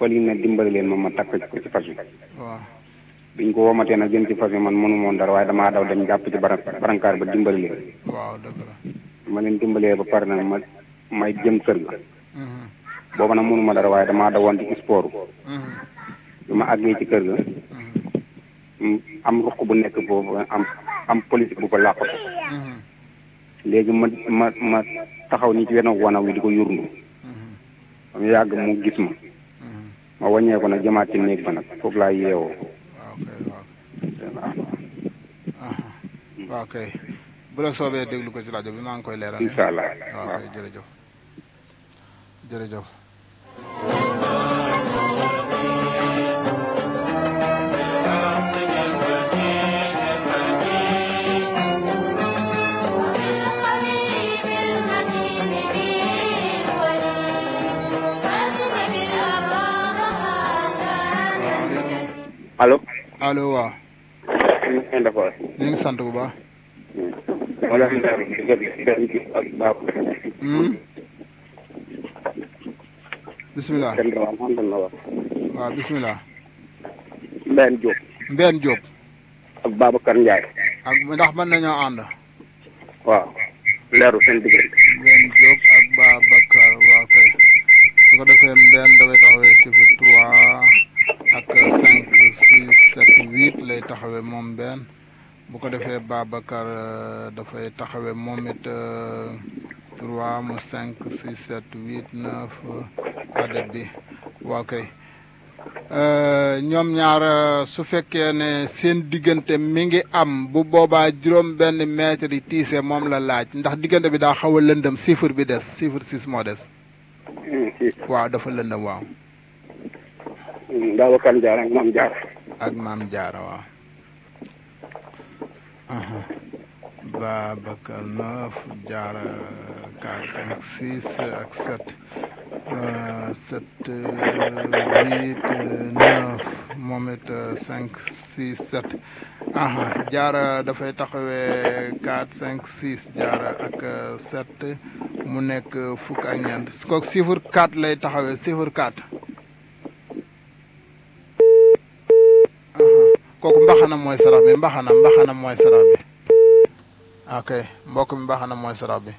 waaw na dimbali leen ma ma takk ko ci fas wi waaw ko womatee nag jëm ci fas yi man mënu moon dara waaye damaa daw dem jàpp ci barankaar ba dimbali leen waaw dëgg la ma leen dimbalee ba pare nag ma may jëm kër ga mm-hmm. booba nag mënuma dara waaye damaa dawoon ci sport mm-hmm. bi ma ci kër ga mm-hmm. am ruq bu nekk boobu am am police bu fa làqatu léegi ma ma ma taxaw ni ci wenn wanaw wi di ko yurndu ba mu yàgg mu gis ma ma wàññee ko nag jamaat ci néeg ba nag foofu laa yeewoo ah, ah, ah. bu la soobee déglu ko ci rajo bi maa ngi koy leeral incha allah waaw kay jërëjëf jërëjëf allo. allo waaw. sant bu baax. wala. Hmm? bisimilah. waaw bisimilah. Mbène Diop. Mbène Diop. ak Babacar Ndiaye. ak ndax mën nañoo ànd. waaw. leeru seen diggante. Mbène ak Babacar waaw kay ko defee Mbène dafay taxawe moom benn bu ko defee Babacar euh, dafay taxawee moom it euh, trois mu cinq six sept huit neuf euh, adat bi waaw kay ñoom ñaar su fekkee ne seen diggante mi ngi am bu boobaa juróom benn mètre yi tiise moom la laaj ndax diggante bi daa xaw a lëndëm chiffre bi des chiffre six moo des hmm. waaw dafa lëndëm waaw hmm. Babacar maam Diarra ak maam Diarra waaw Babacar 9 Diarra 4 5 6 ak 7 7 8 9 moom it 5 6 7 dafay taxawee 4 5 6 Diarra ak 7 uh, mu nekk fukk ak ñeent kooku chiffre 4 lay taxawee chiffre 4. kooku mbaxana mooy sarax bi mbaxana mbaxana mooy sarax bi ok mbokk mi mbaxana mooy sarax bi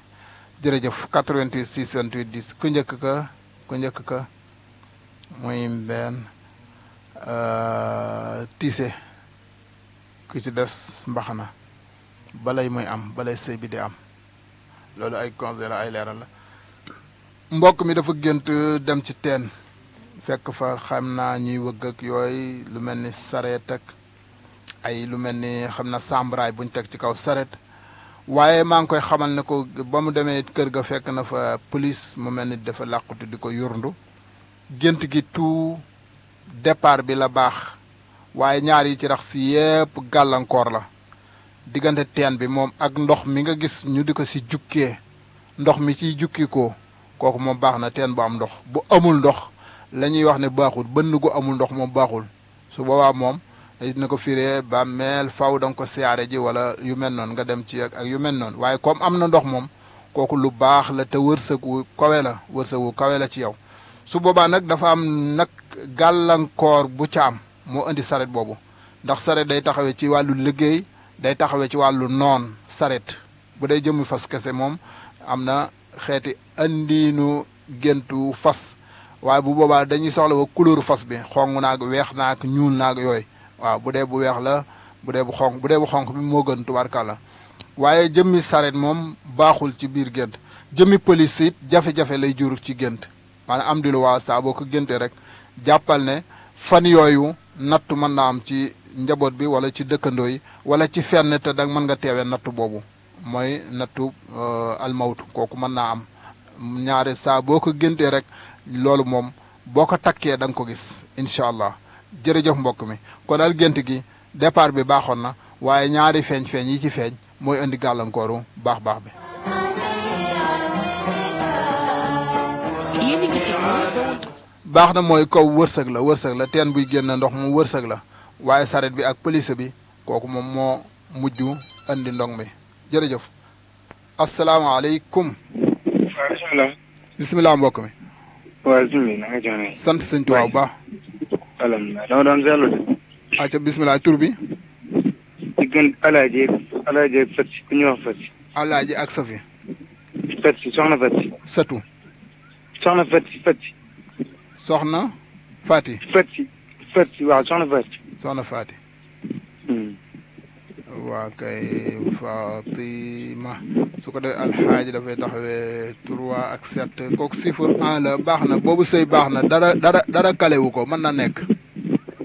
jërëjëf 88 68 10 ku njëkk ka ku njëkk ka muy benn euh, tise ku ci des mbaxana balay mooy am balay sëy bi di am loolu ay conseil la ay leeral la mbokk mi dafa gént dem ci teen fekk fa xam naa ñuy wëgg ak yooyu lu mel ni sareet ay lu mel ni xam na sambraay buñ teg ci kaw saret waaye maa ngi koy xamal ne ko ba mu demee kër ga fekk na fa police mu mel ni dafa làqutu di ko yurndu gént gi tout départ bi la baax waaye ñaar yi ci rax si yépp gàllankoor la diggante teen bi moom ak ndox mi nga gis ñu di ko si jukkee ndox mi ciy jukki ko kooku moom baax na teen bu am ndox bu amul ndox lañuy wax ne baaxul bënn gu amul ndox moom baaxul su boobaa moom dina ko firee bàmmeel faw da nga ko siyaare ji wala yu mel noonu nga dem ci ak ak yu mel noonu waaye comme am na ndox moom kooku lu baax la te wërsëg wu kawe la wërsëg wu kawe la ci yow su boobaa nag dafa am nag gàllankoor bu caam moo indi saret boobu ndax saret day taxawee ci wàllu liggéey day taxawee ci wàllu noon saret bu day jëmmi fas kese moom am na xeeti indiinu géntu fas waaye bu boobaa dañuy soxla wa couleur fas bi xong naag weex naag ñuul naag yooyu waaw bu dee bu weex la bu dee bu xonk bu dee bu xonq bi moo gën tubaarkàlla waaye jëmmi saret moom baaxul ci biir gént jëmmi pëlis it jafe-jafe lay jur ci gént maanaam am di lu saa boo ko géntee rek jàppal ne fan yooyu nattu mën naa am ci njaboot bi wala ci dëkkandoo yi wala ci fenn te da mën nga teewee nattu boobu mooy nattu euh, almawtu kooku mën naa am ñaare saa boo ko géntee rek loolu moom boo ko takkee da nga ko gis incha allah jërëjëf mbokk mi kon daal gént gi départ bi baaxoon na waaye ñaari feeñ-feeñ yi ci feeñ mooy indi gàllankooru baax baax bi baax na mooy kaw wërsëg la wërsëg la teen buy génn ndox mu wërsëg la waaye saret bi ak police bi kooku moom moo mujj indi ndong mi jërëjëf asalaamaaleykum. waaw bisimilah. mbokk mi. sant sëñ Tuubaa baax. alhamdulilah dama doon seetlu de. acca bisimilah tur bi. diggante alaaji alaaji ak Fati ku ñuy wax Fati. alaaji ak Safi. Fati soxna Fati. Satu. soxna Fati Fati. soxna Fati. Fati Fati waaw soxna Fati. soxna Fati. waa kay Fatima su ko defee alxaaji dafay taxawee trois ak sept kook chiffre un la baax na boobu sëy baax na dara dara dara kalewu ko mën na nekk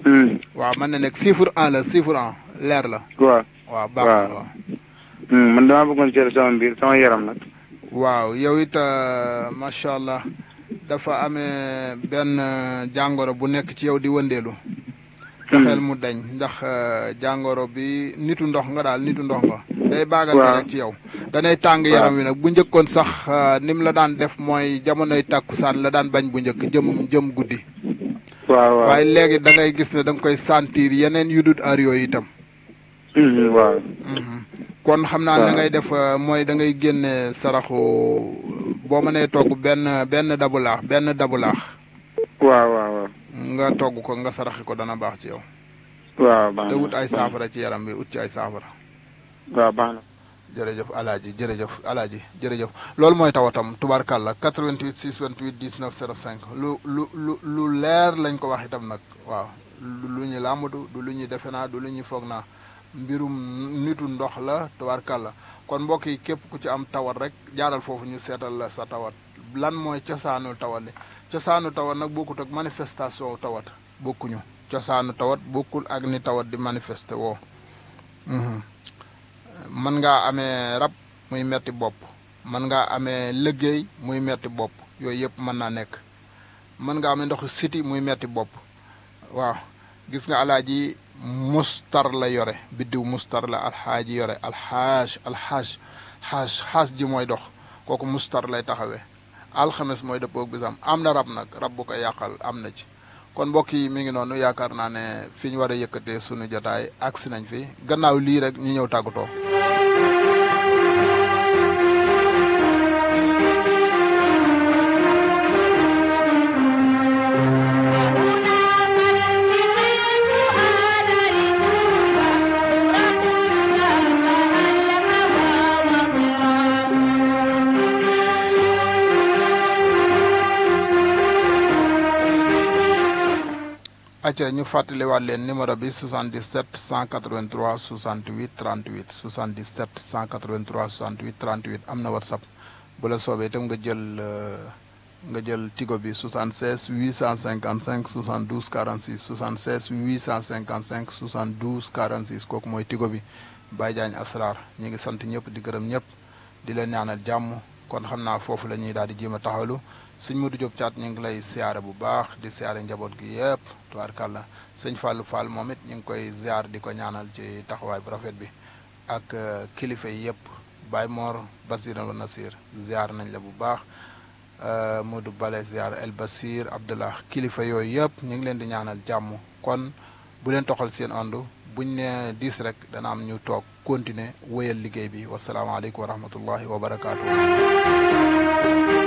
hmm. waaw mën na nekk chiffre un la chiffre un leer la waaw waaw baax na waaw hmm, man damaa bëggoon seet sama mbir sama yaram nag waaw yow it euh, macha allah dafa amee benn euh, jàngoro bu nekk ci yow di wëndeelu sa hmm. mu deñ ndax euh, jàngoro bi nitu ndox nga daal nitu ndox nga hmm. day baagal rek ci yow danay tàng yaram wi nag bu njëkkoon sax euh, ni mu la daan def mooy jamonoy tàkkusaan la daan bañ bu njëkk jëm jëm guddi waaw léegi da gis ne da koy sentir yeneen yu dut ar yooyu itam hmm, waaw mhm. kon xam naa ne ngay def euh, mooy da ngay génne saraxu boo mënee togg benn benn dabu laax benn dabu laax nga togg ko nga saraxe ko dana baax ci yow. waaw baax te wut ay saafara ci yaram bi ut ci ay saafara. waaw baax na. jërëjëf alaaji jërëjëf alaaji jërëjëf loolu mooy tawatam tubaarkàlla 88 628 19 05 lu lu lu lu leer lañ ko wax itam nag waaw lu ñu làmbatu du lu ñuy defe naa du lu ñuy foog naa mbirum nitu ndox la tubaarkàlla kon mbokk yi képp ku ci am tawat rek jaaral foofu ñu seetal la sa tawat lan mooy cosaanul tawat li cosaanu tawat nag bokkut ak manifestation tawat bokkuñu cosaanu tawat bokkul ak ni tawat di manifester woo mhm. mën ngaa amee rab muy metti bopp mën ngaa amee liggéey muy metti bopp yooyu yëpp mën naa nekk mën nga amee ndoxu siti muy metti bopp waaw gis nga alaaji mustar la yore biddiw mustar la alxaaji yore alxaaj alxaaj xaaj xaaj ji mooy dox kooku mustar lay taxawe alxames mooy dëppoog bisam am na rab nag rab bu ko yàqal am na ci kon mbokk yi mi ngi noonu yaakaar naa ne fi ñu war a yëkkatee sunu jotaay agsi nañ fi gannaaw lii rek ñu ñëw tàggatoo. acca ñu fàttaliwaat leen numéro bi 77 183 68 38 77 183 68 38 am na whatsapp bu la soobee itam nga jël euh, nga jël tigo bi 76 855 72 46 76 855 72 46 kooku mooy tigo bi Baye Diagne Asrar ñu ngi sant ñëpp di gërëm ñëpp di leen ñaanal jàmm kon xam naa foofu la ñuy daal di jéem a taxawlu sëñ Modou Diop Thiat ñu ngi lay siyaare bu baax di siyaare njaboot gi yëpp tubaarkàlla sëñ Fallou Fall moom it ñu ngi koy ziar di ko ñaanal ci taxawaay bu rafet bi ak euh, kilifa yi yëpp Baye Mor Basir al Nasir nañ la bu baax euh, Modou Bale ziar El Basir kilifa yooyu yëpp ñu ngi leen di ñaanal jàmm kon bu leen toxal seen ondu buñ ne diis rek dana am ñu toog continuer wéyal liggéey bi wasalaamaaleykum wa rahmatullahi wa